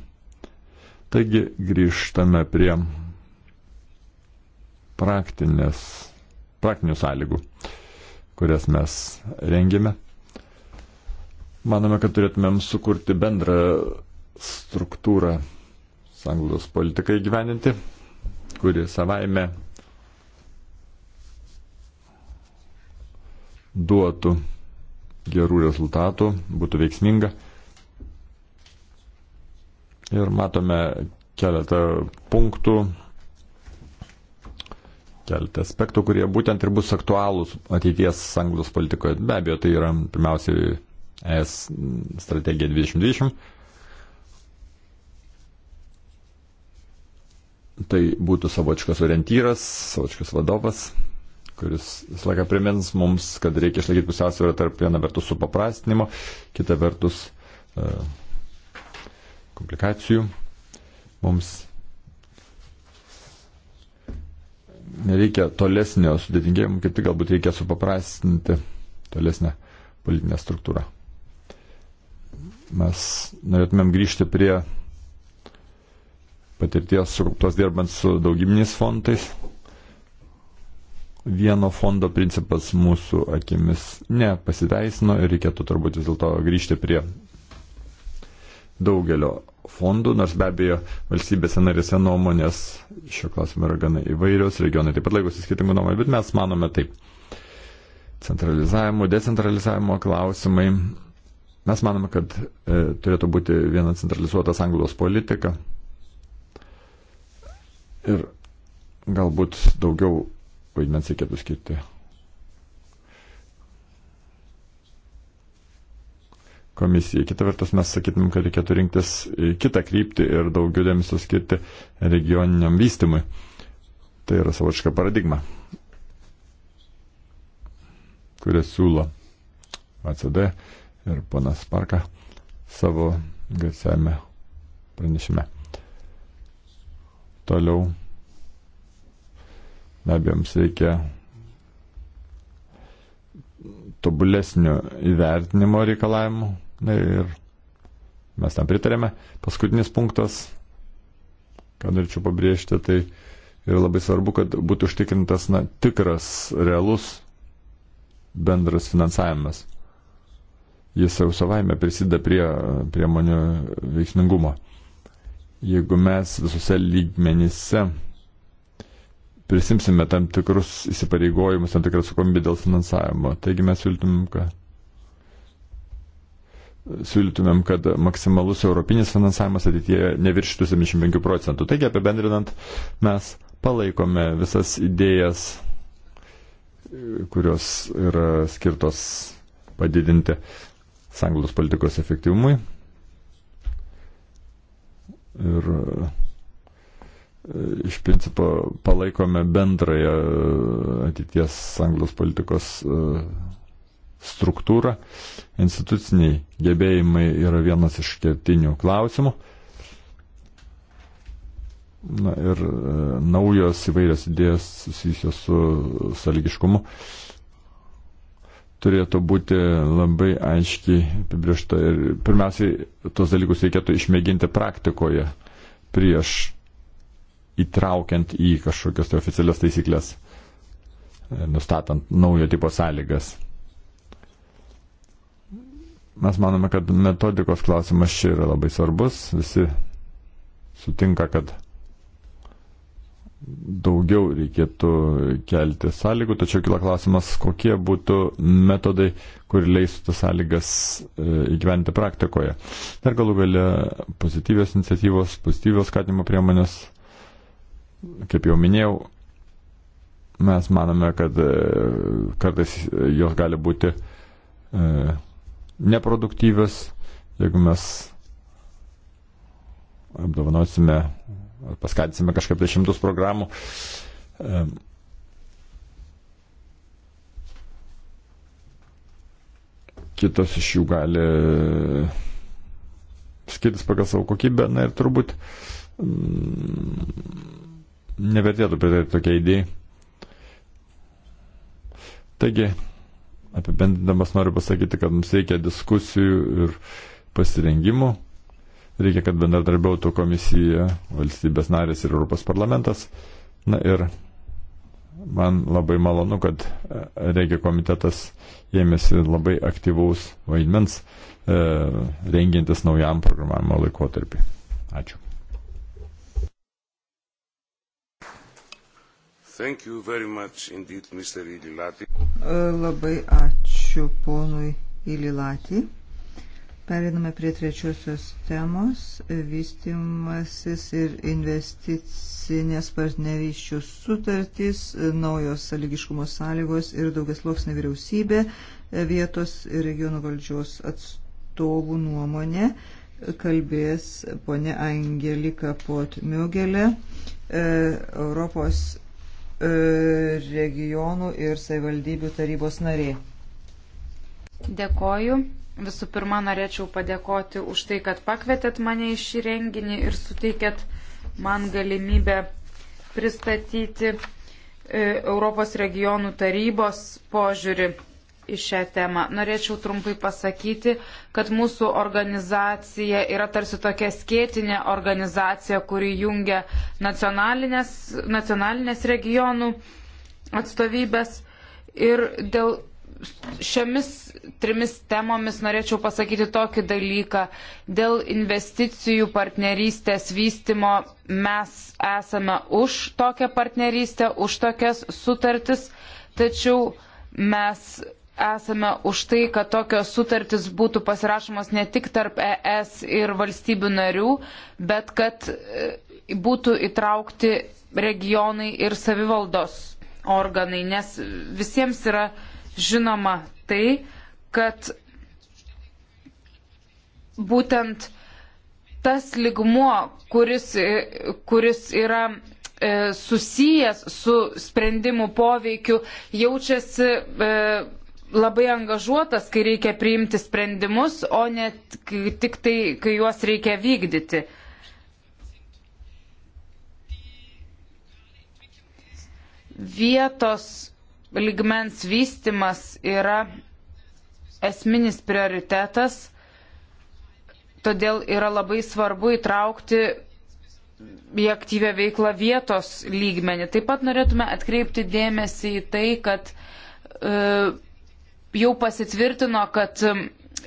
Taigi grįžtame prie praktinės, praktinių sąlygų, kurias mes rengėme. Manome, kad turėtumėm sukurti bendrą struktūrą sanglaudos politikai gyveninti, kuri savaime duotų gerų rezultatų, būtų veiksminga. Ir matome keletą punktų, keletą aspektų, kurie būtent ir bus aktualūs ateities sanglos politikoje. Be abejo, tai yra pirmiausiai ES strategija 2020. Tai būtų savočkas orientyras, savočkas vadovas, kuris visą laiką primins mums, kad reikia išlaikyti pusiausvyrą tarp viena vertus supaprastinimo, kita vertus e, komplikacijų. Mums nereikia tolesnio sudėtingėjimo, kaip tik galbūt reikia supaprastinti tolesnę politinę struktūrą. Mes norėtumėm grįžti prie patirties sukauptos dirbant su daugybiniais fondais vieno fondo principas mūsų akimis nepasiteisino ir reikėtų turbūt vis dėlto grįžti prie daugelio fondų, nors be abejo valstybėse narėse nuomonės šio klausimo yra gana įvairios, regionai taip pat laikosi skirtingų nuomonių, bet mes manome taip. Centralizavimo, decentralizavimo klausimai. Mes manome, kad e, turėtų būti viena centralizuota anglos politika ir galbūt daugiau vaidmens reikėtų skirti. Komisijai. Kita vertus, mes sakytumėm, kad reikėtų rinktis kitą kryptį ir daugiau dėmesio skirti regioniniam vystimui. Tai yra savočka paradigma, kurią siūlo ACD ir ponas Parka savo garsiame pranešime. Toliau Be abejo, mums reikia tobulesnio įvertinimo reikalavimų. Na ir mes tam pritarėme. Paskutinis punktas, ką norėčiau pabrėžti, tai yra labai svarbu, kad būtų užtikrintas na, tikras, realus bendras finansavimas. Jis jau savaime prisideda prie priemonių veiksmingumo. Jeigu mes visose lygmenyse prisimsime tam tikrus įsipareigojimus, tam tikrą atsakomybę dėl finansavimo. Taigi mes siūlytumėm, kad siūlytumėm, kad maksimalus europinis finansavimas ateityje neviršytų 75 procentų. Taigi apibendrinant, mes palaikome visas idėjas, kurios yra skirtos padidinti sanglus politikos efektyvumui. Ir iš principo palaikome bendrąją ateities anglos politikos e, struktūrą. Instituciniai gebėjimai yra vienas iš kertinių klausimų. Na ir e, naujos įvairios idėjas susijusios su sąlygiškumu turėtų būti labai aiškiai apibriešta ir pirmiausiai tos dalykus reikėtų išmėginti praktikoje prieš įtraukiant į kažkokias tai oficialias taisyklės, e, nustatant naujo tipo sąlygas. Mes manome, kad metodikos klausimas čia yra labai svarbus. Visi sutinka, kad daugiau reikėtų kelti sąlygų, tačiau kila klausimas, kokie būtų metodai, kur leistų tas sąlygas e, įgyventi praktikoje. Dar galų gale pozityvios iniciatyvos, pozityvios skatinimo priemonės Kaip jau minėjau, mes manome, kad e, kartais jos gali būti e, neproduktyvios, jeigu mes apdovanosime ar paskatinsime kažkaip tai šimtus programų. E, kitos iš jų gali skirtis pagal savo kokybę. Na ir turbūt mm, nevertėtų pritarti tokiai idėjai. Taigi, apibendindamas noriu pasakyti, kad mums reikia diskusijų ir pasirengimų. Reikia, kad bendradarbiautų komisija, valstybės narės ir Europos parlamentas. Na ir man labai malonu, kad e, regio komitetas ėmėsi labai aktyvaus vaidmens e, rengintis naujam programavimo laikotarpiu. Ačiū. Indeed, e, Labai ačiū ponui Ililatį. Periname prie trečiosios temos - vystimasis ir investicinės partnerysčių sutartys, naujos sąlygiškumo sąlygos ir daugias loksnė vyriausybė, e, vietos ir regionų valdžios atstovų nuomonė. Kalbės ponė Angelika Potmiugelė, e, Europos E, regionų ir savivaldybių tarybos nariai. Dėkoju. Visų pirma, norėčiau padėkoti už tai, kad pakvietėt mane į šį renginį ir suteikėt man galimybę pristatyti e, Europos regionų tarybos požiūrį į šią temą. Norėčiau trumpai pasakyti, kad mūsų organizacija yra tarsi tokia skėtinė organizacija, kuri jungia nacionalinės, nacionalinės regionų atstovybės. Ir dėl šiomis trimis temomis norėčiau pasakyti tokį dalyką. Dėl investicijų partnerystės vystimo mes esame už tokią partnerystę, už tokias sutartis, tačiau mes esame už tai, kad tokios sutartys būtų pasirašomos ne tik tarp ES ir valstybių narių, bet kad e, būtų įtraukti regionai ir savivaldos organai, nes visiems yra žinoma tai, kad būtent tas ligmuo, kuris, e, kuris yra e, susijęs su sprendimų poveikiu jaučiasi e, labai angažuotas, kai reikia priimti sprendimus, o ne tik tai, kai juos reikia vykdyti. Vietos ligmens vystimas yra esminis prioritetas, todėl yra labai svarbu įtraukti į aktyvę veiklą vietos lygmenį. Taip pat norėtume atkreipti dėmesį į tai, kad e, jau pasitvirtino, kad um,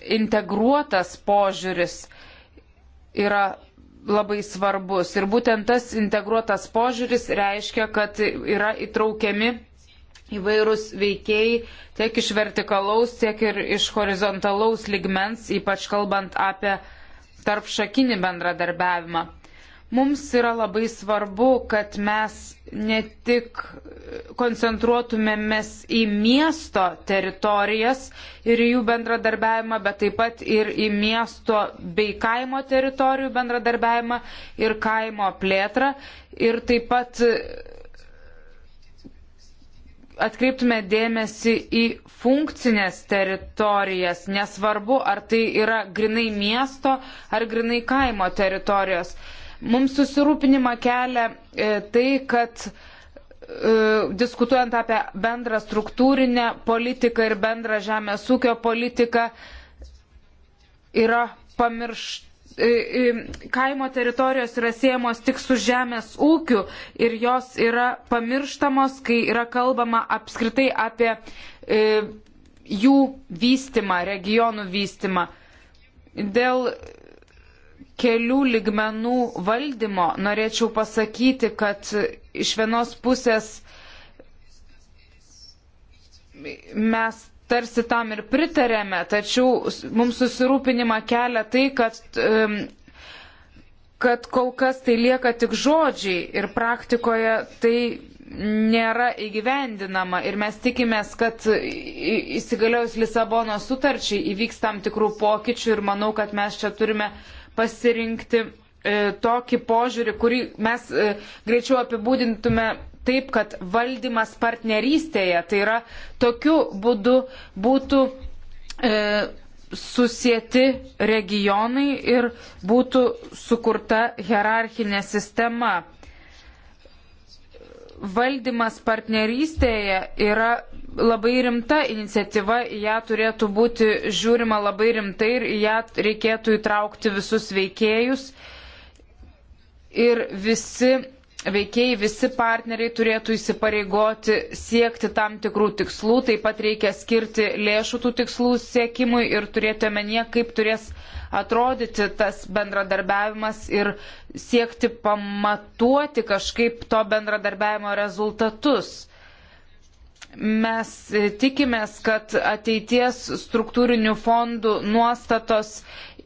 integruotas požiūris yra labai svarbus. Ir būtent tas integruotas požiūris reiškia, kad yra įtraukiami įvairūs veikėjai tiek iš vertikalaus, tiek ir iš horizontalaus ligmens, ypač kalbant apie tarp šakinį bendradarbiavimą. Mums yra labai svarbu, kad mes ne tik koncentruotumėmės į miesto teritorijas ir jų bendradarbiavimą, bet taip pat ir į miesto bei kaimo teritorijų bendradarbiavimą ir kaimo plėtrą. Ir taip pat atkreiptume dėmesį į funkcinės teritorijas, nesvarbu, ar tai yra grinai miesto ar grinai kaimo teritorijos. Mums susirūpinimą kelia e, tai, kad e, E, diskutuojant apie bendrą struktūrinę politiką ir bendrą žemės ūkio politiką, yra pamiršta. E, e, kaimo teritorijos yra siejamos tik su žemės ūkiu ir jos yra pamirštamos, kai yra kalbama apskritai apie jų vystimą, regionų vystimą. Dėl kelių ligmenų valdymo norėčiau pasakyti, kad iš vienos pusės mes tarsi tam ir pritarėme, tačiau mums susirūpinimą kelia tai, kad, kad kol kas tai lieka tik žodžiai ir praktikoje tai nėra įgyvendinama ir mes tikimės, kad įsigaliaus Lisabono sutarčiai įvyks tam tikrų pokyčių ir manau, kad mes čia turime uh, pasirinkti e, tokį požiūrį, kurį mes e, greičiau apibūdintume taip, kad valdymas partnerystėje, tai yra tokiu būdu būtų e, susieti regionai ir būtų sukurta hierarchinė sistema valdymas partnerystėje yra labai rimta iniciatyva, į ją turėtų būti žiūrima labai rimtai ir į ją reikėtų įtraukti visus veikėjus. Ir visi veikėjai, visi partneriai turėtų įsipareigoti siekti tam tikrų tikslų, taip pat reikia skirti lėšų tų tikslų siekimui ir turėti omenyje, kaip turės atrodyti tas bendradarbiavimas ir siekti pamatuoti kažkaip to bendradarbiavimo rezultatus. Mes tikimės, kad ateities struktūrinių fondų nuostatos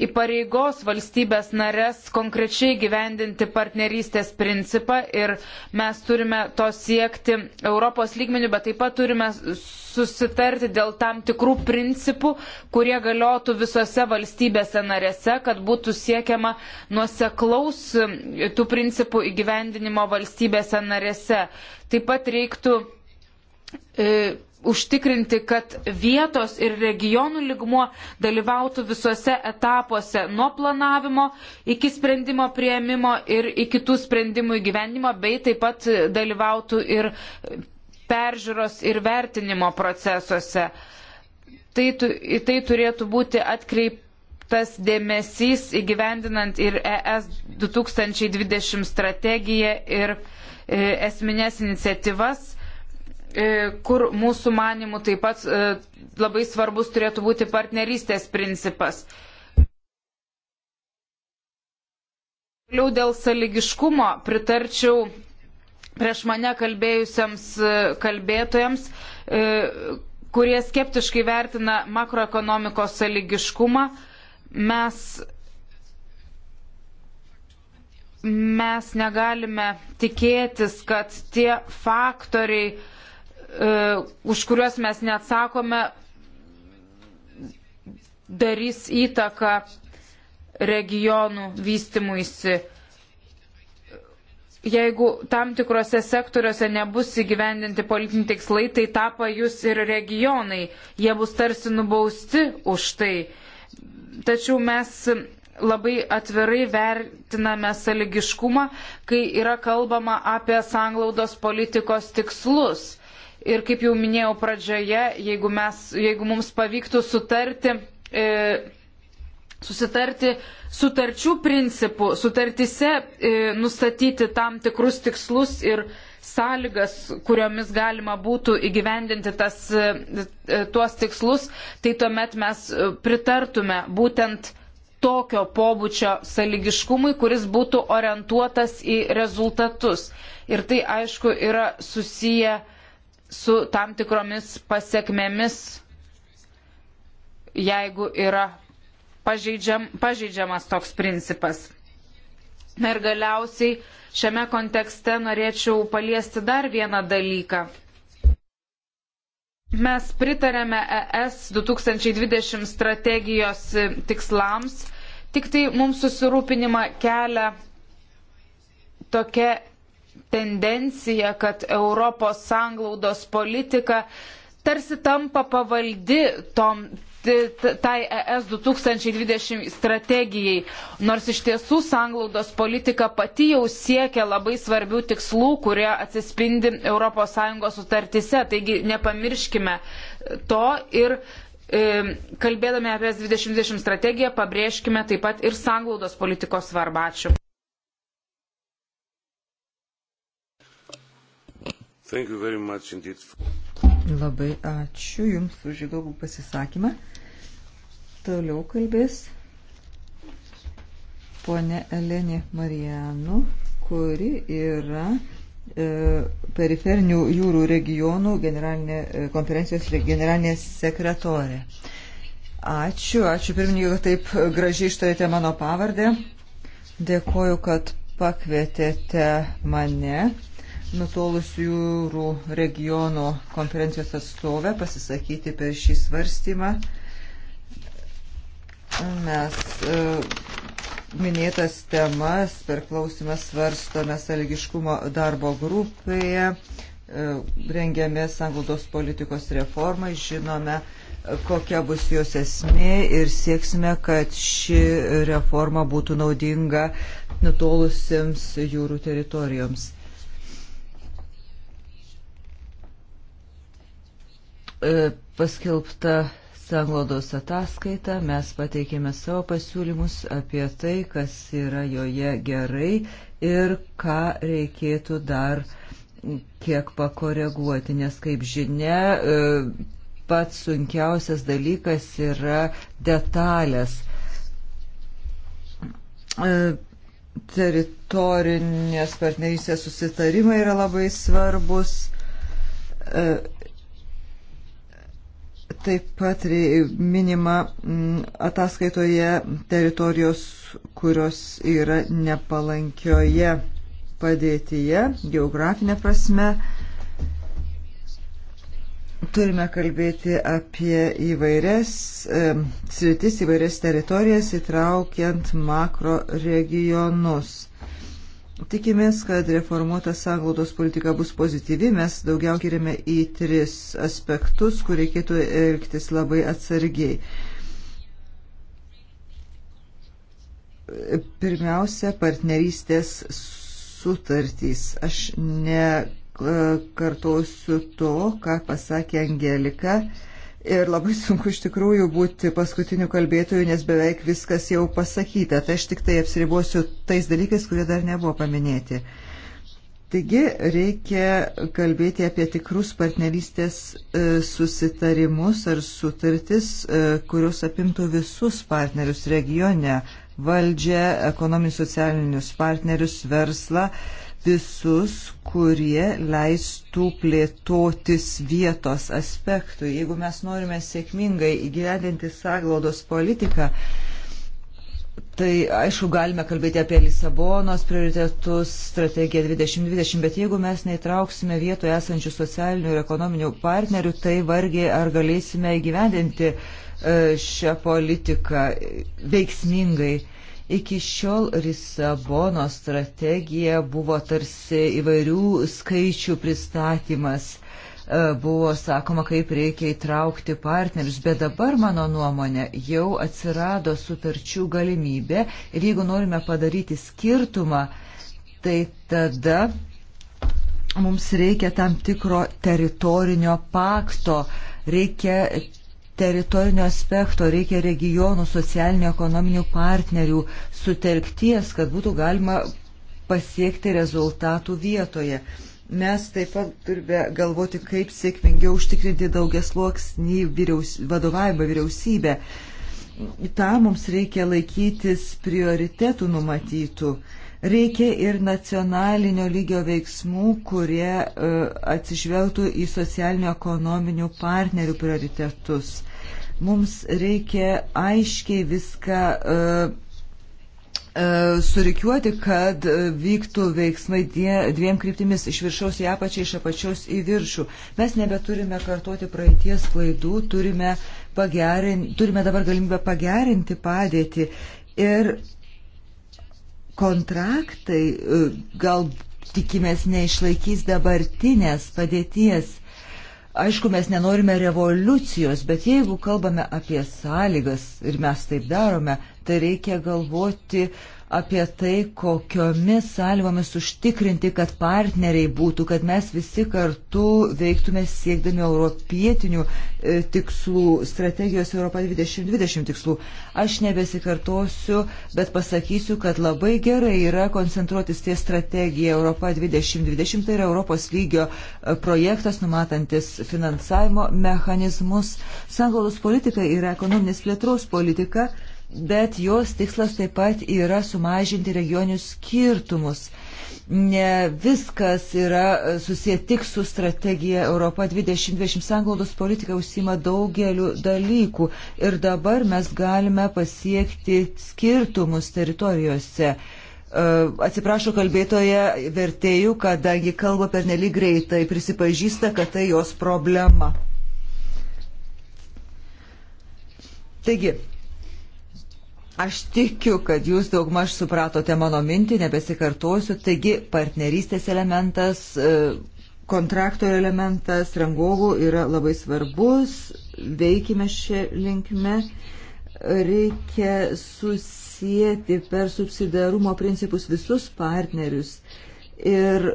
įpareigos valstybės narės konkrečiai gyvendinti partnerystės principą ir mes turime to siekti Europos lygmenių, bet taip pat turime susitarti dėl tam tikrų principų, kurie galiotų visose valstybėse narėse, kad būtų siekiama nuoseklaus e, tų principų įgyvendinimo valstybėse narėse. Taip pat reiktų e, užtikrinti, kad vietos ir regionų ligmuo dalyvautų visuose etapuose nuo planavimo iki sprendimo prieimimo ir iki kitų sprendimų įgyvendimo, bei taip pat dalyvautų ir peržiūros ir vertinimo procesuose. Tai, į tai turėtų būti atkreip, tas dėmesys įgyvendinant ir ES 2020 strategiją ir e, esminės iniciatyvas E, kur mūsų manimų taip pat e, labai svarbus turėtų būti partnerystės principas. Toliau dėl saligiškumo pritarčiau prieš mane kalbėjusiems e, kalbėtojams, kurie skeptiškai vertina makroekonomikos saligiškumą. Mes, mes negalime tikėtis, kad tie faktoriai, E, už kuriuos mes neatsakome, darys įtaką regionų vystimuisi. Jeigu tam tikrose sektoriuose nebus įgyvendinti politiniai tikslai, tai tą pajus ir regionai. Jie bus tarsi nubausti už tai. Tačiau mes labai atvirai vertiname saligiškumą, kai yra kalbama apie sanglaudos politikos tikslus. Ir kaip jau minėjau pradžioje, jeigu, mes, jeigu mums pavyktų sutarti, e, susitarti sutarčių principų, sutartise e, nustatyti tam tikrus tikslus ir sąlygas, kuriomis galima būtų įgyvendinti tas, e, e tuos tikslus, tai tuomet mes e, pritartume būtent tokio pobūdžio sąlygiškumui, kuris būtų orientuotas į rezultatus. Ir tai aišku yra susiję e, su tam tikromis pasiekmėmis, jeigu yra pažeidžiam, pažeidžiamas toks principas. Na ir galiausiai šiame kontekste norėčiau paliesti dar vieną dalyką. Mes pritarėme ES 2020 strategijos tikslams, tik tai mums susirūpinimą kelia tokia tendencija, kad Europos sanglaudos politika tarsi tampa pavaldi tom, tai ES 2020 strategijai, nors iš tiesų sanglaudos politika pati jau siekia labai svarbių tikslų, kurie atsispindi ES sutartise. Taigi nepamirškime to ir e, kalbėdami apie 2020 e strategiją, pabrėžkime taip pat ir sanglaudos politikos svarbą. Ačiū. Labai ačiū Jums už įdomų pasisakymą. Toliau kalbės ponė Elenė Marijanu, kuri yra e, periferinių jūrų regionų generalinė, e, konferencijos generalinė sekretorė. Ačiū, ačiū pirmininkai, kad taip gražiai ištarėte mano pavardę. Dėkoju, kad pakvietėte mane nutolusių jūrų regiono konferencijos atstovę pasisakyti per šį svarstymą. Mes e, minėtas temas per klausimą svarstome sąlygiškumo darbo grupėje, e, rengiame sanglaudos politikos reformą, žinome, kokia bus jos esmė ir sieksime, kad ši reforma būtų naudinga nutolusiems jūrų teritorijoms. E, paskelbta Sanglaudos ataskaita, mes pateikėme savo pasiūlymus apie tai, kas yra joje gerai ir ką reikėtų dar kiek pakoreguoti, nes kaip žinia, e, pats sunkiausias dalykas yra detalės. E, teritorinės partnerystės susitarimai yra labai svarbus Taip pat minima ataskaitoje teritorijos, kurios yra nepalankioje padėtyje, geografinė prasme. Turime kalbėti apie įvairias e, sritis, įvairias teritorijas, įtraukiant makro regionus. Tikimės, kad reformuota sąglaudos politika bus pozityvi. Mes daugiau skiriame į tris aspektus, kur reikėtų elgtis labai atsargiai. Pirmiausia, partnerystės sutartys. Aš nekartosiu to, ką pasakė Angelika. Ir labai sunku iš tikrųjų būti paskutiniu kalbėtoju, nes beveik viskas jau pasakyta. Tai aš tik tai apsiribuosiu tais dalykais, kurie dar nebuvo paminėti. Taigi reikia kalbėti apie tikrus partnerystės e, susitarimus ar sutartis, e, kurios apimtų visus partnerius regione, valdžią, ekonominius socialinius partnerius, verslą visus, kurie leistų plėtotis vietos aspektui. Jeigu mes norime sėkmingai įgyvendinti sąglaudos politiką, tai aišku, galime kalbėti apie Lisabonos prioritetus, strategiją 2020, bet jeigu mes neįtrauksime vietoje esančių socialinių ir ekonominių partnerių, tai vargiai ar galėsime įgyvendinti e, šią politiką veiksmingai Iki šiol Risabono strategija buvo tarsi įvairių skaičių pristatymas, e, buvo sakoma, kaip reikia įtraukti partnerius, bet dabar, mano nuomonė, jau atsirado sutarčių galimybė ir jeigu norime padaryti skirtumą, tai tada mums reikia tam tikro teritorinio pakto, reikia teritorinio aspekto, reikia regionų, socialinių, ekonominių partnerių sutelkties, kad būtų galima pasiekti rezultatų vietoje. Mes taip pat turime galvoti, kaip sėkmingiau užtikrinti daugias luoksnį vyriaus, vadovavimą vyriausybę. Tam mums reikia laikytis prioritetų numatytų. Uh, Reikia ir nacionalinio lygio veiksmų, kurie e, atsižvelgtų į socialinio ekonominių partnerių prioritetus. Mums reikia aiškiai viską e, e, surikiuoti, kad vyktų veiksmai dviem kryptimis - iš viršaus į apačią, iš apačios į viršų. Mes nebeturime kartuoti praeities klaidų, turime, pagerin, turime dabar galimybę pagerinti padėtį. Ir kontraktai e, gal tikimės neišlaikys dabartinės padėties. Aišku, mes nenorime revoliucijos, bet jeigu kalbame apie sąlygas ir mes taip darome, tai reikia galvoti uh, apie tai, kokiomis sąlygomis užtikrinti, kad partneriai būtų, kad mes visi kartu veiktume siekdami europietinių e, tikslų, strategijos Europa 2020 tikslų. Aš nebesikartosiu, bet pasakysiu, kad labai gerai yra koncentruotis ties strategija Europa 2020, tai yra Europos lygio e, projektas numatantis finansavimo mechanizmus. Sanglaudos politika yra ekonominės plėtros politika bet jos tikslas taip pat yra sumažinti regionius skirtumus. Ne viskas yra e, susiję tik su strategija Europa 2020 sanglaudos politika užsima daugeliu dalykų ir dabar mes galime pasiekti skirtumus teritorijose. E, Atsiprašau kalbėtoje vertėjų, kadangi kalba per nelį greitai, prisipažįsta, kad tai jos problema. Taigi, Aš tikiu, kad jūs daugmaž supratote mano mintį, nebesikartosiu. Taigi, partnerystės elementas, e, kontrakto elementas rangovų yra labai svarbus, veikime šią linkmę, reikia susijęti per subsidarumo principus visus partnerius. Ir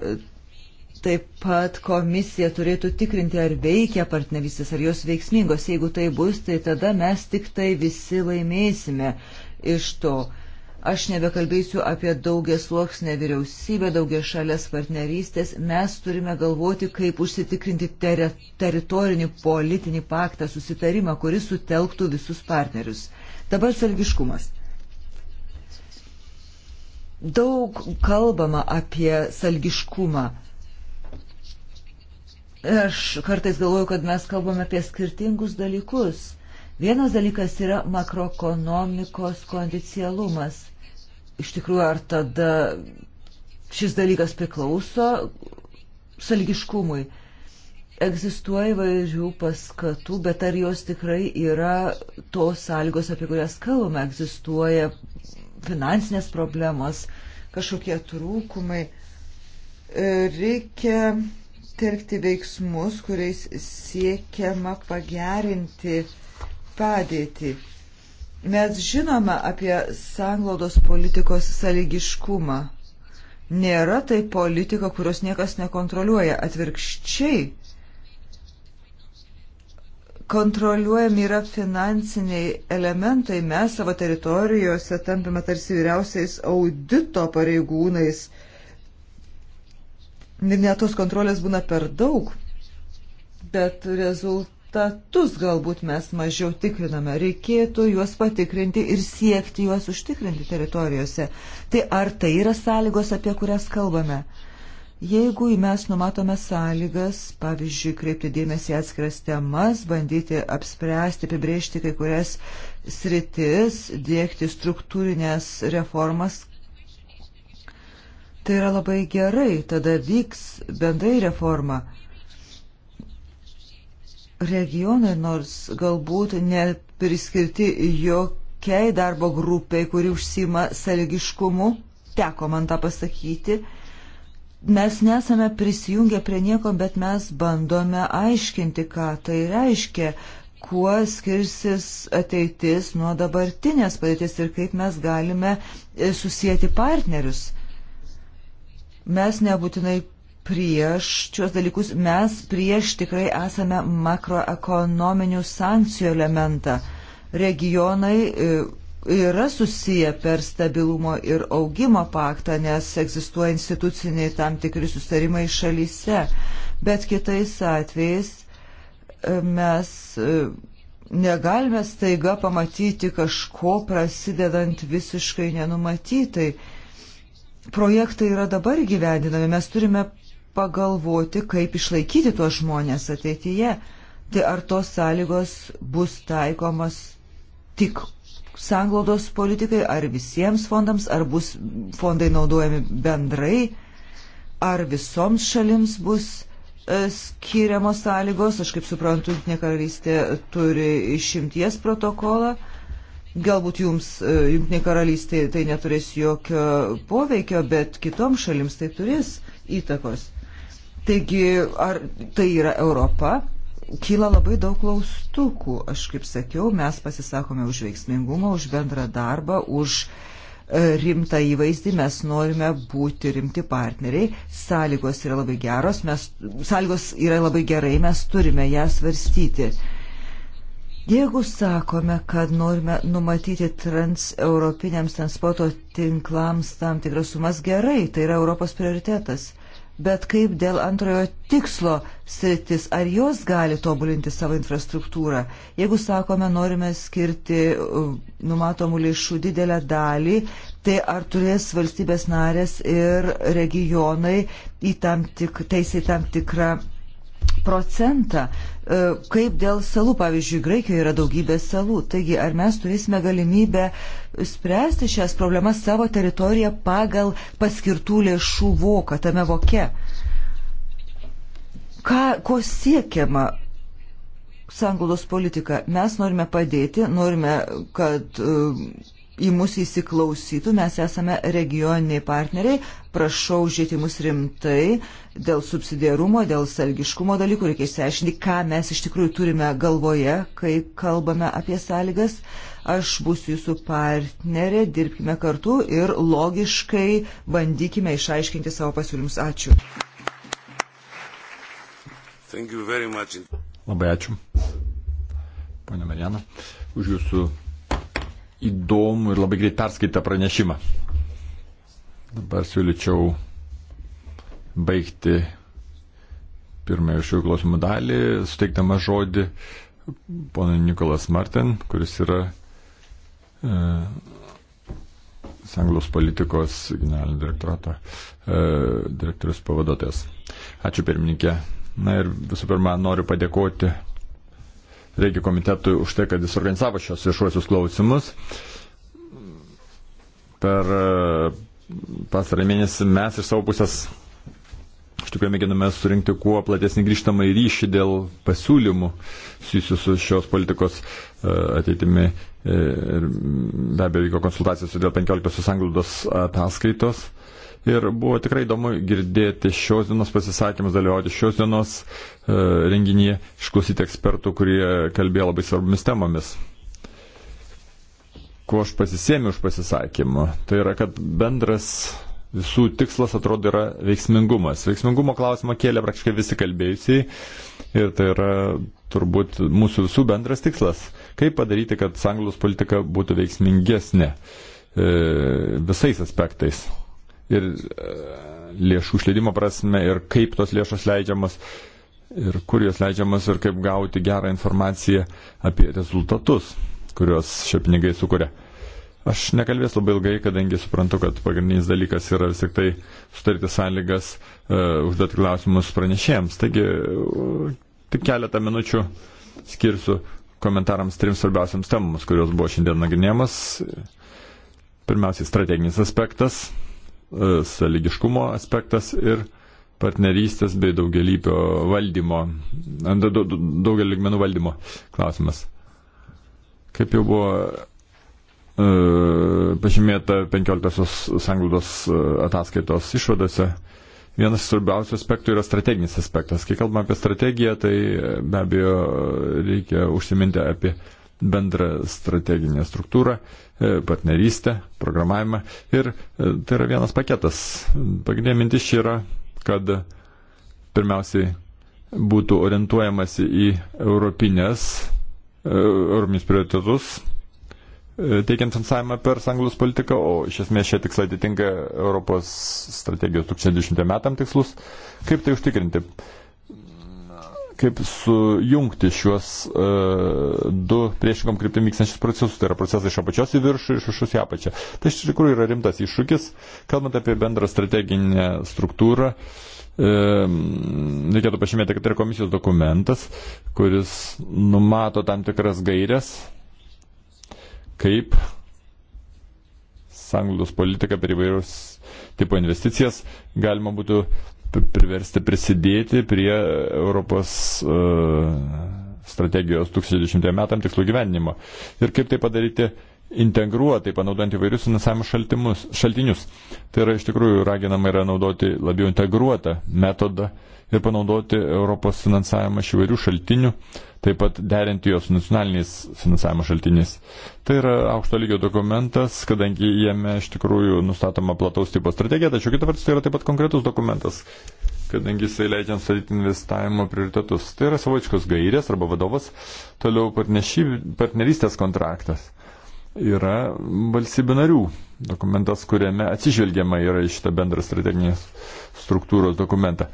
taip pat komisija turėtų tikrinti, ar veikia partnerystės, ar jos veiksmingos. Jeigu tai bus, tai tada mes tik tai visi laimėsime. Uh, iš to. Aš nebekalbėsiu apie daugia sluoksnę vyriausybę, daugia šalės partnerystės. Mes turime galvoti, kaip užsitikrinti ter teritorinį politinį paktą, susitarimą, kuris sutelktų visus partnerius. Dabar salgiškumas. Daug kalbama apie salgiškumą. Aš kartais galvoju, kad mes kalbame apie skirtingus dalykus. Vienas dalykas yra makroekonomikos kondicionalumas. Iš tikrųjų, ar tada šis dalykas priklauso salgiškumui? Egzistuoja įvairių paskatų, bet ar jos tikrai yra tos sąlygos, apie kurias kalbame? Egzistuoja finansinės problemos, kažkokie trūkumai. Reikia telkti veiksmus, kuriais siekiama pagerinti uh, padėtį. Mes žinome apie sanglaudos politikos sąlygiškumą. Nėra tai politika, kurios niekas nekontroliuoja. Atvirkščiai kontroliuojami yra finansiniai elementai. Mes savo teritorijose tampame tarsi vyriausiais audito pareigūnais. Ir net tos kontrolės būna per daug. Bet rezultatai rezultatus galbūt mes mažiau tikriname. Reikėtų juos patikrinti ir siekti juos užtikrinti teritorijose. Tai ar tai yra sąlygos, apie kurias kalbame? Jeigu mes numatome sąlygas, pavyzdžiui, kreipti dėmesį atskiras temas, bandyti apspręsti, apibriežti kai kurias sritis, dėkti struktūrinės reformas, tai yra labai gerai, tada vyks bendrai reforma regionai, nors galbūt nepriskirti jokiai darbo grupiai, kuri užsima sąlygiškumu, teko man tą pasakyti. Mes nesame prisijungę prie nieko, bet mes bandome aiškinti, ką tai reiškia, kuo skirsis ateitis nuo dabartinės padėties ir kaip mes galime e, susijęti partnerius. Mes nebūtinai prieš šios dalykus, mes prieš tikrai esame makroekonominių sankcijų elementą. Regionai e, yra susiję per stabilumo ir augimo paktą, nes egzistuoja instituciniai tam tikri sustarimai šalyse, bet kitais atvejais e, mes e, negalime staiga pamatyti kažko prasidedant visiškai nenumatytai projektai yra dabar gyvendinami, mes turime pagalvoti, kaip išlaikyti tuos žmonės ateityje. Tai ar tos sąlygos bus taikomas tik sanglaudos politikai, ar visiems fondams, ar bus fondai naudojami bendrai, ar visoms šalims bus e, skiriamos sąlygos. Aš kaip suprantu, Junktinė karalystė turi išimties protokolą. Galbūt jums e, Junktinė karalystė tai neturės jokio poveikio, bet kitoms šalims tai turės įtakos. Taigi, ar tai yra Europa? Kyla labai daug klaustukų. Aš kaip sakiau, mes pasisakome už veiksmingumą, už bendrą darbą, už e, rimtą įvaizdį, mes norime būti rimti partneriai, sąlygos yra labai geros, mes, sąlygos yra labai gerai, mes turime ją svarstyti. Jeigu sakome, kad norime numatyti transeuropiniams transporto tinklams tam tikras sumas gerai, tai yra Europos prioritetas. Bet kaip dėl antrojo tikslo sritis, ar jos gali tobulinti savo infrastruktūrą? Jeigu sakome, norime skirti uh, numatomų lėšų didelę dalį, tai ar turės valstybės narės ir regionai į tam tik, teisę į tam tikrą procentą, e, kaip dėl salų. Pavyzdžiui, Graikijoje yra daugybė salų. Taigi, ar mes turėsime galimybę spręsti šias problemas savo teritoriją pagal paskirtų lėšų voką tame voke? Ką, ko siekiama sanglaudos politika. Mes norime padėti, norime, kad e, į mus įsiklausytų, mes esame regioniniai partneriai, prašau žiūrėti mus rimtai dėl subsidiarumo, dėl salgiškumo dalykų, reikia išsiaiškinti, ką mes iš tikrųjų turime galvoje, kai kalbame apie sąlygas. Aš būsiu jūsų partnerė, dirbkime kartu ir logiškai bandykime išaiškinti savo pasiūlymus. Ačiū. Labai ačiū, ponia Marijana, už jūsų įdomų ir labai greit perskaitą pranešimą. Dabar siūlyčiau baigti pirmąją šių klausimų dalį, suteikdama žodį ponui Nikolas Martin, kuris yra e, Sanglos politikos generalinio direktorato e, direktorius pavaduotojas. Ačiū pirmininkė. Na ir visų pirma, noriu padėkoti Reikia komitetui už tai, kad jis organizavo šios viešuosius klausimus. Per e, pasarą mėnesį mes iš savo pusės iš tikrųjų mėginame surinkti kuo platesnį grįžtamą į ryšį dėl pasiūlymų susijusių su šios politikos e, ateitimi. E, ir be abejo, vyko konsultacijos dėl 15 sanglaudos ataskaitos ir buvo tikrai įdomu girdėti šios dienos pasisakymus, dalyvauti šios dienos e, renginyje, išklausyti ekspertų, kurie kalbėjo labai svarbomis temomis. Kuo aš pasisėmiu už pasisakymą, tai yra, kad bendras visų tikslas atrodo yra veiksmingumas. Veiksmingumo klausimą kėlė praktiškai visi kalbėjusiai ir tai yra turbūt mūsų visų bendras tikslas. Kaip padaryti, kad sanglos politika būtų veiksmingesnė e, visais aspektais ir e, lėšų išleidimo prasme, ir kaip tos lėšos leidžiamos, ir kur jos leidžiamos, ir kaip gauti gerą informaciją apie rezultatus, kuriuos šie pinigai sukuria. Aš nekalbės labai ilgai, kadangi suprantu, kad pagrindinis dalykas yra vis tik tai sutarti sąlygas, uh, užduoti klausimus pranešėjams. Taigi, uh, tik keletą minučių skirsiu komentarams trims svarbiausiams temams, kurios buvo šiandien nagrinėjamas. Pirmiausiai, strateginis aspektas E, sąlygiškumo aspektas ir partnerystės bei daugelypio valdymo, daugelį ligmenų valdymo klausimas. Kaip jau buvo e, pažymėta 15 sanglaudos e, ataskaitos išvadose, vienas svarbiausių aspektų yra strateginis aspektas. Kai kalbame apie strategiją, tai be abejo reikia užsiminti apie uh, bendrą strateginę struktūrą, e, partnerystę, programavimą. Ir e, tai yra vienas paketas. Pagrindinė mintis yra, kad pirmiausiai būtų orientuojamasi į europinės, e, europinius prioritetus, teikiant finansavimą per sanglus politiką, o iš esmės šie tikslai atitinka Europos strategijos 2020 metam tikslus. Kaip tai užtikrinti? kaip sujungti šiuos uh, du priešingom kryptim vykstančius procesus, tai yra procesai iš apačios į viršų, iš viršus į apačią. Tai iš tikrųjų yra rimtas iššūkis, kalbant apie bendrą strateginę struktūrą. E, reikėtų pažymėti, kad tai yra komisijos dokumentas, kuris numato tam tikras gairias, kaip sanglaudos politika per įvairius tipo investicijas galima būtų priversti prisidėti prie Europos e, strategijos 2010 metam tikslų gyvenimo. Ir kaip tai padaryti integruotai, panaudojant įvairius finansavimo šaltinius. Tai yra iš tikrųjų raginama yra naudoti labiau integruotą metodą ir panaudoti Europos finansavimą iš įvairių šaltinių, taip pat derinti jos nacionaliniais finansavimo šaltiniais. Tai yra aukšto lygio dokumentas, kadangi jame iš tikrųjų nustatoma plataus tipo strategija, tačiau kitą vertus tai yra taip pat konkretus dokumentas, kadangi jisai leidžia nustatyti investavimo prioritetus. Tai yra savotiškos gairės arba vadovas, toliau partnerystės kontraktas yra valstybių narių dokumentas, kuriame atsižvelgiama yra iš tą bendrą strateginės struktūros dokumentą.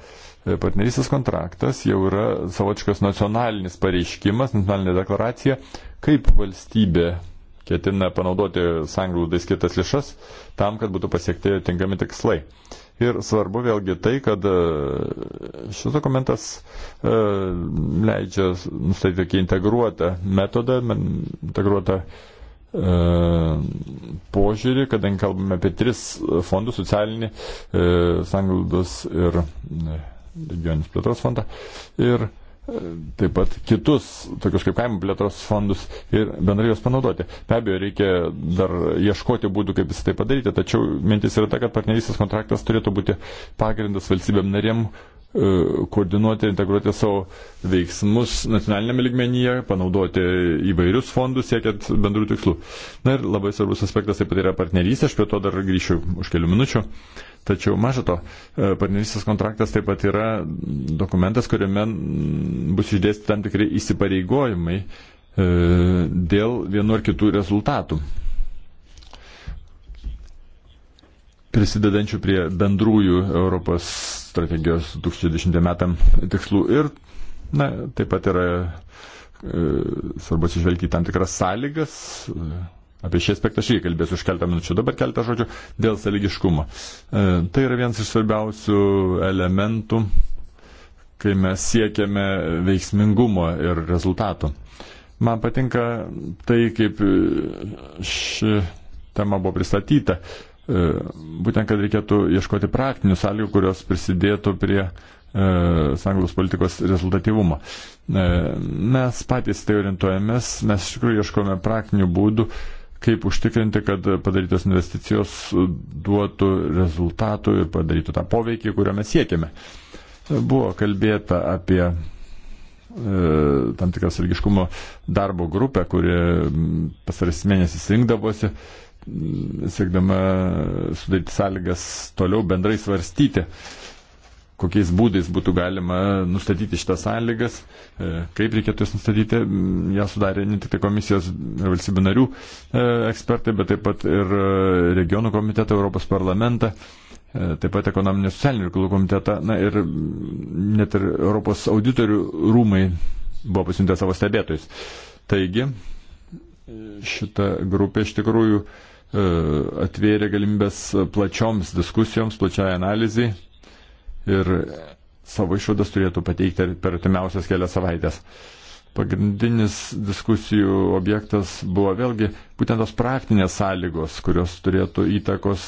E, partnerystės kontraktas jau yra savotiškas nacionalinis pareiškimas, nacionalinė deklaracija, kaip valstybė ketina panaudoti sanglūdai skirtas lėšas tam, kad būtų pasiekti tinkami tikslai. Ir svarbu vėlgi tai, kad e, šis dokumentas e, leidžia nustatyti tokį integruotą metodą, integruotą e, E, požiūrį, kadangi kalbame apie tris fondus - socialinį, e, sanglaudos ir e, regioninis plėtros fondą. Ir taip pat kitus, tokius kaip kaimų plėtros fondus ir bendrai juos panaudoti. Be abejo, reikia dar ieškoti būdų, kaip visą tai padaryti, tačiau mintis yra ta, kad partnerystės kontraktas turėtų būti pagrindas valstybėm narėm, E, koordinuoti ir integruoti savo veiksmus nacionalinėme ligmenyje, panaudoti įvairius fondus siekiant bendrų tikslų. Na ir labai svarbus aspektas taip pat yra partnerystė, aš prie to dar grįšiu už kelių minučių. Tačiau maža to, e, partnerystės kontraktas taip pat yra dokumentas, kuriame bus išdėsti tam tikri įsipareigojimai e, dėl vienu ar kitų rezultatų. Prisidedančių prie bendrųjų Europos strategijos 2020 metam tikslų ir na, taip pat yra e, svarbu atsižvelgti tam tikras sąlygas. Apie šį aspektą aš irgi kalbėsiu už keletą minučių, dabar keletą žodžių dėl sąlygiškumo. E, tai yra vienas iš svarbiausių elementų, kai mes siekiame veiksmingumo ir rezultato. Man patinka tai, kaip ši tema buvo pristatyta. E, E, būtent, kad reikėtų ieškoti praktinių sąlygų, kurios prisidėtų prie e, sąjungos politikos rezultatyvumo. E, mes patys tai orientuojamės, mes iš tikrųjų ieškome praktinių būdų, kaip užtikrinti, kad padarytos investicijos duotų rezultatų ir padarytų tą poveikį, kurio mes siekiame. Buvo kalbėta apie tam tikras ilgiškumo darbo grupę, kuri pasaras mėnesį rinkdavosi siekdama sudaryti sąlygas toliau bendrai svarstyti, kokiais būdais būtų galima nustatyti šitas sąlygas, e, kaip reikėtų jas nustatyti. Mm, ja sudarė ne tik tai komisijos ir valstybių narių e, ekspertai, bet taip pat ir e, regionų komitetą, Europos parlamentą taip pat ekonominio socialinių reikalų komitetą, na ir mm, net ir Europos auditorių rūmai buvo pasiuntę savo stebėtojus. Taigi, šita grupė iš tikrųjų E, atvėrė galimybės plačioms diskusijoms, plačiai analizai ir savo išvadas turėtų pateikti per artimiausias kelias savaitės. Pagrindinis diskusijų objektas buvo vėlgi būtent tos praktinės sąlygos, kurios turėtų įtakos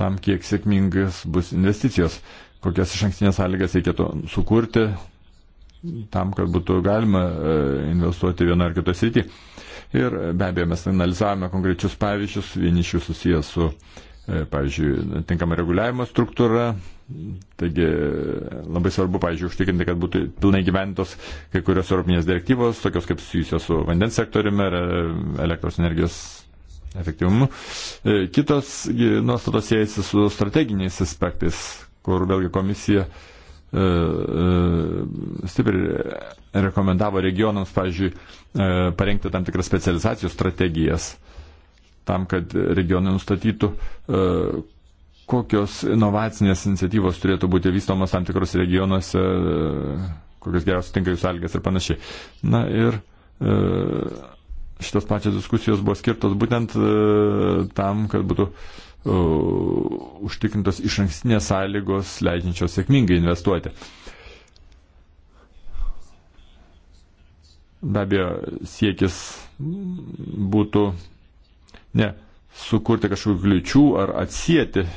tam, kiek sėkmingas bus investicijos, kokias iš ankstinės sąlygas reikėtų sukurti tam, kad būtų galima e, investuoti vienoje ar kitoje srityje. Ir e, be abejo, mes analizavome konkrečius pavyzdžius, vieni iš jų susijęs su, e, pavyzdžiui, tinkama reguliavimo struktūra. Taigi e, labai svarbu, pavyzdžiui, užtikrinti, kad būtų pilnai gyventos kai kurios europinės direktyvos, tokios kaip susijusios su vandens sektoriumi ir elektros energijos efektyvumu. Kitos nuostatos siejasi su strateginiais aspektais, kur vėlgi komisija uh, E, e, stipriai rekomendavo regionams, pavyzdžiui, e, parengti tam tikras specializacijų strategijas, tam, kad regionai nustatytų, kokios inovacinės iniciatyvos turėtų būti vystomos tam tikros regionuose, kokios geriausios tinka jų sąlygas ir panašiai. Na ir šitos pačios diskusijos buvo skirtos būtent tam, kad būtų uh, E, užtikrintos iš ankstinės sąlygos, leidžiančios sėkmingai investuoti. Be abejo, siekis būtų ne sukurti kažkokių kliučių ar atsijėti e,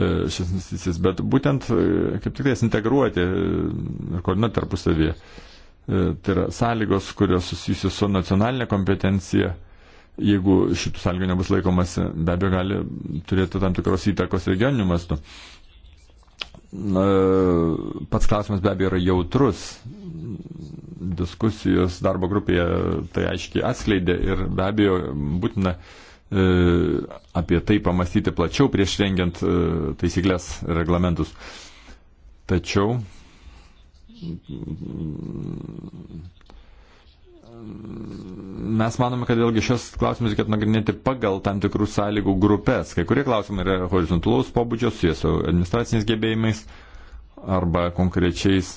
šias investicijas, bet būtent e, kaip tik tai jas integruoti ir koordinuoti tarpusavyje. Tai yra sąlygos, kurios susijusios su nacionalinė kompetencija jeigu šitų sąlygų nebus laikomasi, be abejo gali turėti tam tikros įtakos regioninių mastų. Na, pats klausimas be abejo yra jautrus. Diskusijos darbo grupėje tai aiškiai atskleidė ir be abejo būtina e, apie tai pamastyti plačiau prieš rengiant e, taisyklės reglamentus. Tačiau mes manome, kad vėlgi šios klausimus reikėtų nagrinėti pagal tam tikrų sąlygų grupės. Kai kurie klausimai yra horizontalaus pobūdžio, susijęs su administraciniais gebėjimais arba konkrečiais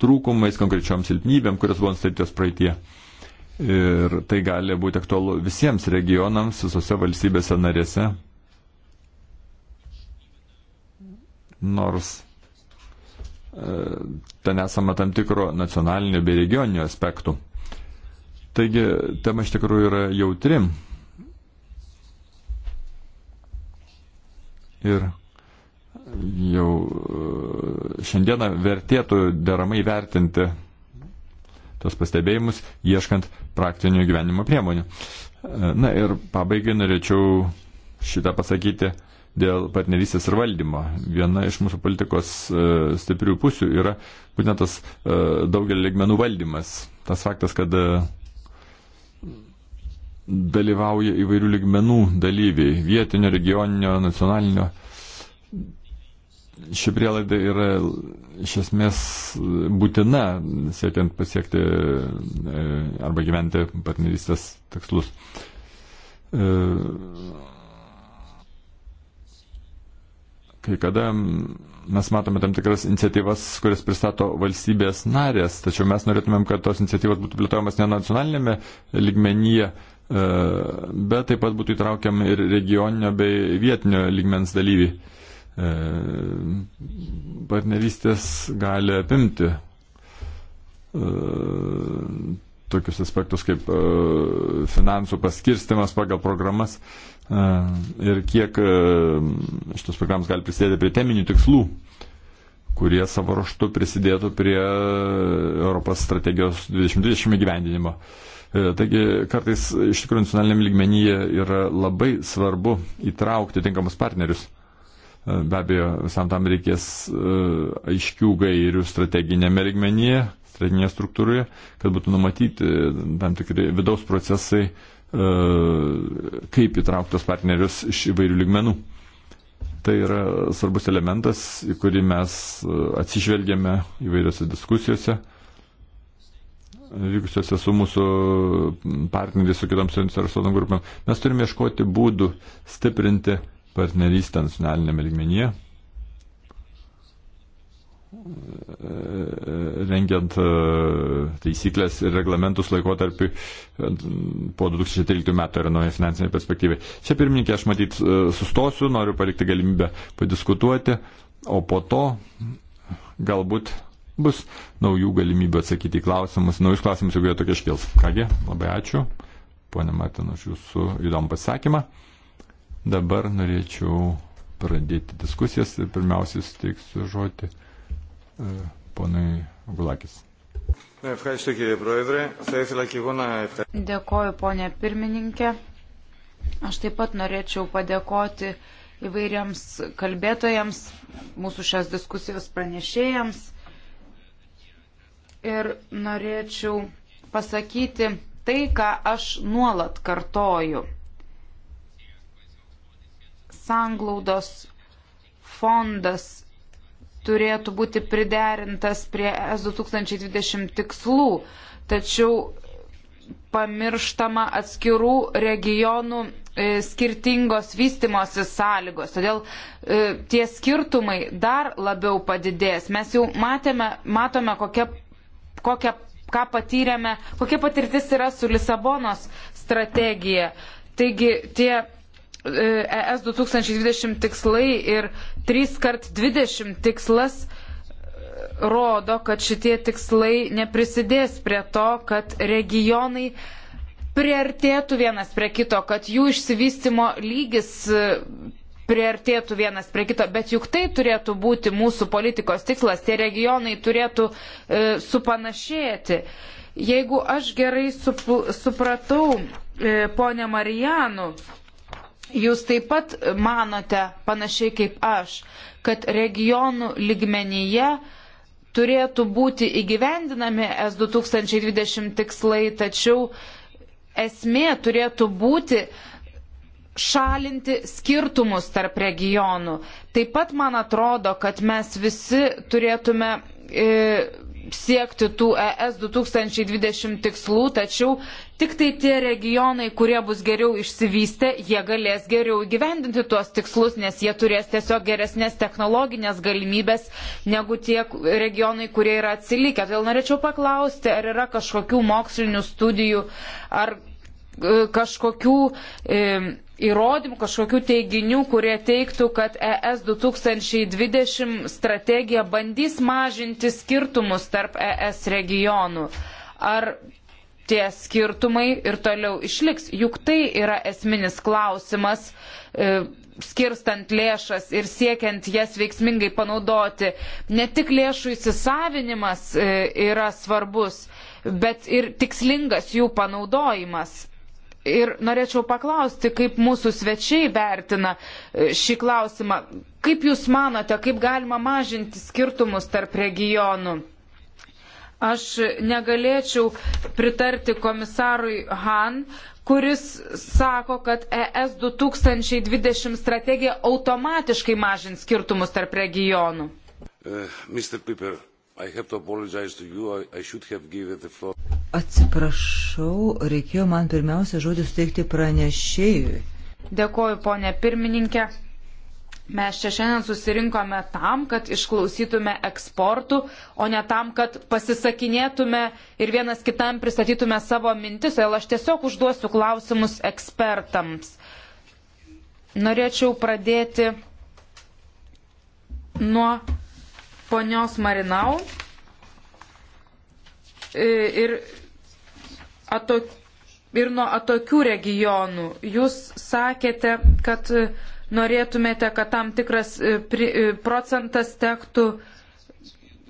trūkumais, konkrečiom silpnybėm, kurios buvo nustatytos praeitie. Ir tai gali būti aktualu visiems regionams, visose valstybėse narėse. Nors ten esama tam tikro nacionalinio bei regioninio aspektų. Taigi tema iš tikrųjų yra jautri. Ir jau e, šiandieną vertėtų deramai vertinti tos pastebėjimus, ieškant praktinių gyvenimo priemonių. E, na ir pabaigai norėčiau šitą pasakyti dėl partnerystės ir valdymo. Viena iš mūsų politikos e, stiprių pusių yra būtent tas e, daugelį ligmenų valdymas. Tas faktas, kad e, dalyvauja įvairių ligmenų dalyviai - vietinio, regioninio, nacionalinio. Ši prielaida yra iš esmės būtina, siekiant pasiekti arba gyventi partnerystės tikslus. E, Kai kada mes matome tam tikras iniciatyvas, kurias pristato valstybės narės, tačiau mes norėtumėm, kad tos iniciatyvos būtų plėtojamas ne nacionalinėme lygmenyje, e, bet taip pat būtų įtraukiam ir regioninio bei vietinio lygmens dalyviai. E, partnerystės gali apimti e, tokius aspektus kaip finansų paskirstimas pagal programas ir kiek šitos programos gali prisidėti prie teminių tikslų, kurie savo raštu prisidėtų prie Europos strategijos 2020 gyvendinimo. E, taigi kartais iš tikrųjų nacionaliniam lygmenyje yra labai svarbu įtraukti tinkamus partnerius. E, be abejo, visam tam reikės e, aiškių gairių strateginėme lygmenyje, strateginėje struktūroje, kad būtų numatyti tam tikri vidaus procesai, E, kaip įtrauktos partnerius iš įvairių ligmenų. Tai yra svarbus elementas, į kurį mes e, atsižvelgėme įvairiose diskusijose, vykusiuose su mūsų partneriais, su kitom suinteresuotom grupėm. Mes turime ieškoti būdų stiprinti partnerystę nacionalinėme ligmenyje, rengiant e, taisyklės ir reglamentus laikotarpį e, po 2013 metų ir nauja finansinė perspektyvai. Čia pirmininkė, aš matyt, e, sustosiu, noriu palikti galimybę padiskutuoti, o po to galbūt bus naujų galimybių atsakyti į klausimus, naujus klausimus, jeigu jie tokie iškils. Kągi, labai ačiū, ponė Martin, už jūsų įdomų pasakymą. Dabar norėčiau pradėti diskusijas ir pirmiausiai suteiksiu žodį ponui Gulakis. Dėkoju, ponė pirmininkė. Aš taip pat norėčiau padėkoti įvairiams kalbėtojams, mūsų šios diskusijos pranešėjams. Ir norėčiau pasakyti tai, ką aš nuolat kartoju. Sanglaudos fondas turėtų būti priderintas prie S2020 tikslų, tačiau pamirštama atskirų regionų e, skirtingos vystimosi sąlygos. Todėl e, tie skirtumai dar labiau padidės. Mes jau matėme, matome, kokia, kokia, ką patyrėme, kokia patirtis yra su Lisabonos strategija. Taigi tie ES e 2020 tikslai ir 3x20 tikslas e, rodo, kad šitie tikslai neprisidės prie to, kad regionai priartėtų vienas prie kito, kad jų išsivystimo lygis e, priartėtų vienas prie kito, bet juk tai turėtų būti mūsų politikos tikslas, tie regionai turėtų e, supanašėti. Jeigu aš gerai sup, supratau, e, ponė Marijanu, Jūs taip pat manote, panašiai kaip aš, kad regionų ligmenyje turėtų būti įgyvendinami S2020 tikslai, tačiau esmė turėtų būti šalinti skirtumus tarp regionų. Taip pat man atrodo, kad mes visi turėtume. E, siekti tų ES 2020 tikslų, tačiau tik tai tie regionai, kurie bus geriau išsivystę, jie galės geriau gyvendinti tuos tikslus, nes jie turės tiesiog geresnės technologinės galimybės negu tie regionai, kurie yra atsilikę. Todėl norėčiau paklausti, ar yra kažkokių mokslinių studijų, ar e, kažkokių. E, įrodymų, kažkokių teiginių, kurie teiktų, kad ES 2020 strategija bandys mažinti skirtumus tarp ES regionų. Ar tie skirtumai ir toliau išliks? Juk tai yra esminis klausimas. E, skirstant lėšas ir siekiant jas veiksmingai panaudoti, ne tik lėšų įsisavinimas e, yra svarbus, bet ir tikslingas jų panaudojimas. Ir norėčiau paklausti, kaip mūsų svečiai vertina e, šį klausimą. Kaip Jūs manote, kaip galima mažinti skirtumus tarp regionų? Aš negalėčiau pritarti komisarui Han, kuris sako, kad ES 2020 strategija automatiškai mažins skirtumus tarp regionų. Uh, Atsiprašau, reikėjo man pirmiausia žodį suteikti pranešėjui. Dėkoju, ponė pirmininkė. Mes čia šiandien susirinkome tam, kad išklausytume eksportų, o ne tam, kad pasisakinėtume ir vienas kitam pristatytume savo mintis, o aš tiesiog užduosiu klausimus ekspertams. Norėčiau pradėti nuo ponios Marinau e, ir, atok, ir nuo atokių regionų. Jūs sakėte, kad norėtumėte, kad tam tikras e, e, procentas tektų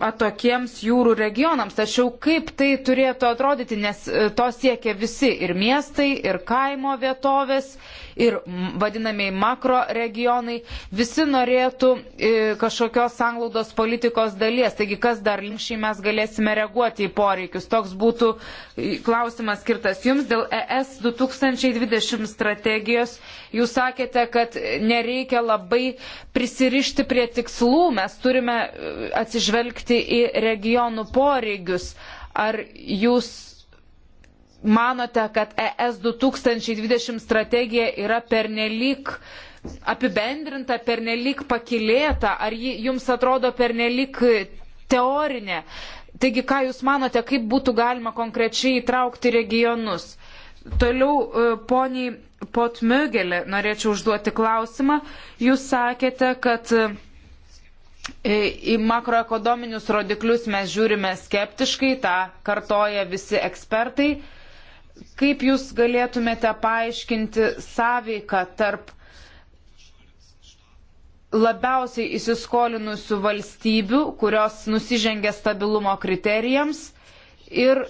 atokiems jūrų regionams. Tačiau kaip tai turėtų atrodyti, nes to siekia visi ir miestai, ir kaimo vietovės, ir vadinamiai makro regionai, visi norėtų e, kažkokios sanglaudos politikos dalies. Taigi, kas dar linkščiai mes galėsime reaguoti į poreikius. Toks būtų e, klausimas skirtas jums dėl ES 2020 strategijos. Jūs sakėte, kad nereikia labai prisirišti prie tikslų, mes turime e, atsižvelgti į regionų poreikius. Ar jūs manote, kad ES 2020 strategija yra pernelyg apibendrinta, pernelyg pakilėta, ar ji jums atrodo pernelyg teorinė? Taigi, ką Jūs manote, kaip būtų galima konkrečiai įtraukti regionus? Toliau, e, poniai Potmögelė, norėčiau užduoti klausimą. Jūs sakėte, kad e, į makroekonominius rodiklius mes žiūrime skeptiškai, tą kartoja visi ekspertai. Kaip jūs galėtumėte paaiškinti sąveiką tarp labiausiai įsiskolinusių valstybių, kurios nusižengia stabilumo kriterijams ir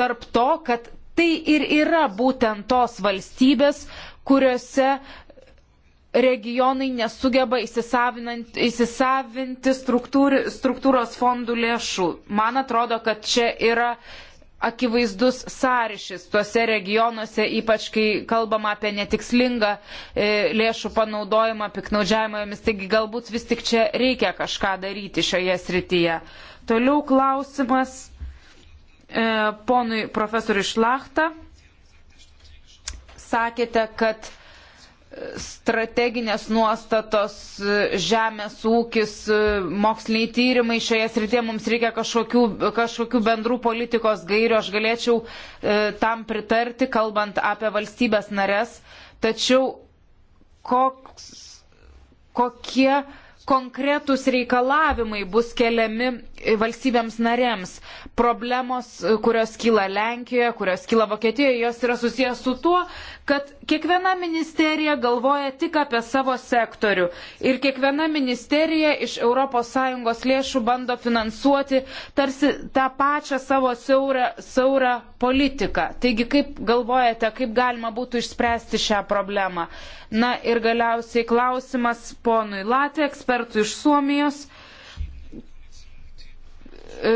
tarp to, kad tai ir yra būtent tos valstybės, kuriuose regionai nesugeba įsisavinti struktūros fondų lėšų. Man atrodo, kad čia yra akivaizdus sąryšis tuose regionuose, ypač kai kalbama apie netikslingą e, lėšų panaudojimą, piknaudžiavimą jomis. Taigi galbūt vis tik čia reikia kažką daryti šioje srityje. Toliau klausimas e, ponui profesoriui Šlachtą. Sakėte, kad strateginės nuostatos, žemės ūkis, moksliniai tyrimai šioje srityje, mums reikia kažkokių, kažkokių bendrų politikos gairių, aš galėčiau e, tam pritarti, kalbant apie valstybės nares, tačiau koks, kokie konkretūs reikalavimai bus keliami valstybėms narėms. Problemos, kurios kyla Lenkijoje, kurios kyla Vokietijoje, jos yra susijęs su tuo, kad kiekviena ministerija galvoja tik apie savo sektorių ir kiekviena ministerija iš ES lėšų bando finansuoti tarsi tą pačią savo siaurą, siaurą politiką. Taigi, kaip galvojate, kaip galima būtų išspręsti šią problemą? Na ir galiausiai klausimas ponui Latvijai, ekspertui iš Suomijos E,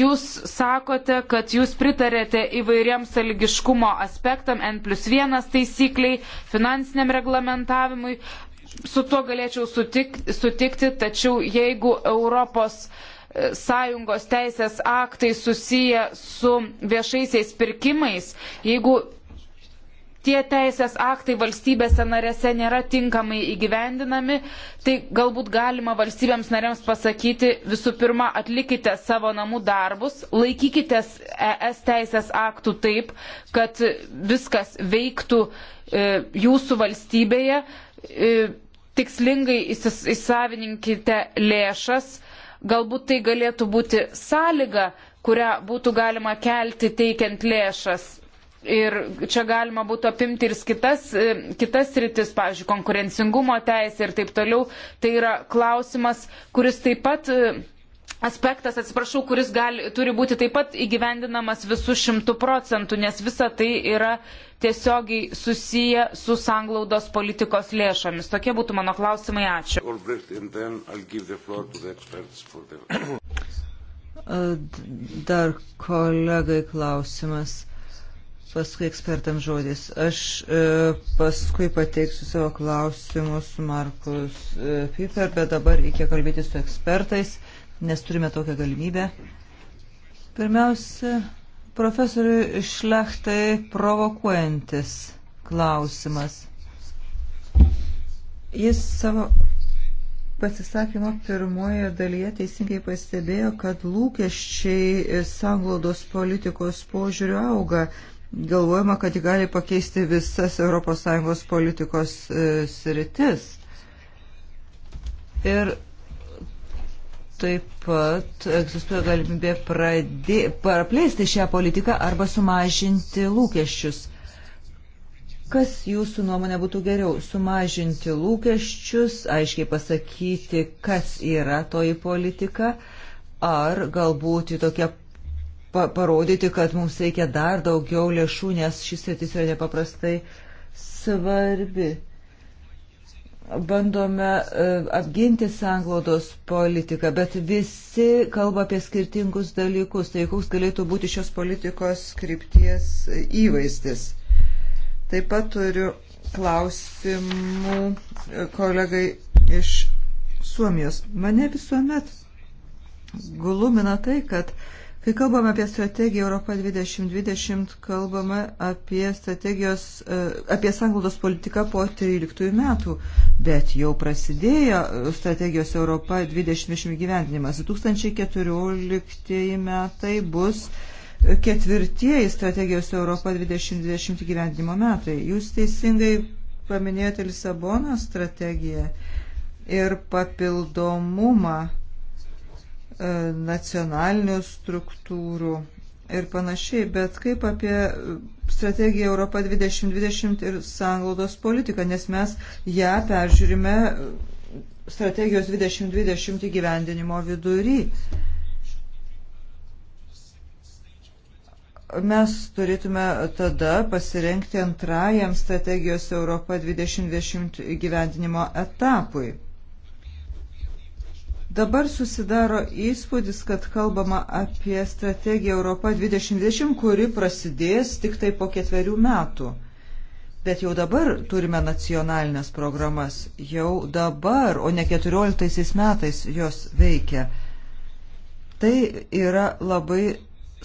jūs sakote, kad jūs pritarėte įvairiems saligiškumo aspektam, N plus 1 taisykliai, finansiniam reglamentavimui. Su tuo galėčiau sutik, sutikti, tačiau jeigu Europos e, Sąjungos teisės aktai susiję su viešaisiais pirkimais, jeigu tie teisės aktai valstybėse narėse nėra tinkamai įgyvendinami, tai galbūt galima valstybėms narėms pasakyti visų pirma, atlikite savo namų darbus, laikykitės ES teisės aktų taip, kad viskas veiktų e, jūsų valstybėje, e, tikslingai įsisavininkite lėšas, galbūt tai galėtų būti sąlyga kurią būtų galima kelti teikiant lėšas Ir čia galima būtų apimti ir e, kitas, kitas rytis, pavyzdžiui, konkurencingumo teisė ir taip toliau. Tai yra klausimas, kuris taip pat e, aspektas, atsiprašau, kuris gali, turi būti taip pat įgyvendinamas visų šimtų procentų, nes visa tai yra tiesiogiai susiję su sanglaudos politikos lėšomis. Tokie būtų mano klausimai. Ačiū. Dar kolegai klausimas paskui ekspertam žodis. Aš e, paskui pateiksiu savo klausimus Markus e, Piper, bet dabar reikia kalbėti su ekspertais, nes turime tokią galimybę. Pirmiausia, profesoriui Šlechtai provokuojantis klausimas. Jis savo pasisakymo pirmoje dalyje teisingai pastebėjo, kad lūkesčiai sanglaudos politikos požiūrių auga. E, galvojama, kad ji gali pakeisti visas ES politikos e, sritis. Ir taip pat egzistuoja galimybė pradė, praplėsti šią politiką arba sumažinti lūkesčius. Kas jūsų nuomonė būtų geriau - sumažinti lūkesčius, aiškiai pasakyti, kas yra toji politika, ar galbūt į tokią pa parodyti, kad mums reikia dar daugiau lėšų, nes šis sritis yra nepaprastai svarbi. Bandome uh, apginti sanglaudos politiką, bet visi kalba apie skirtingus dalykus. Tai koks galėtų būti šios politikos skripties įvaizdis. Taip pat turiu klausimų e, kolegai iš Suomijos. Mane visuomet glumina tai, kad uh, Kai kalbame apie strategiją Europą 2020, kalbame apie, e, apie sanglaudos politiką po 13 metų, bet jau prasidėjo strategijos Europa 2020 gyvendinimas. 2014 metai bus ketvirtieji strategijos Europa 2020 gyvendimo metai. Jūs teisingai paminėjote Lisabono strategiją ir papildomumą E, nacionalinių struktūrų ir panašiai, bet kaip apie strategiją Europa 2020 ir sanglaudos politiką, nes mes ją peržiūrime strategijos 2020 įgyvendinimo vidury. Mes turėtume tada pasirenkti antrajam strategijos Europa 2020 įgyvendinimo etapui. Dabar susidaro įspūdis, kad kalbama apie strategiją Europa 2020, kuri prasidės tik tai po ketverių metų. Bet jau dabar turime nacionalinės programas, jau dabar, o ne 14 metais jos veikia. Tai yra labai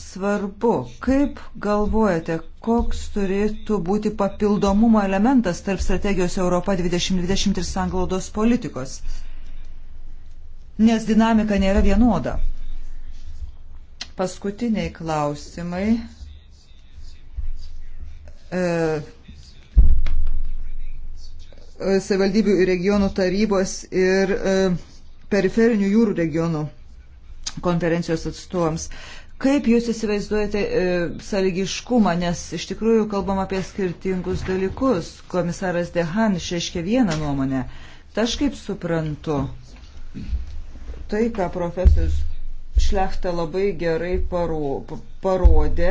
svarbu. Kaip galvojate, koks turėtų būti papildomumo elementas tarp strategijos Europa 2020 ir sanglaudos politikos? nes dinamika nėra vienoda. Paskutiniai klausimai. E, e, savivaldybių ir regionų tarybos ir e, periferinių jūrų regionų konferencijos atstovams. Kaip jūs įsivaizduojate e, sąlygiškumą, nes iš tikrųjų kalbam apie skirtingus dalykus. Komisaras Dehan išreiškė vieną nuomonę. Tai aš kaip suprantu, tai, ką profesorius Šlechta labai gerai paro, parodė,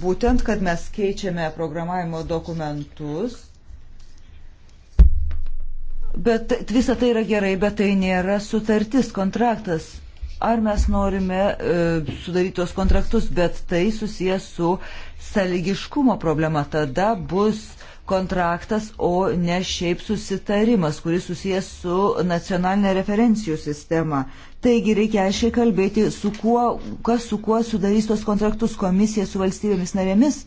būtent, kad mes keičiame programavimo dokumentus Bet visa tai yra gerai, bet tai nėra sutartis, kontraktas. Ar mes norime e, sudaryti tos kontraktus, bet tai susijęs su sąlygiškumo problema. Tada bus kontraktas, o ne šiaip susitarimas, kuris susijęs su nacionalinė referencijų sistema. Taigi reikia aiškiai kalbėti, su kuo, kas su kuo sudarys tos kontraktus komisija su valstybėmis narėmis,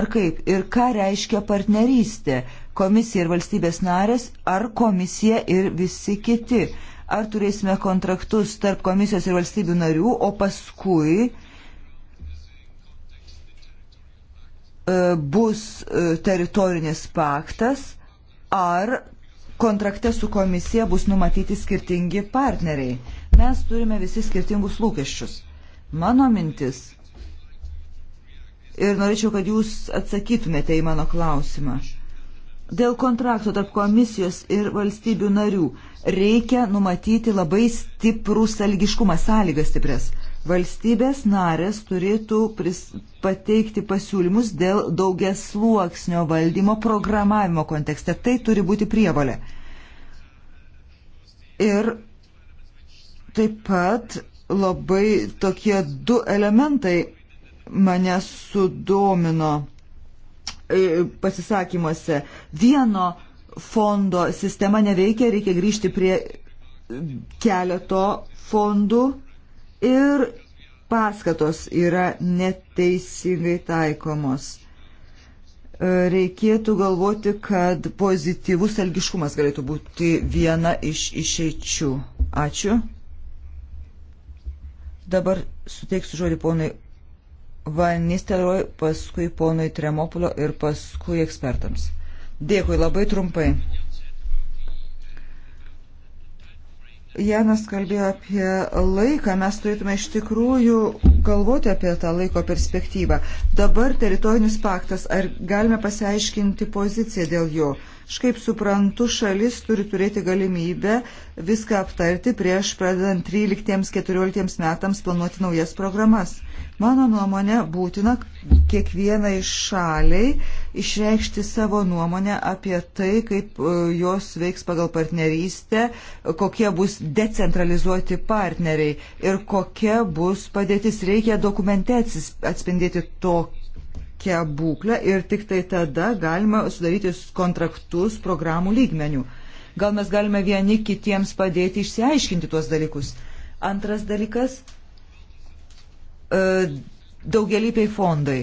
ar kaip, ir ką reiškia partnerystė komisija ir valstybės narės, ar komisija ir visi kiti. Ar turėsime kontraktus tarp komisijos ir valstybių narių, o paskui E, bus e, teritorinis paktas, ar kontrakte su komisija bus numatyti skirtingi partneriai. Mes turime visi skirtingus lūkesčius. Mano mintis. Ir norėčiau, kad jūs atsakytumėte į mano klausimą. Dėl kontrakto tarp komisijos ir valstybių narių reikia numatyti labai stiprų salgiškumą, sąlygas stipres. Valstybės narės turėtų pris, pateikti pasiūlymus dėl daugias sluoksnio valdymo programavimo kontekste. Tai turi būti prievalė. Ir taip pat labai tokie du elementai mane sudomino e, pasisakymuose. Vieno fondo sistema neveikia, reikia grįžti prie keleto fondų ir paskatos yra neteisingai taikomos. E, reikėtų galvoti, kad pozityvus elgiškumas galėtų būti viena iš išeičių. Ačiū. Dabar suteiksiu žodį ponui Vanisteroj, paskui ponui Tremopulio ir paskui ekspertams. Dėkui labai trumpai. Janas kalbėjo apie laiką, mes turėtume iš tikrųjų galvoti apie tą laiko perspektyvą. Dabar teritorinis paktas, ar galime pasiaiškinti poziciją dėl jo? Aš kaip suprantu, šalis turi turėti galimybę viską aptarti prieš pradedant 13-14 metams planuoti naujas programas. Mano nuomonė būtina kiekvienai šaliai išreikšti savo nuomonę apie tai, kaip e, jos veiks pagal partnerystę, kokie bus decentralizuoti partneriai ir kokia bus padėtis. Reikia dokumente atspindėti tokią būklę ir tik tai tada galima sudaryti kontraktus programų lygmenių. Gal mes galime vieni kitiems padėti išsiaiškinti tuos dalykus. Antras dalykas e, - daugelypiai fondai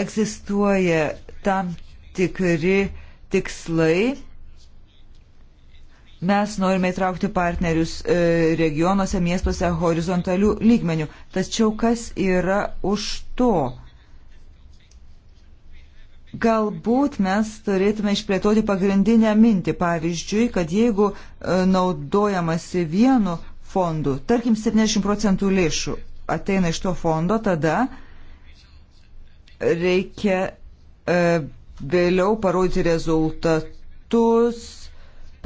egzistuoja tam tikri tikslai. Mes norime įtraukti partnerius e, regionuose, miestuose horizontalių lygmenių. Tačiau kas yra už to? Galbūt mes turėtume išplėtoti pagrindinę mintį, pavyzdžiui, kad jeigu e, naudojamasi vienu fondu, tarkim 70 procentų lėšų ateina iš to fondo, tada uh, Reikia e, vėliau parodyti rezultatus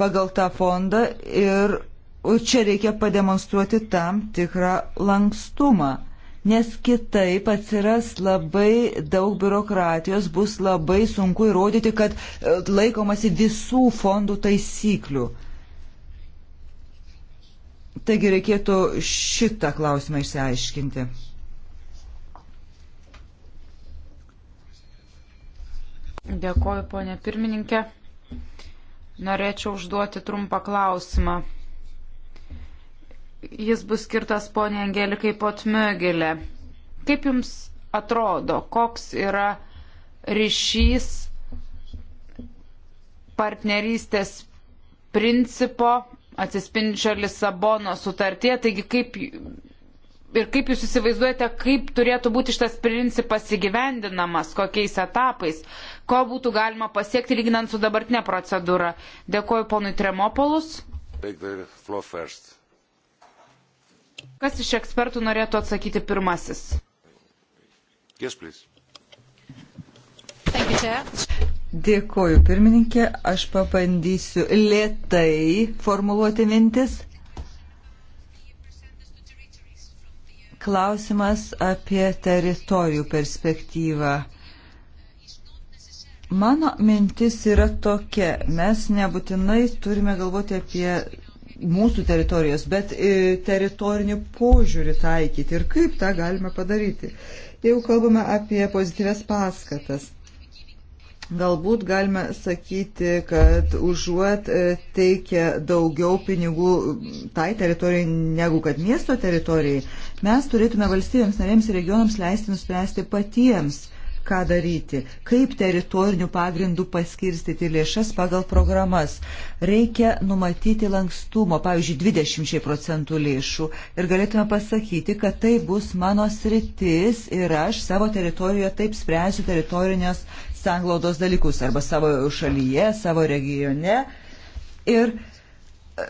pagal tą fondą ir čia reikia pademonstruoti tam tikrą lankstumą, nes kitaip atsiras labai daug biurokratijos, bus labai sunku įrodyti, kad e, laikomasi visų fondų taisyklių. Taigi reikėtų šitą klausimą išsiaiškinti. Dėkoju, ponė pirmininkė. Norėčiau užduoti trumpą klausimą. Jis bus skirtas ponė Angelikai Potmögilė. Kaip Jums atrodo, koks yra ryšys partnerystės principo atsispindžio Lisabono sutartie, taigi kaip ir kaip jūs įsivaizduojate, kaip turėtų būti šitas principas įgyvendinamas, kokiais etapais ko būtų galima pasiekti lyginant su dabartinė procedūra. Dėkoju ponui Tremopolus. Kas iš ekspertų norėtų atsakyti pirmasis? Yes, please. Dėkoju, pirmininkė. Aš pabandysiu lietai formuluoti mintis. Klausimas apie teritorijų perspektyvą. Mano mintis yra tokia, mes nebūtinai turime galvoti apie mūsų teritorijos, bet e, teritorinį požiūrį taikyti ir kaip tą galime padaryti. Jeigu kalbame apie pozityves paskatas, galbūt galime sakyti, kad užuot e, teikia daugiau pinigų tai teritorijai negu kad miesto teritorijai, mes turėtume valstybėms narėms ir regionams leisti nuspręsti patiems ką daryti, kaip teritorinių pagrindų paskirstyti lėšas pagal programas. Reikia numatyti lankstumo, pavyzdžiui, 20 procentų lėšų ir galėtume pasakyti, kad tai bus mano sritis ir aš savo teritorijoje taip spręsiu teritorinės sanglaudos dalykus arba savo šalyje, savo regione. Ir e,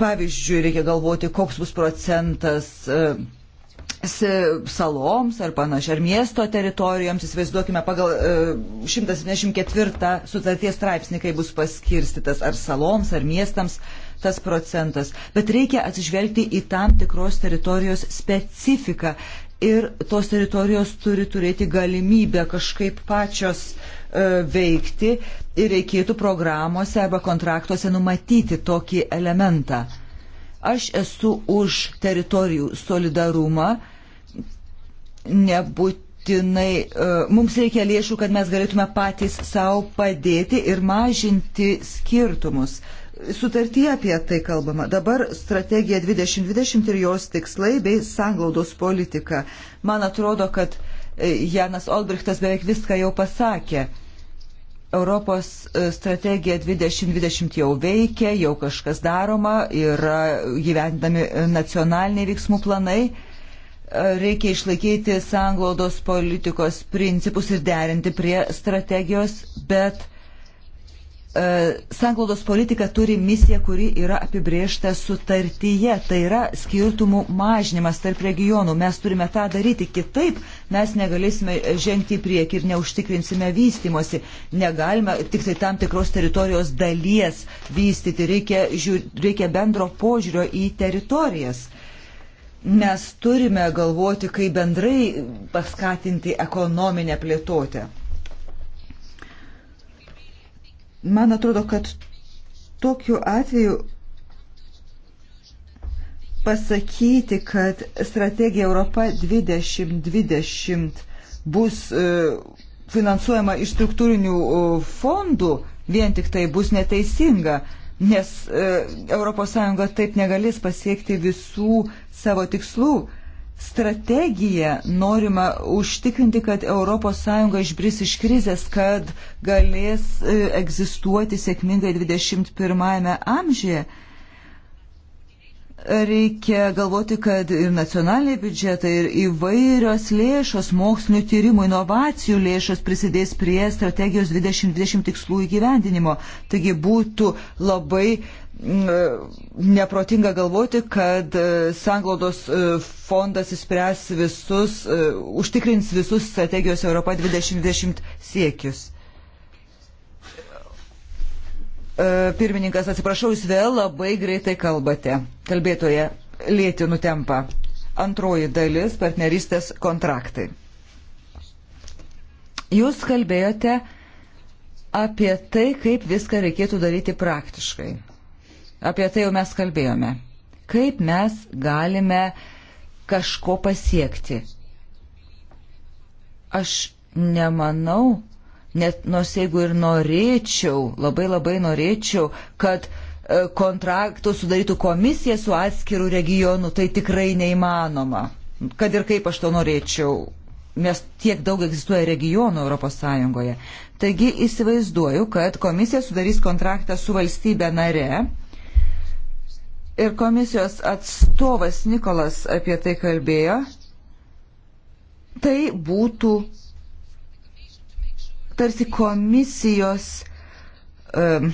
pavyzdžiui, reikia galvoti, koks bus procentas. E, saloms ar panašiai, ar miesto teritorijoms, įsivaizduokime pagal 174 e, sutarties straipsnį, kai bus paskirstytas ar saloms, ar miestams tas procentas. Bet reikia atsižvelgti į tam tikros teritorijos specifiką ir tos teritorijos turi turėti galimybę kažkaip pačios e, veikti ir reikėtų programuose arba kontraktuose numatyti tokį elementą Aš esu už teritorijų solidarumą, nebūtinai e, mums reikia lėšų, kad mes galėtume patys savo padėti ir mažinti skirtumus. Sutartyje apie tai kalbama. Dabar strategija 2020 ir jos tikslai bei sanglaudos politika. Man atrodo, kad e, Janas Olbrichtas beveik viską jau pasakė. Europos e, strategija 2020 jau veikia, jau kažkas daroma, yra gyvendami e, nacionaliniai veiksmų planai. E, reikia išlaikyti sanglaudos politikos principus ir derinti prie strategijos, bet E, sanglaudos politika turi misiją, kuri yra apibriešta sutartyje, tai yra skirtumų mažinimas tarp regionų. Mes turime tą daryti kitaip, mes negalėsime žengti į priekį ir neužtikrinsime vystimosi. Negalime tik tai tam tikros teritorijos dalies vystyti, reikia, reikia bendro požiūrio į teritorijas. Mes turime galvoti, kaip bendrai paskatinti ekonominę plėtotę. Man atrodo, kad tokiu atveju pasakyti, kad strategija Europa 2020 bus e, finansuojama iš struktūrinių e, fondų, vien tik tai bus neteisinga, nes ES taip negalės pasiekti visų savo tikslų strategiją norima užtikrinti, kad ES išbris iš krizės, kad galės e, egzistuoti sėkmingai 21 amžiuje. Reikia galvoti, kad ir nacionaliniai biudžetai, ir įvairios lėšos, mokslinių tyrimų, inovacijų lėšos prisidės prie strategijos 2020 tikslų įgyvendinimo. Taigi būtų labai uh, Mm, neprotinga galvoti, kad e, sanglaudos e, fondas įspręs visus, e, užtikrins visus strategijos Europa 2020 siekius. Pirmininkas, atsiprašau, jūs vėl labai greitai kalbate. Kalbėtoje lėti nutempa. Antroji dalis - partnerystės kontraktai. Jūs kalbėjote apie tai, kaip viską reikėtų daryti praktiškai. Apie tai jau mes kalbėjome. Kaip mes galime kažko pasiekti? Aš nemanau, net nors jeigu ir norėčiau, labai labai norėčiau, kad e, kontraktų sudarytų komisija su atskirų regionų, tai tikrai neįmanoma. Kad ir kaip aš to norėčiau, nes tiek daug egzistuoja regionų Europos Sąjungoje. Taigi įsivaizduoju, kad komisija sudarys kontraktą su valstybė nare Ir komisijos atstovas Nikolas apie tai kalbėjo. Tai būtų tarsi komisijos um,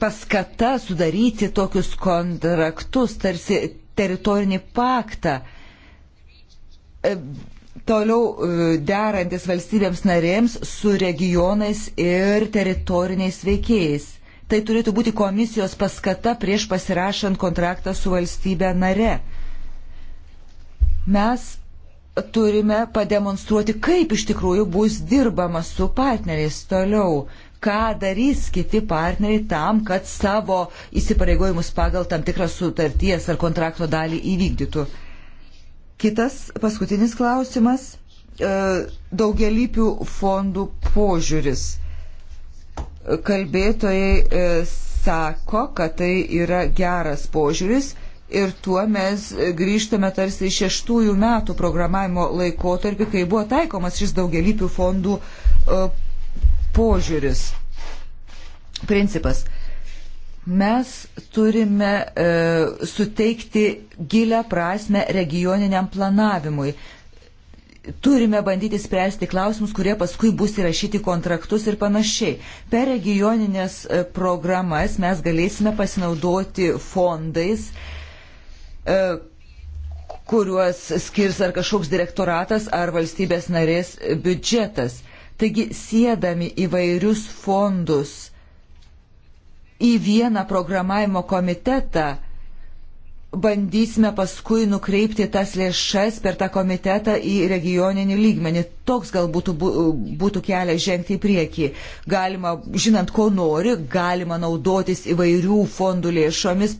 paskata sudaryti tokius kontraktus, tarsi teritorinį paktą. Toliau e, derantis valstybėms narėms su regionais ir teritoriniais veikėjais. Tai turėtų būti komisijos paskata prieš pasirašant kontraktą su valstybė nare. Mes turime pademonstruoti, kaip iš tikrųjų bus dirbama su partneriais toliau, ką darys kiti partneriai tam, kad savo įsipareigojimus pagal tam tikrą sutarties ar kontrakto dalį įvykdytų. Kitas paskutinis klausimas e, - daugelypių fondų požiūris. Kalbėtojai e, sako, kad tai yra geras požiūris ir tuo mes grįžtame tarsi iš šeštųjų metų programavimo laikotarpį, kai buvo taikomas šis daugelypių fondų e, požiūris. Principas. Mes turime e, suteikti gilę prasme regioniniam planavimui turime bandyti spręsti klausimus, kurie paskui bus įrašyti kontraktus ir panašiai. Per regioninės e, programas mes galėsime pasinaudoti fondais, e, kuriuos skirs ar kažkoks direktoratas ar valstybės narės e, biudžetas. Taigi, sėdami įvairius fondus į vieną programavimo komitetą, bandysime paskui nukreipti tas lėšas per tą komitetą į regioninį lygmenį. Toks gal būtų, būtų kelias žengti į priekį. Galima, žinant, ko nori, galima naudotis įvairių fondų lėšomis,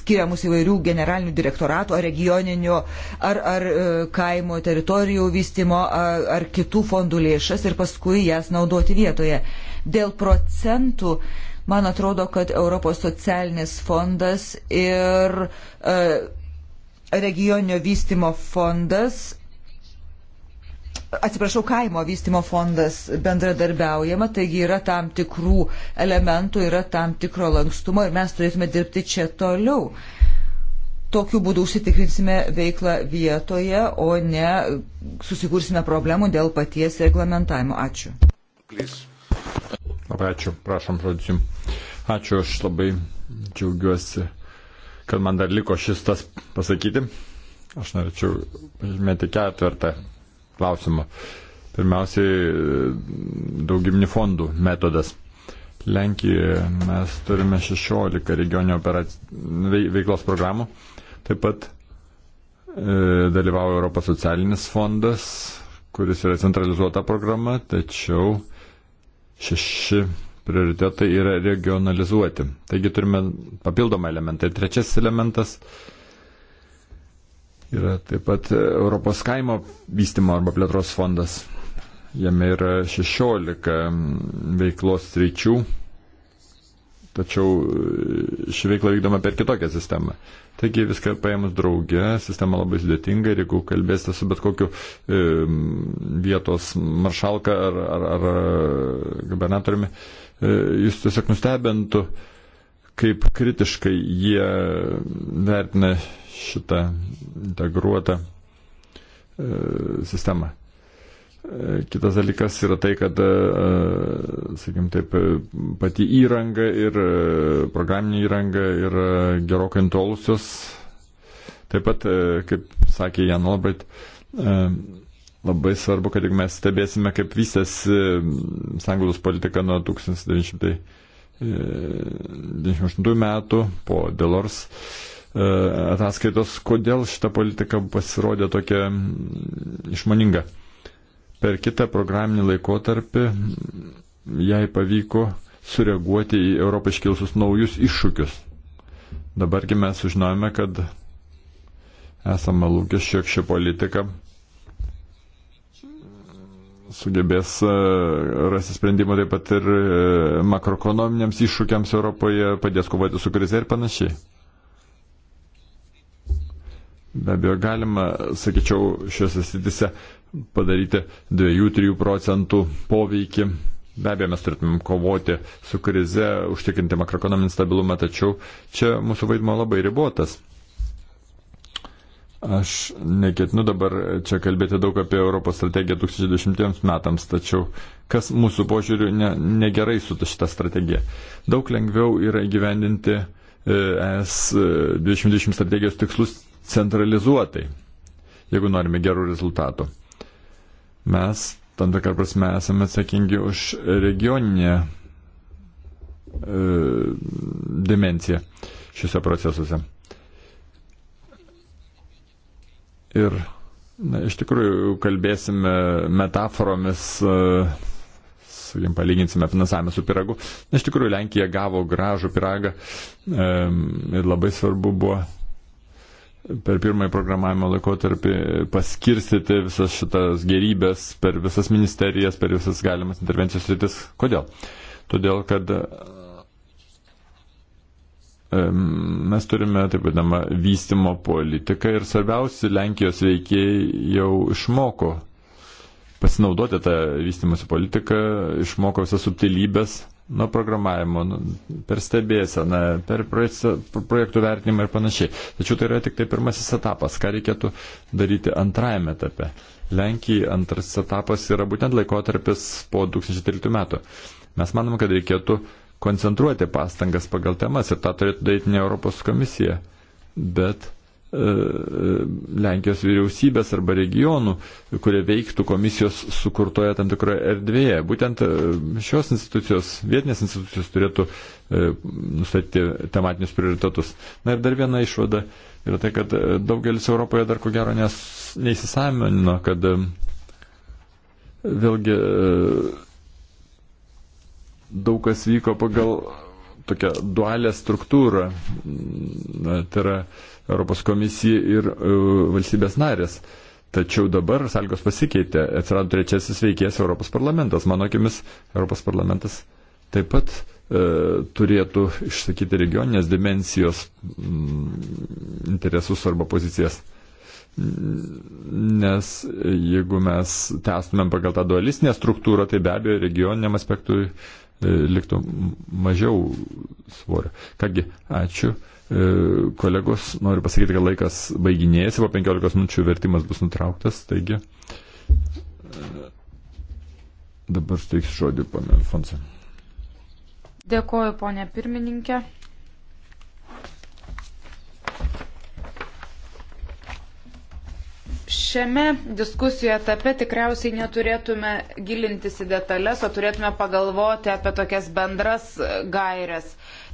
skiriamus įvairių generalinių direktoratų ar regioninių, ar, ar e, kaimo teritorijų vystimo, ar, ar kitų fondų lėšas ir paskui jas naudoti vietoje. Dėl procentų Man atrodo, kad Europos socialinis fondas ir e, regioninio vystimo fondas atsiprašau, kaimo vystimo fondas bendradarbiaujama, taigi yra tam tikrų elementų, yra tam tikro lankstumo ir mes turėtume dirbti čia toliau. Tokiu būdu užsitikrinsime veiklą vietoje, o ne susikursime problemų dėl paties reglamentavimo. Ačiū. Please. Labai ačiū, prašom žodžiu jums. Ačiū, aš labai džiaugiuosi, kad man dar liko šis tas pasakyti. Aš norėčiau pažymėti ketvirtą klausimą. Pirmiausiai, daugimnių fondų metodas. Lenkijoje mes turime 16 regioninio operac... veiklos programų. Taip pat e, dalyvauja Europos socialinis fondas, kuris yra centralizuota programa, tačiau šeši prioritetai yra regionalizuoti. Taigi turime papildomą elementą. Ir trečiasis elementas yra taip pat Europos kaimo vystimo arba plėtros fondas. Jame yra 16 veiklos streičių, tačiau ši veikla vykdoma per kitokią sistemą. Taigi viską paėmus drauge, sistema labai sudėtinga ir jeigu kalbėsite su bet kokiu e, vietos maršalka ar, ar, ar e, gubernatoriumi, e, jūs tiesiog nustebintų, kaip kritiškai jie vertina šitą integruotą e, sistemą. Kitas dalykas yra tai, kad, e, e, sakykim, taip, e, pati įranga ir programinė įranga yra gerokai intolusios. Taip pat, kaip sakė Jan Albrecht, labai svarbu, kad jeigu mes stebėsime, kaip vystėsi sanglus politika nuo 1998 metų po Delors ataskaitos, kodėl šita politika pasirodė tokia išmaninga per kitą programinį laikotarpį jai pavyko sureaguoti į Europą iškilusius naujus iššūkius. Dabargi mes sužinojame, kad esama lūkesčio, jog ši politika sugebės e, rasti sprendimą taip pat ir e, makroekonominiams iššūkiams Europoje, padės kovoti su krize ir panašiai. Be abejo, galima, sakyčiau, šiuose sitise padaryti 2-3 procentų poveikį. Be abejo, mes turėtumėm kovoti su krize, užtikrinti makroekonominį stabilumą, tačiau čia mūsų vaidmo labai ribotas. Aš neketinu dabar čia kalbėti daug apie Europos strategiją 2010 metams, tačiau kas mūsų požiūriu ne, negerai su šitą strategiją. Daug lengviau yra įgyvendinti e, ES 2020 e, strategijos tikslus centralizuotai, jeigu norime gerų rezultatų. Mes, tam tikrą prasme, esame atsakingi už regioninę e, dimenciją šiuose procesuose. Ir na, iš tikrųjų kalbėsime metaforomis, e, sakykim, palyginsime finansavimą su piragu. Na, iš tikrųjų Lenkija gavo gražų piragą e, ir labai svarbu buvo per pirmąjį programavimo laikotarpį paskirstyti visas šitas gerybės per visas ministerijas, per visas galimas intervencijos rytis. Kodėl? Todėl, kad mes turime taip vadinamą vystimo politiką ir svarbiausi Lenkijos veikiai jau išmoko pasinaudoti tą vystimosi politiką, išmoko visas subtilybės nuo programavimo, nu, per stebėseną, per projektų vertinimą ir panašiai. Tačiau tai yra tik tai pirmasis etapas, ką reikėtų daryti antrajame etape. Lenkijai antras etapas yra būtent laikotarpis po 2013 metų. Mes manom, kad reikėtų koncentruoti pastangas pagal temas ir tą turėtų daryti ne Europos komisija, bet E, Lenkijos vyriausybės arba regionų, kurie veiktų komisijos sukurtoje tam tikroje erdvėje. Būtent e, šios institucijos, vietinės institucijos turėtų e, nustatyti tematinius prioritetus. Na ir dar viena išvada yra tai, kad daugelis Europoje dar ko gero nes, neįsisamino, kad vėlgi daug kas vyko pagal tokią dualę struktūrą. Na, tai yra, Europos komisija ir e, valstybės narės. Tačiau dabar sąlygos pasikeitė, atsirado trečiasis veikėjas Europos parlamentas. Mano akimis, Europos parlamentas taip pat e, turėtų išsakyti regioninės dimensijos m, mm, interesus arba pozicijas. Nes jeigu mes tęstumėm pagal tą dualistinę struktūrą, tai be abejo regioniniam aspektui E, liktų mažiau svorio. Kągi, ačiū. E, kolegos, noriu pasakyti, kad laikas baiginėjasi, po 15 minučių vertimas bus nutrauktas, taigi e, dabar steiksiu žodį, ponė Alfonsai. Dėkoju, ponė pirmininkė. šiame diskusijų etape tikriausiai neturėtume gilintis į detalės, o turėtume pagalvoti apie tokias bendras gairias.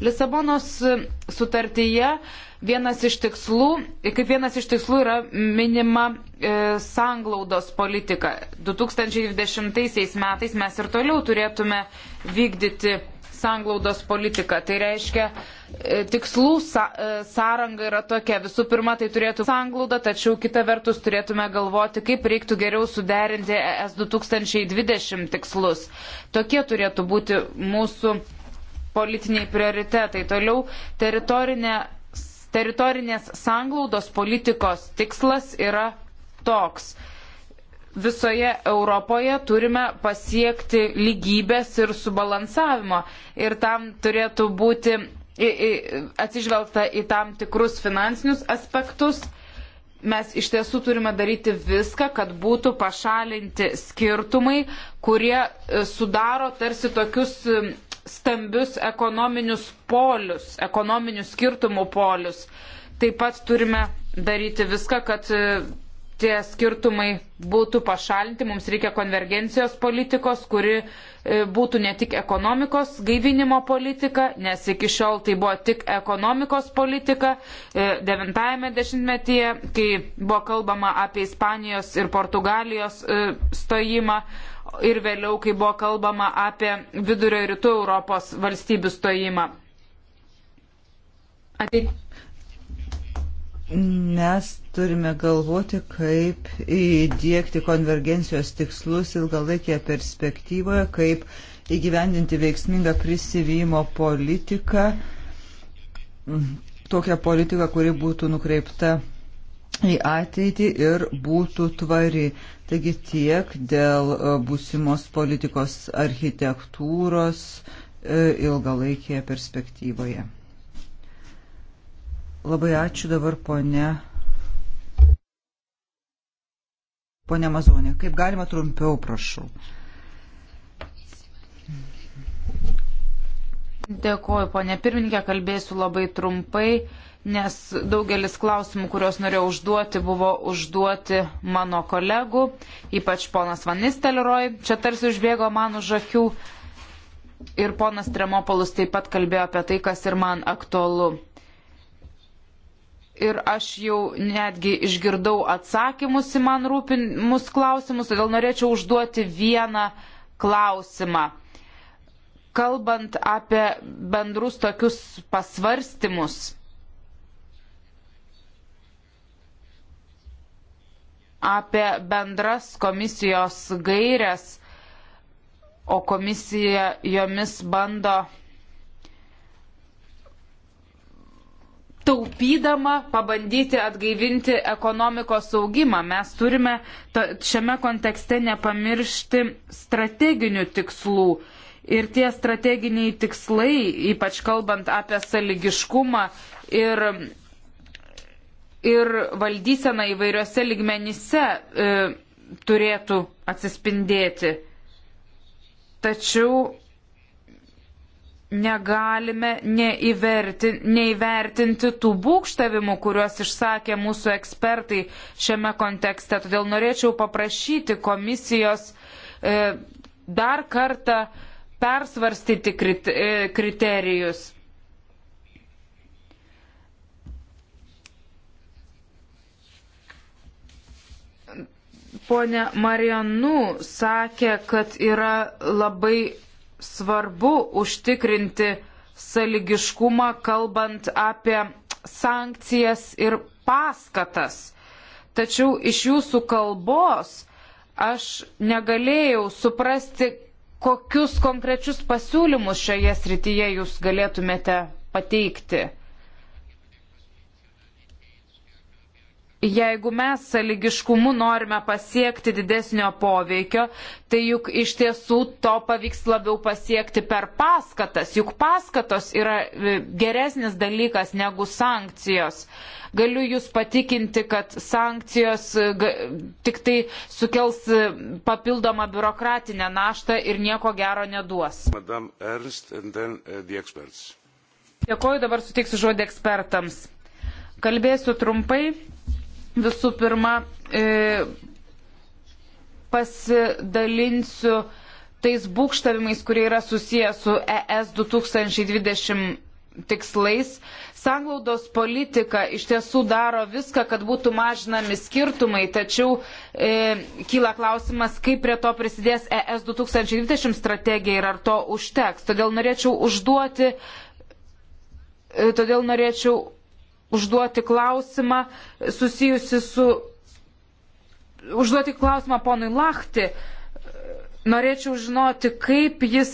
Lisabonos sutartyje vienas iš tikslų, kaip vienas iš tikslų yra minima e, sanglaudos politika. 2020 metais mes ir toliau turėtume vykdyti sanglaudos politiką. Tai reiškia, e, tikslų e, sąranga yra tokia. Visų pirma, tai turėtų sanglauda, tačiau kita vertus turėtume galvoti, kaip reiktų geriau suderinti ES 2020 tikslus. Tokie turėtų būti mūsų politiniai prioritetai. Toliau teritorinė, teritorinės sanglaudos politikos tikslas yra toks visoje Europoje turime pasiekti lygybės ir subalansavimo. Ir tam turėtų būti atsižvelgta į tam tikrus finansinius aspektus. Mes iš tiesų turime daryti viską, kad būtų pašalinti skirtumai, kurie e, sudaro tarsi tokius e, stambius ekonominius polius, ekonominių skirtumų polius. Taip pat turime daryti viską, kad e, tie skirtumai būtų pašalinti, mums reikia konvergencijos politikos, kuri e, būtų ne tik ekonomikos gaivinimo politika, nes iki šiol tai buvo tik ekonomikos politika. E, devintajame dešimtmetyje, kai buvo kalbama apie Ispanijos ir Portugalijos e, stojimą ir vėliau, kai buvo kalbama apie vidurio ir rytų Europos valstybių stojimą. Ateit Mes turime galvoti, kaip įdėkti konvergencijos tikslus ilgalaikėje perspektyvoje, kaip įgyvendinti veiksmingą prisivymo politiką, tokią politiką, kuri būtų nukreipta į ateitį ir būtų tvari. Taigi tiek dėl e, būsimos politikos architektūros e, ilgalaikėje perspektyvoje. Labai ačiū dabar ponė. Pone Mazonė, kaip galima trumpiau, prašau. Dėkuoju, ponė pirmininkė, kalbėsiu labai trumpai, nes daugelis klausimų, kuriuos norėjau užduoti, buvo užduoti mano kolegų, ypač ponas Vanisteliroj, čia tarsi užbėgo man už akių ir ponas Tremopolus taip pat kalbėjo apie tai, kas ir man aktualu ir aš jau netgi išgirdau atsakymus į man rūpimus klausimus, todėl norėčiau užduoti vieną klausimą. Kalbant apie bendrus tokius pasvarstymus, apie bendras komisijos gairias, o komisija jomis bando taupydama pabandyti atgaivinti ekonomikos augimą. Mes turime šiame kontekste nepamiršti strateginių tikslų. Ir tie strateginiai tikslai, ypač kalbant apie saligiškumą ir, ir valdyseną įvairiose ligmenyse, e, turėtų atsispindėti. Tačiau negalime neįvertinti tų būkštavimų, kuriuos išsakė mūsų ekspertai šiame kontekste. Todėl norėčiau paprašyti komisijos e, dar kartą persvarstyti krit, e, kriterijus. Pone Marianu sakė, kad yra labai svarbu užtikrinti saligiškumą, kalbant apie sankcijas ir paskatas. Tačiau iš jūsų kalbos aš negalėjau suprasti, kokius konkrečius pasiūlymus šioje srityje jūs galėtumėte pateikti. jeigu mes saligiškumu norime pasiekti didesnio poveikio, tai juk iš tiesų to pavyks labiau pasiekti per paskatas. Juk paskatos yra e, geresnis dalykas negu sankcijos. Galiu Jūs patikinti, kad sankcijos e, tik tai sukels e, papildomą biurokratinę naštą ir nieko gero neduos. Ernst, then, uh, Dėkoju, dabar suteiksiu žodį ekspertams. Kalbėsiu trumpai Visų pirma, e, pasidalinsiu tais būkštavimais, kurie yra susiję su ES 2020 tikslais. Sanglaudos politika iš tiesų daro viską, kad būtų mažinami skirtumai, tačiau e, kyla klausimas, kaip prie to prisidės ES 2020 strategija ir ar to užteks. Todėl norėčiau užduoti, e, todėl norėčiau užduoti klausimą susijusi su. Užduoti klausimą ponui Lakti. Norėčiau žinoti, kaip jis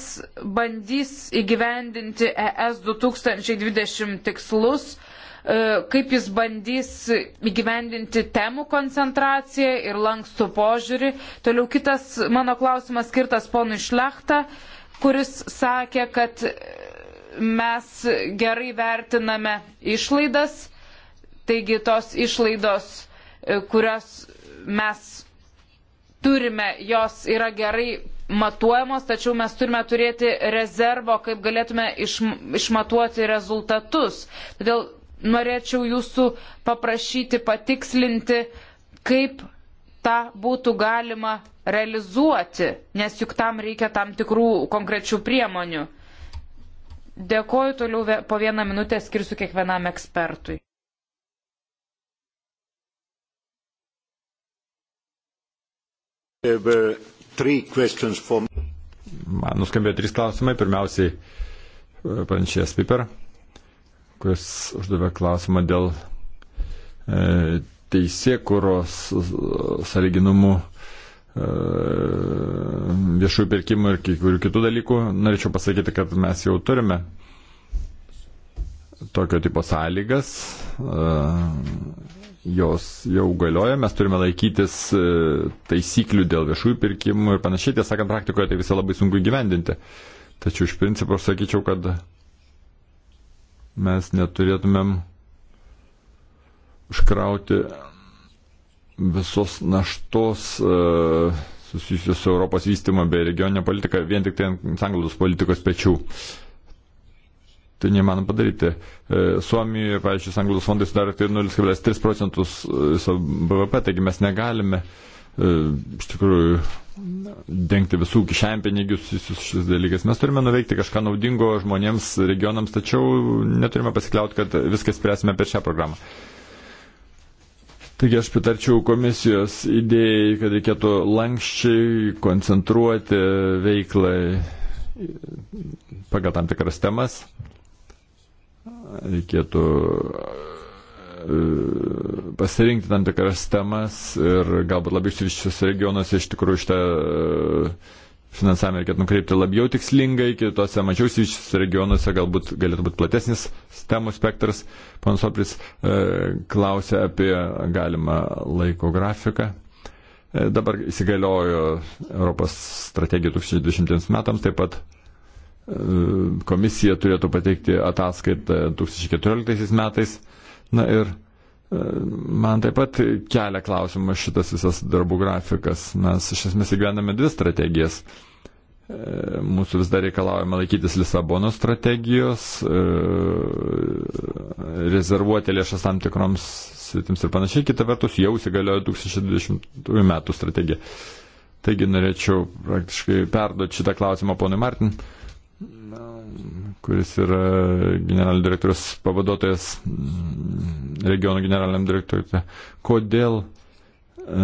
bandys įgyvendinti ES 2020 tikslus, e, kaip jis bandys įgyvendinti temų koncentraciją ir lankstų požiūrį. Toliau kitas mano klausimas skirtas ponui Šlechta, kuris sakė, kad mes gerai vertiname išlaidas, taigi tos išlaidos, e, kurios mes turime, jos yra gerai matuojamos, tačiau mes turime turėti rezervo, kaip galėtume iš, išmatuoti rezultatus. Todėl norėčiau jūsų paprašyti patikslinti, kaip tą būtų galima realizuoti, nes juk tam reikia tam tikrų konkrečių priemonių. Dėkoju toliau po vieną minutę skirsiu kiekvienam ekspertui. Man nuskambėjo trys klausimai. Pirmiausiai e, pranešėjas Piper, kuris uždavė klausimą dėl e, teisėkuros e, sąlyginumų e, viešųjų pirkimų ir kai kurių kitų dalykų, norėčiau pasakyti, kad mes jau turime tokio tipo sąlygas, jos jau galioja, mes turime laikytis e, taisyklių dėl viešųjų pirkimų ir panašiai, tiesą sakant, praktikoje tai visą labai sunku gyvendinti. Tačiau iš principo aš sakyčiau, kad mes neturėtumėm užkrauti visos naštos e, susijusios su Europos vystymą bei regioninę politiką vien tik tai ant sanglaudos politikos pečių. Tai neįmanoma padaryti. E, Suomijoje, pavyzdžiui, sanglaudos fondai sudaro tai 0,3 procentus e, viso BVP, taigi mes negalime iš tikrųjų dengti visų kišenpinigius susijusius šis dalykas. Mes turime nuveikti kažką naudingo žmonėms, regionams, tačiau neturime pasikliauti, kad viską spręsime per šią programą. Taigi aš pritarčiau komisijos idėjai, kad reikėtų lankščiai koncentruoti veiklai pagal tam tikras temas. Reikėtų e, pasirinkti tam tikras temas ir galbūt labai išsivyščiusios regionuose iš tikrųjų šitą e, finansavimą reikėtų nukreipti labiau tikslingai, kitose mažiau išsivyščiusiuose regionuose galbūt galėtų būti platesnis temų spektras. Panas Opris e, klausė apie galimą laiko grafiką. E, dabar įsigaliojo Europos strategija 2020 metams, taip pat e, komisija turėtų pateikti ataskaitą 2014 metais. Na ir Man taip pat kelia klausimą šitas visas darbų grafikas. Mes iš esmės įgyvename dvi strategijas. E, mūsų vis dar reikalaujama laikytis Lisabono strategijos, e, rezervuoti lėšas tam tikroms sritims ir panašiai. Kita vertus, jau įsigaliojo 2020 metų strategija. Taigi norėčiau praktiškai perduoti šitą klausimą ponui Martin kuris yra generalinio direktorius pavaduotojas regiono generaliniam direktoriui. Kodėl e,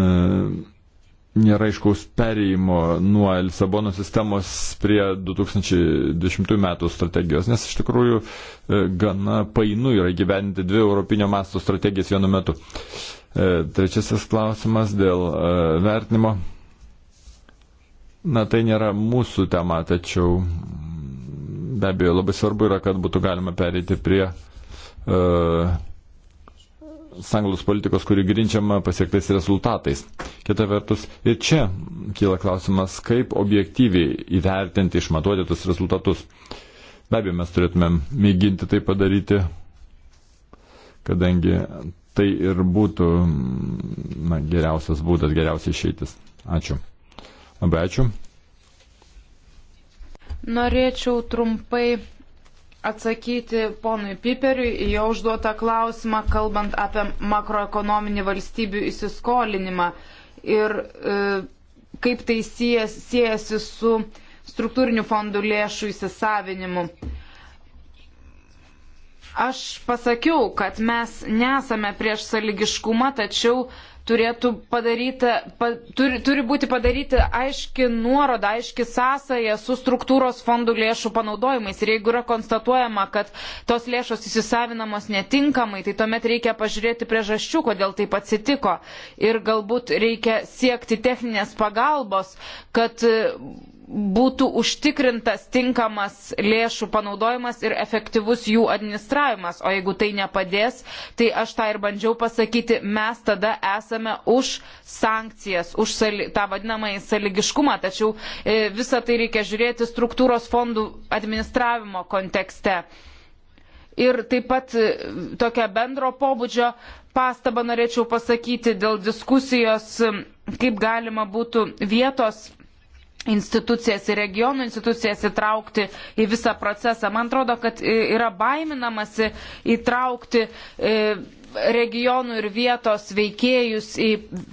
nėra iškaus perėjimo nuo Lisabono sistemos prie 2010 metų strategijos, nes iš tikrųjų e, gana painu yra gyventi dvi europinio masto strategijas vienu metu. E, trečiasis klausimas dėl e, vertinimo. Na, tai nėra mūsų tema, tačiau be abejo labai svarbu yra, kad būtų galima pereiti prie uh, e, sanglus politikos, kuri grinčiama pasiektais rezultatais. Kita vertus, ir čia kyla klausimas, kaip objektyviai įvertinti, išmatuoti tus rezultatus. Be abejo, mes turėtumėm mėginti tai padaryti, kadangi tai ir būtų na, geriausias būdas, geriausiai išeitis. Ačiū. Labai ačiū. Norėčiau trumpai atsakyti ponui Piperiui į jo užduotą klausimą, kalbant apie makroekonominį valstybių įsiskolinimą ir e, kaip tai sies, siejasi su struktūrinių fondų lėšų įsisavinimu. Aš pasakiau, kad mes nesame prieš saligiškumą, tačiau turėtų padaryta, pa, turi, turi būti padaryti aiški nuoroda, aiški sąsaja su struktūros fondų lėšų panaudojimais. Ir jeigu yra konstatuojama, kad tos lėšos įsisavinamos netinkamai, tai tuomet reikia pažiūrėti priežasčių, kodėl taip atsitiko. Ir galbūt reikia siekti techninės pagalbos, kad būtų užtikrintas tinkamas lėšų panaudojimas ir efektyvus jų administravimas. O jeigu tai nepadės, tai aš tą ir bandžiau pasakyti, mes tada esame už sankcijas, už sali, tą vadinamąjį saligiškumą, tačiau e, visą tai reikia žiūrėti struktūros fondų administravimo kontekste. Ir taip pat e, tokia bendro pobūdžio pastabą norėčiau pasakyti dėl diskusijos, e, kaip galima būtų vietos institucijas ir regionų institucijas įtraukti į visą procesą. Man atrodo, kad yra baiminamasi įtraukti regionų ir vietos veikėjus į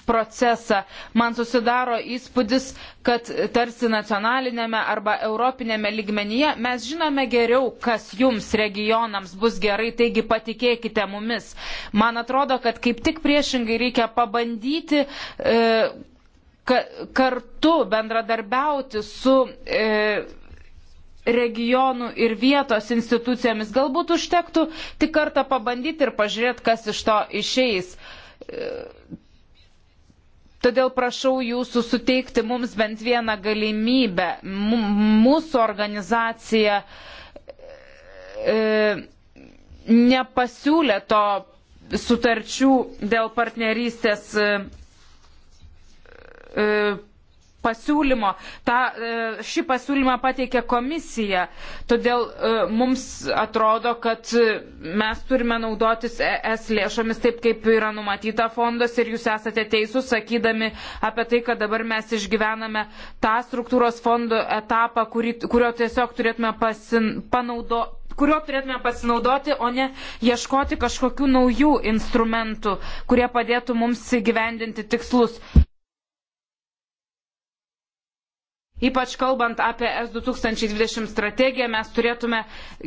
procesą. Man susidaro įspūdis, kad tarsi nacionalinėme arba europinėme lygmenyje mes žinome geriau, kas jums regionams bus gerai, taigi patikėkite mumis. Man atrodo, kad kaip tik priešingai reikia pabandyti e, ka, kartu bendradarbiauti su e, regionų ir vietos institucijomis. Galbūt užtektų tik kartą pabandyti ir pažiūrėti, kas iš to išeis. E, todėl prašau jūsų suteikti mums bent vieną galimybę. Mūsų organizacija e, nepasiūlė to sutarčių dėl partnerystės e, E, pasiūlymo. Ta, e, šį pasiūlymą pateikė komisija. Todėl e, mums atrodo, kad mes turime naudotis ES lėšomis taip, kaip yra numatyta fondas ir jūs esate teisūs, sakydami apie tai, kad dabar mes išgyvename tą struktūros fondo etapą, kurį, kurio tiesiog turėtume pasin, panaudo, kurio turėtume pasinaudoti, o ne ieškoti kažkokių naujų instrumentų, kurie padėtų mums įgyvendinti tikslus. Ypač kalbant apie S2020 strategiją, mes turėtume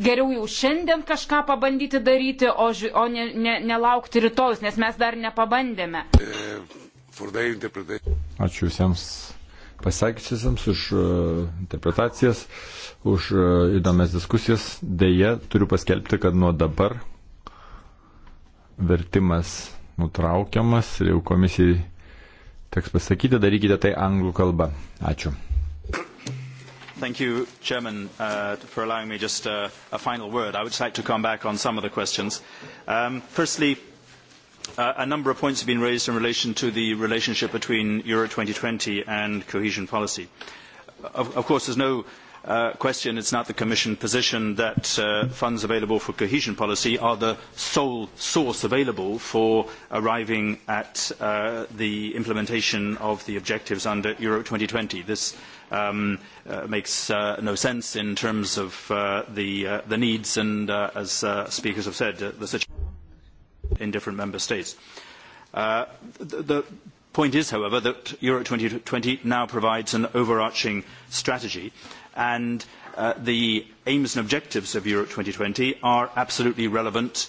geriau jau šiandien kažką pabandyti daryti, o, ži, o ne, ne, nelaukti rytojus, nes mes dar nepabandėme. Ačiū visiems pasakysiams už e, interpretacijas, už e, įdomias diskusijas. Deja, turiu paskelbti, kad nuo dabar vertimas nutraukiamas ir jau komisijai teks pasakyti, darykite tai anglų kalba. Ačiū. Thank you, Chairman, uh, for allowing me just uh, a final word. I would just like to come back on some of the questions. Um, firstly, uh, a number of points have been raised in relation to the relationship between Euro 2020 and cohesion policy. Of, of course, there's no uh, question. It's not the Commission position that uh, funds available for cohesion policy are the sole source available for arriving at uh, the implementation of the objectives under Euro 2020. This um, uh, makes uh, no sense in terms of uh, the, uh, the needs and, uh, as uh, speakers have said, uh, the situation in different member states. Uh, the, the point is, however, that Europe 2020 now provides an overarching strategy. Uh, and uh, the aims and objectives of Europe 2020 are absolutely relevant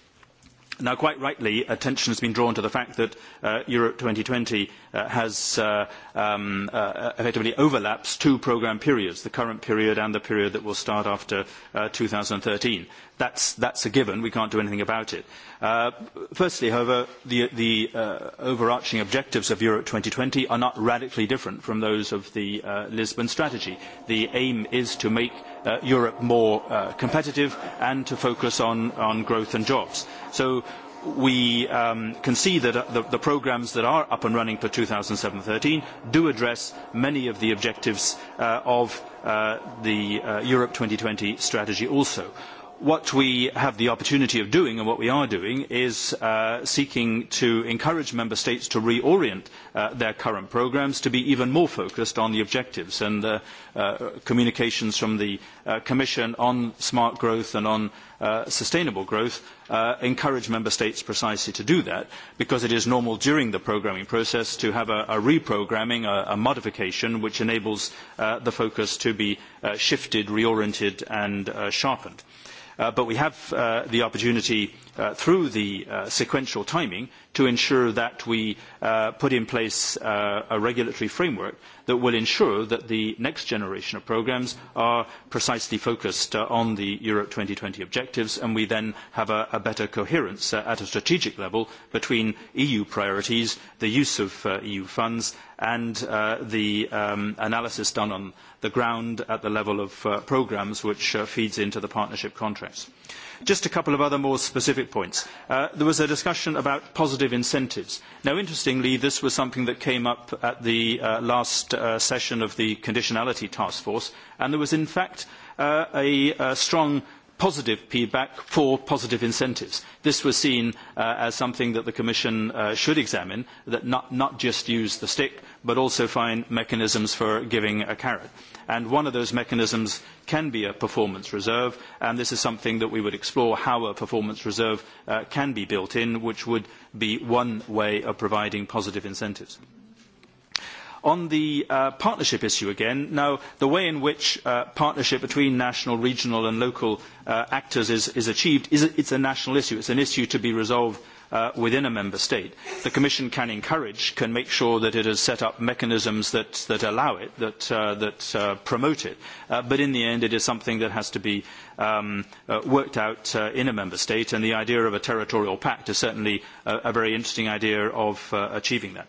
Now, quite rightly, attention has been drawn to the fact that uh, Europe 2020 uh, has uh, um, uh, effectively overlaps two programme periods, the current period and the period that will start after uh, 2013. That's, that's a given. We can't do anything about it. Uh, firstly, however, the, the uh, overarching objectives of Europe 2020 are not radically different from those of the uh, Lisbon strategy. The aim is to make – uh, Europe more uh, competitive and to focus on, on growth and jobs. So we um, can see that uh, the, the programs that are up and running for 2007-13 do address many of the objectives uh, of uh, the uh, Europe 2020 strategy also what we have the opportunity of doing and what we are doing is uh, seeking to encourage member states to reorient uh, their current programs to be even more focused on the objectives and the uh, communications from the uh, commission on smart growth and on uh, sustainable growth uh, encourage member states precisely to do that because it is normal during the programming process to have a, a reprogramming, a, a modification which enables uh, the focus to be uh, shifted, reoriented and uh, sharpened. Uh, Uh, but we have uh, the opportunity uh, through the uh, sequential timing to ensure that we uh, put in place uh, a regulatory framework that will ensure that the next generation of programmes are precisely focused uh, on the Europe 2020 objectives and we then have a, a better coherence uh, at a strategic level between EU priorities, the use of uh, EU funds and uh, the um, analysis done on the ground at the level of uh, programmes which uh, feeds into the partnership contracts. Uh, Just a couple of other more specific points. Uh, there was a discussion about positive incentives. Now, interestingly, this was something that came up at the uh, last uh, session of the conditionality task force, and there was, in fact, uh, a, a uh, strong positive feedback for positive incentives. This was seen uh, as something that the Commission uh, should examine, that not, not just use the stick, but also find mechanisms for giving a carrot. Uh, and one of those mechanisms can be a performance reserve and this is something that we would explore how a performance reserve uh, can be built in which would be one way of providing positive incentives. On the uh, partnership issue again, now the way in which uh, partnership between national, regional and local uh, actors is, is achieved, is, it's a national issue. It's an issue to be resolved uh, uh, within a member state. The Commission can encourage, can make sure that it has set up mechanisms that, that allow it, that, uh, that uh, promote it. Uh, but in the end, it is something that has to be um, uh, worked out uh, in a member state, and the idea of a territorial pact is certainly a, a very interesting idea of uh, achieving that.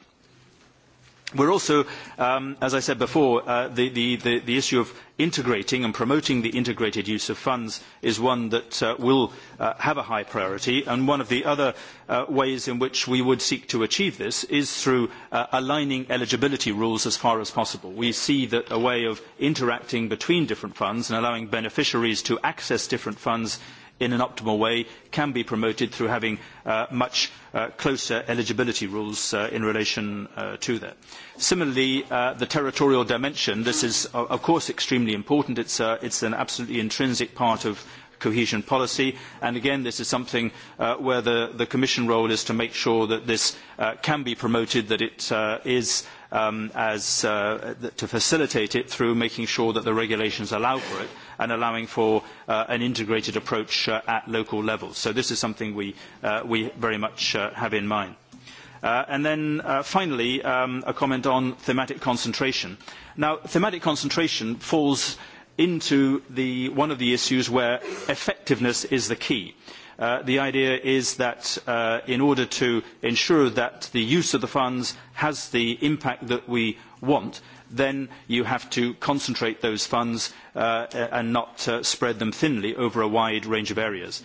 We're also, um, as I said before, uh, the, the, the, the issue of integrating and promoting the integrated use of funds is one that uh, will uh, have a high priority. And one of the other uh, ways in which we would seek to achieve this is through uh, aligning eligibility rules as far as possible. We see that a way of interacting between different funds and allowing beneficiaries to access different funds uh, in an optimal way can be promoted through having uh, much uh, closer eligibility rules uh, in relation uh, to that. Similarly, uh, the territorial dimension, this is uh, of course extremely important. It's, uh, it's an absolutely intrinsic part of cohesion policy. And again, this is something uh, where the, the Commission role is to make sure that this uh, can be promoted, that it uh, is uh, um, as, uh, to facilitate it through making sure that the regulations allow for it and allowing for uh, an integrated approach uh, at local level. So this is something we, uh, we very much uh, have in mind. Uh, and then uh, finally, um, a comment on thematic concentration. Now, thematic concentration falls into the, one of the issues where effectiveness is the key. Uh, Uh, the idea is that uh, in order to ensure that the use of the funds has the impact that we want, then you have to concentrate those funds uh, and not uh, spread them thinly over a wide range of areas.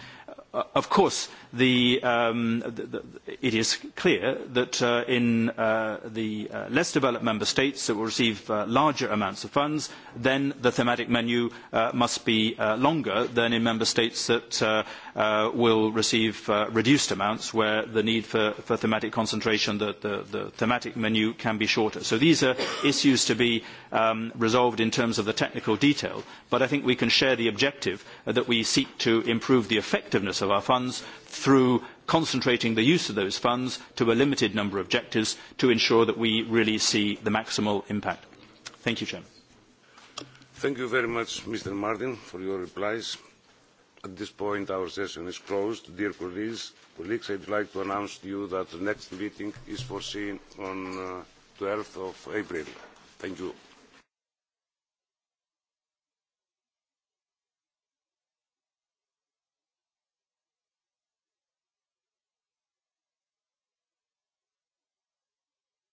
Uh, of course, the, um, the, the, it is clear that uh, in uh, the uh, less developed member states that will receive uh, larger amounts of funds, then the thematic menu uh, must be uh, longer than in member states that uh, uh, will receive uh, reduced amounts where the need for, for thematic concentration, the, the, the thematic menu can be shorter. So these are issues to be um, resolved in terms of the technical detail, but I think we can share the objective uh, that we seek to improve the effectiveness of our funds through concentrating the use of those funds to a limited number of objectives to ensure that we really see the maximal impact. Thank you, Chairman. Thank you very much, Mr. Martin, for your replies. At this point, our session is closed. Dear colleagues, colleagues I'd like to announce to you that the next meeting is foreseen on uh, 12th of April. Thank you.